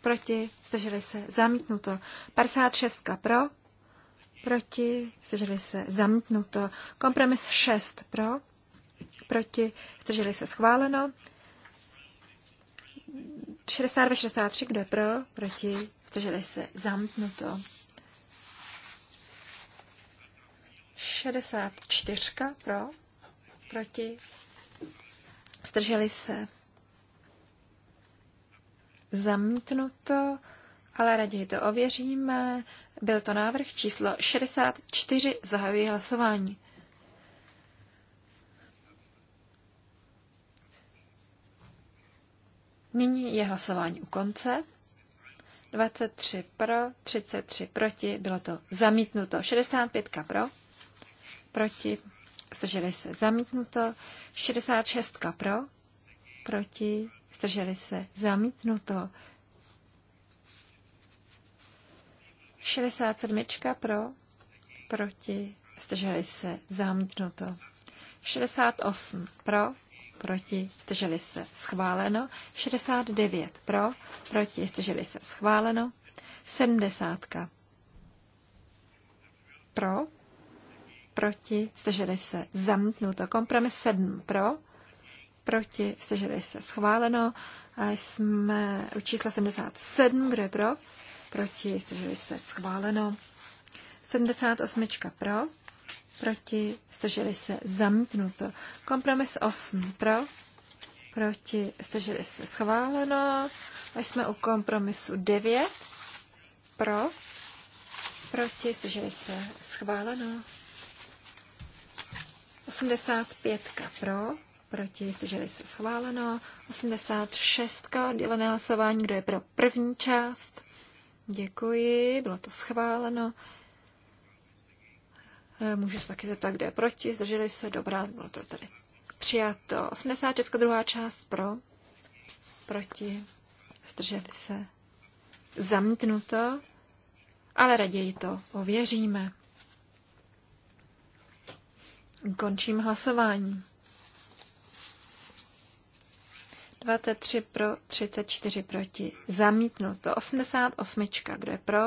Speaker 3: proti, zdrželi se, zamítnuto. 56 pro, proti, zdrželi se, zamítnuto. Kompromis 6 pro, proti, zdrželi se schváleno. 62, 63, kdo je pro, proti, zdrželi se zamknuto. 64 pro, proti, zdrželi se zamítnuto, ale raději to ověříme. Byl to návrh číslo 64, zahajuji hlasování. Nyní je hlasování u konce. 23 pro, 33 proti, bylo to zamítnuto. 65 pro, proti, zdrželi se zamítnuto. 66 pro, proti, zdrželi se zamítnuto. 67 pro, proti, zdrželi se zamítnuto. 68 pro, proti, zdrželi se, schváleno. 69 pro, proti, zdrželi se, schváleno. 70 pro, proti, zdrželi se, zamítnuto. Kompromis 7 pro, proti, zdrželi se, schváleno. A jsme u čísla 77, kdo je pro, proti, zdrželi se, schváleno. 78 pro, proti, zdrželi se, zamítnuto. Kompromis 8 pro, proti, zdrželi se, schváleno. A jsme u kompromisu 9 pro, proti, zdrželi se, schváleno. 85 pro, proti, zdrželi se, schváleno. 86 dělené hlasování, kdo je pro první část. Děkuji, bylo to schváleno. Eh, můžu se taky zeptat, kde je proti. Zdrželi se, dobrá, bylo to tady přijato. 86. druhá část pro, proti, zdrželi se, zamítnuto, ale raději to ověříme. Končím hlasování. 23 pro, 34 proti. Zamítnuto. 88. Kdo je pro?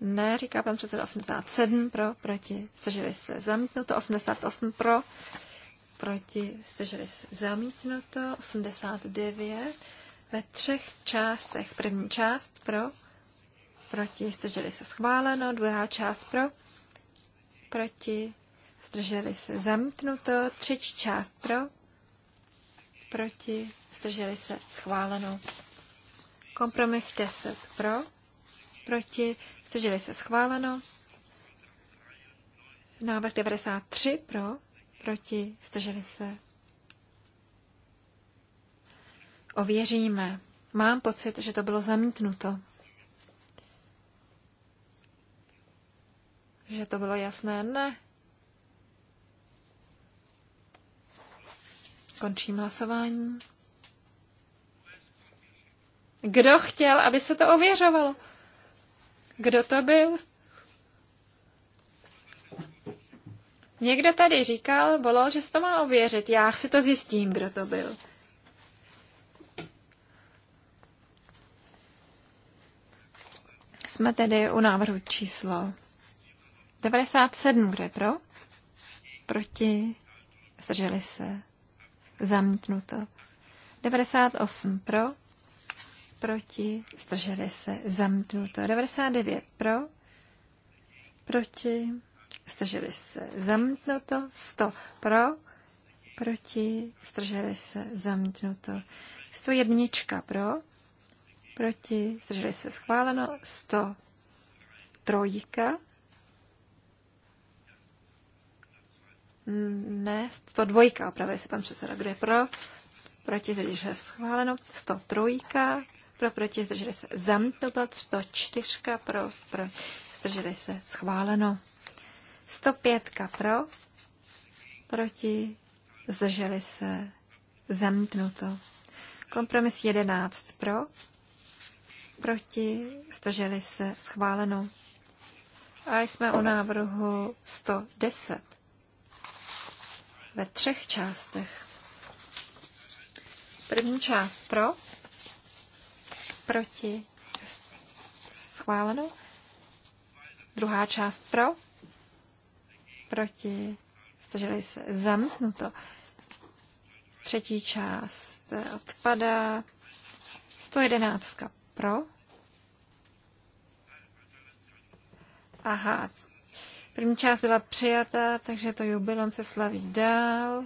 Speaker 3: Ne, říká pan předseda 87 pro, proti, zdrželi se zamítnuto, 88 pro, proti, zdrželi se zamítnuto, 89 ve třech částech. První část pro, proti, zdrželi se schváleno, druhá část pro, proti, zdrželi se zamítnuto, třetí část pro, proti, zdrželi se schváleno. Kompromis 10 pro, proti, Zdrželi se schváleno. Návrh 93 pro, proti, zdrželi se. Ověříme. Mám pocit, že to bylo zamítnuto. Že to bylo jasné? Ne. Končím hlasování. Kdo chtěl, aby se to ověřovalo? Kdo to byl? Někdo tady říkal, bylo, že se to má ověřit. Já si to zjistím, kdo to byl. Jsme tedy u návrhu číslo 97. Kdo je pro? Proti? Zdrželi se? Zamítnuto. 98 pro? proti, zdrželi se, zamítnuto. 99 pro, proti, zdrželi se, zamítnuto. 100 pro, proti, zdrželi se, zamítnuto. 101 pro, proti, zdrželi se, schváleno. 100 trojka, mm, ne, 102, opravuje se pan předseda, kde pro, proti, zdrželi se, schváleno. 103 pro, proti, zdrželi se zamítnuto, 104 pro, pro, zdrželi se schváleno, 105 pro, proti, zdrželi se zamítnuto, kompromis 11 pro, proti, zdrželi se schváleno. A jsme u návrhu 110 ve třech částech. První část pro, proti, schváleno. Druhá část pro, proti, zdrželi se, zamítnuto. Třetí část odpadá. 111 pro. Aha, první část byla přijata, takže to jubilom se slaví dál.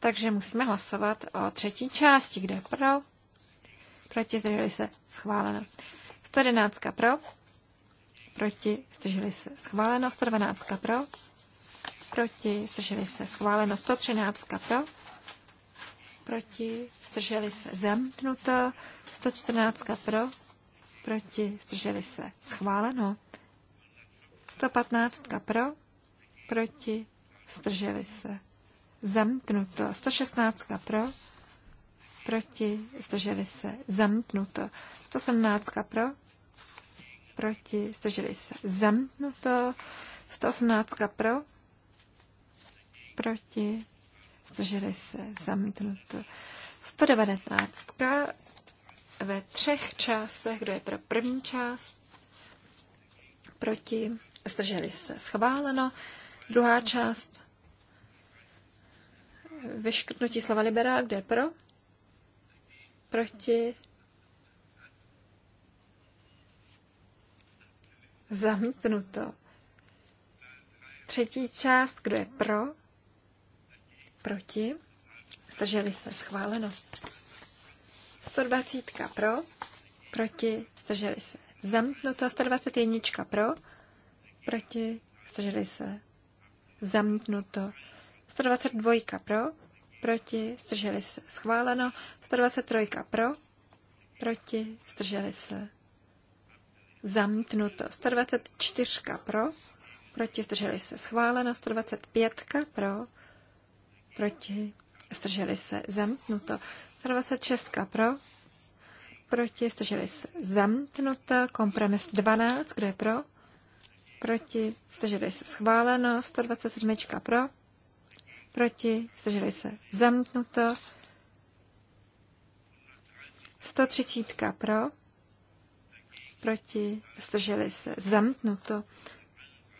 Speaker 3: Takže musíme hlasovat o třetí části, kde pro, proti, zdrželi se, schváleno. 111 pro, proti, zdrželi se, schváleno. 112 pro, proti, zdrželi se, schváleno. 113 pro, proti, zdrželi se, zamknuto. 114 pro, proti, zdrželi se, schváleno. 115 pro, proti, zdrželi se, zamknuto. 116 pro, proti, zdrželi se, zamknuto. 118 pro, proti, zdrželi se, zamknuto. 118 pro, proti, zdrželi se, zamknuto. 119 ve třech částech, kdo je pro první část, proti, zdrželi se, schváleno. Druhá část, vyškrtnutí slova liberál, kdo je pro, proti, zamítnuto. Třetí část, kdo je pro, proti, zdrželi se, schváleno. 120 pro, proti, zdrželi se, zamítnuto. 121 pro, proti, zdrželi se, zamítnuto. 122 pro, proti, zdrželi se, schváleno. 123 pro, proti, zdrželi se, zamítnuto. 124 pro, proti, zdrželi se, schváleno. 125 pro, proti, zdrželi se, zamítnuto. 126 pro, proti, zdrželi se, zamítnuto. Kompromis 12, kdo je pro, proti, zdrželi se, schváleno. 127 pro, proti, zdrželi se zamknuto 130 pro, proti, zdrželi se zamknuto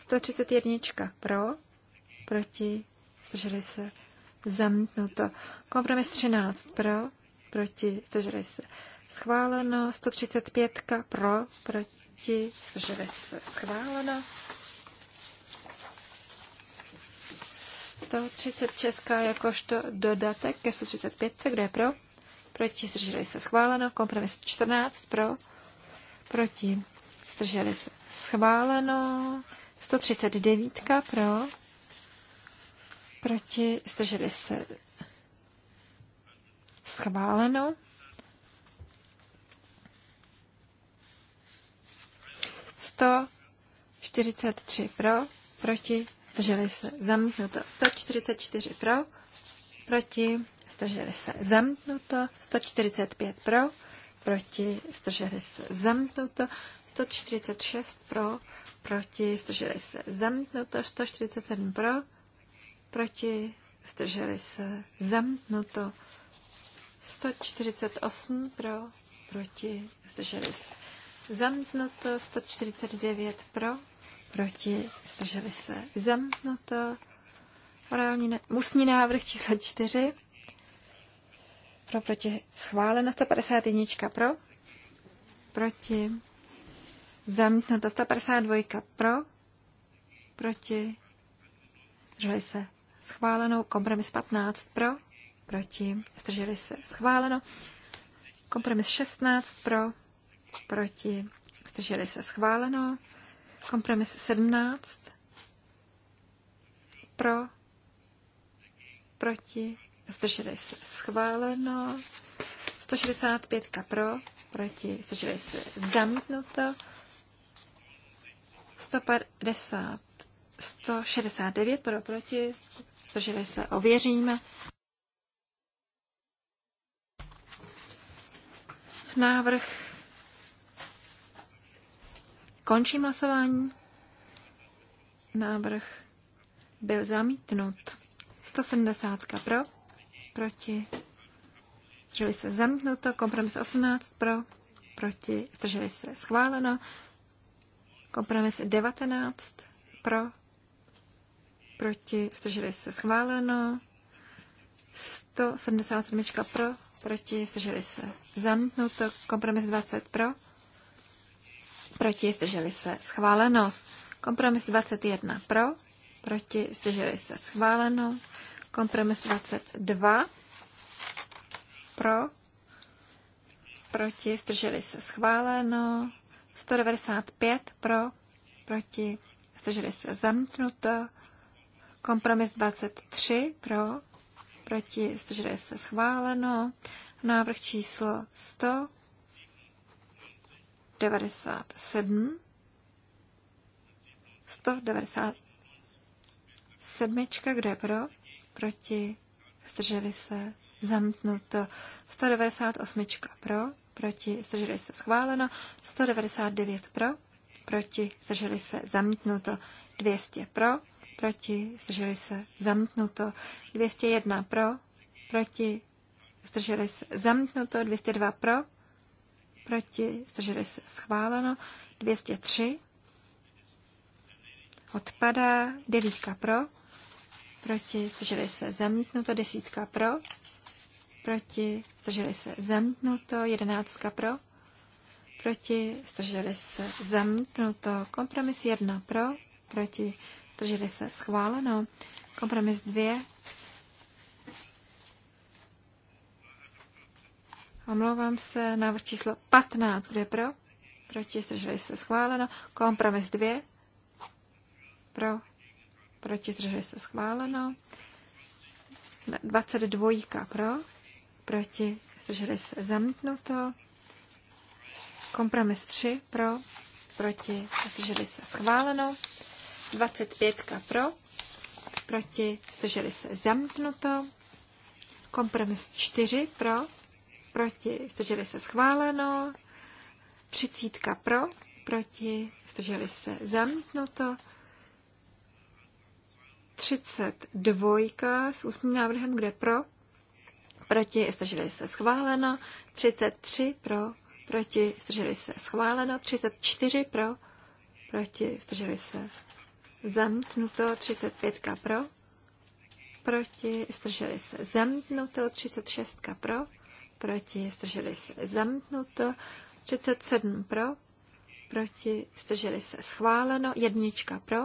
Speaker 3: 131 pro, proti, zdrželi se zamknuto Kompromis 13 pro, proti, zdrželi se schváleno. 135 pro, proti, zdrželi se schváleno. 136 jakožto dodatek ke 135, kdo je pro? Proti, zdrželi se, schváleno. Kompromis 14 pro, proti, zdrželi se, schváleno. 139 pro, proti, zdrželi se, schváleno. Sto pro, proti, zdrželi se zamknuto, 144 pro, proti, zdrželi se zamknuto, 145 pro, proti, zdrželi se zamknuto, 146 pro, proti, zdrželi se zamknuto, 147 pro, proti, zdrželi se zamknuto, 148 pro, proti, zdrželi se zamknuto, 149 pro, proti, zdrželi se zamknuto. Orální ne- musní návrh číslo 4, pro, proti, schváleno 151 pro, proti, zamítnuto 152 pro, proti, zdrželi se schváleno, kompromis 15 pro, proti, zdrželi se schváleno, kompromis 16 pro, proti, zdrželi se schváleno, Kompromis 17. Pro, proti, zdrželi se schváleno. 165 pro, proti, zdrželi se zamítnuto. 150, 169 pro, proti, zdrželi se ověříme. Návrh Končím hlasování. Návrh byl zamítnut. 170 pro, proti, zdrželi se zamítnuto, kompromis 18 pro, proti, zdrželi se schváleno, kompromis 19 pro, proti, zdrželi se schváleno, 177 pro, proti, zdrželi se zamítnuto, kompromis 20 pro, proti, zdrželi se, schváleno. Kompromis 21 pro, proti, zdrželi se, schváleno. Kompromis 22 pro, proti, zdrželi se, schváleno. 195 pro, proti, zdrželi se, zamknuto. Kompromis 23 pro, proti, zdrželi se, schváleno. Návrh číslo 100 197, 197, kdo je pro, proti, zdrželi se, zamítnuto, 198 pro, proti, zdrželi se, schváleno, 199 pro, proti, zdrželi se, zamítnuto, 200 pro, proti, zdrželi se, zamítnuto, 201 pro, proti, zdrželi se, zamítnuto, 202 pro, proti, zdrželi se schváleno, 203, odpadá, devítka pro, proti, zdrželi se zamítnuto, desítka pro, proti, zdrželi se zamítnuto, jedenáctka pro, proti, zdrželi se zamítnuto, kompromis jedna pro, proti, zdrželi se schváleno, kompromis dvě Omlouvám se, návrh číslo 15, kdo je pro? Proti, zdrželi se, schváleno. Kompromis 2, pro, proti, zdrželi se, schváleno. 22 pro, proti, zdrželi se, zamítnuto. Kompromis 3 pro, proti, zdrželi se, schváleno. 25 pro, proti, zdrželi se, zamítnuto. Kompromis 4 pro, proti, zdrželi se schváleno, třicítka pro, proti, zdrželi se zamítnuto, 32 s ústním návrhem, kde pro, proti, zdrželi se schváleno, 33 pro, proti, zdrželi se schváleno, 34 pro, proti, zdrželi se zamítnuto, 35 pro, proti, zdrželi se zamítnuto, 36 pro, proti, zdrželi se zamítnuto, 37 pro, proti, zdrželi se schváleno, jednička pro,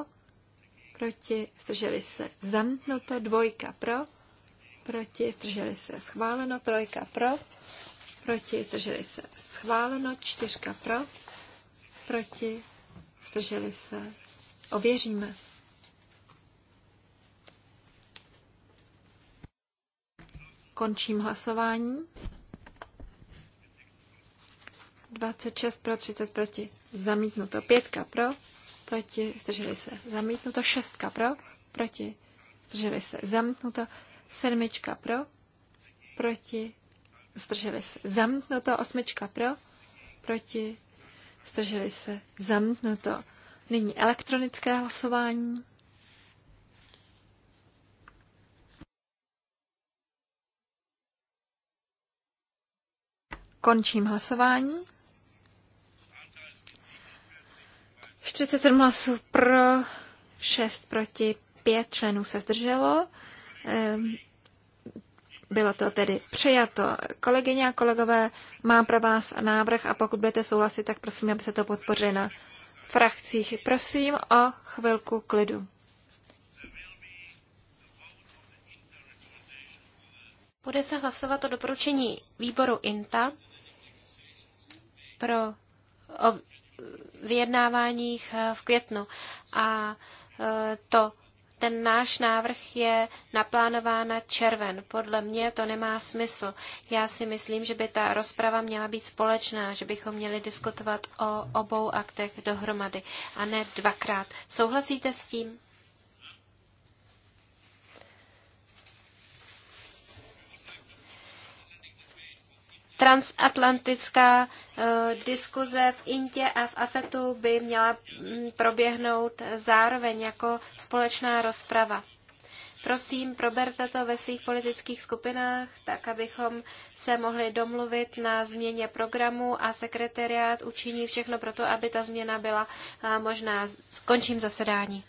Speaker 3: proti, zdrželi se zamítnuto, dvojka pro, proti, zdrželi se schváleno, trojka pro, proti, zdrželi se schváleno, čtyřka pro, proti, zdrželi se, ověříme. Končím hlasování. 26 pro, 30 proti, zamítnuto. Pětka pro, proti, zdrželi se, zamítnuto. Šestka pro, proti, zdrželi se, zamítnuto. Sedmička pro, proti, zdrželi se, zamítnuto. Osmička pro, proti, zdrželi se, zamítnuto. Nyní elektronické hlasování. Končím hlasování. 47 hlasů pro, 6 proti, 5 členů se zdrželo. Ehm, bylo to tedy přijato. Kolegyně a kolegové, mám pro vás návrh a pokud budete souhlasit, tak prosím, aby se to podpořili na frakcích. Prosím o chvilku klidu. Bude se hlasovat o doporučení
Speaker 2: výboru INTA pro vyjednáváních eh, v květnu. A eh, to ten náš návrh je naplánován na červen. Podle mě to nemá smysl. Já si myslím, že by ta rozprava měla být společná, že bychom měli diskutovat o obou aktech dohromady a ne dvakrát. Souhlasíte s tím? transatlantická eh, diskuze v Intě a v Afetu by měla mm, proběhnout zároveň jako společná rozprava. Prosím, proberte to ve svých politických skupinách, tak abychom se mohli domluvit na změně programu a sekretariát učiní všechno pro to, aby ta změna byla eh, možná. Skončím zasedání.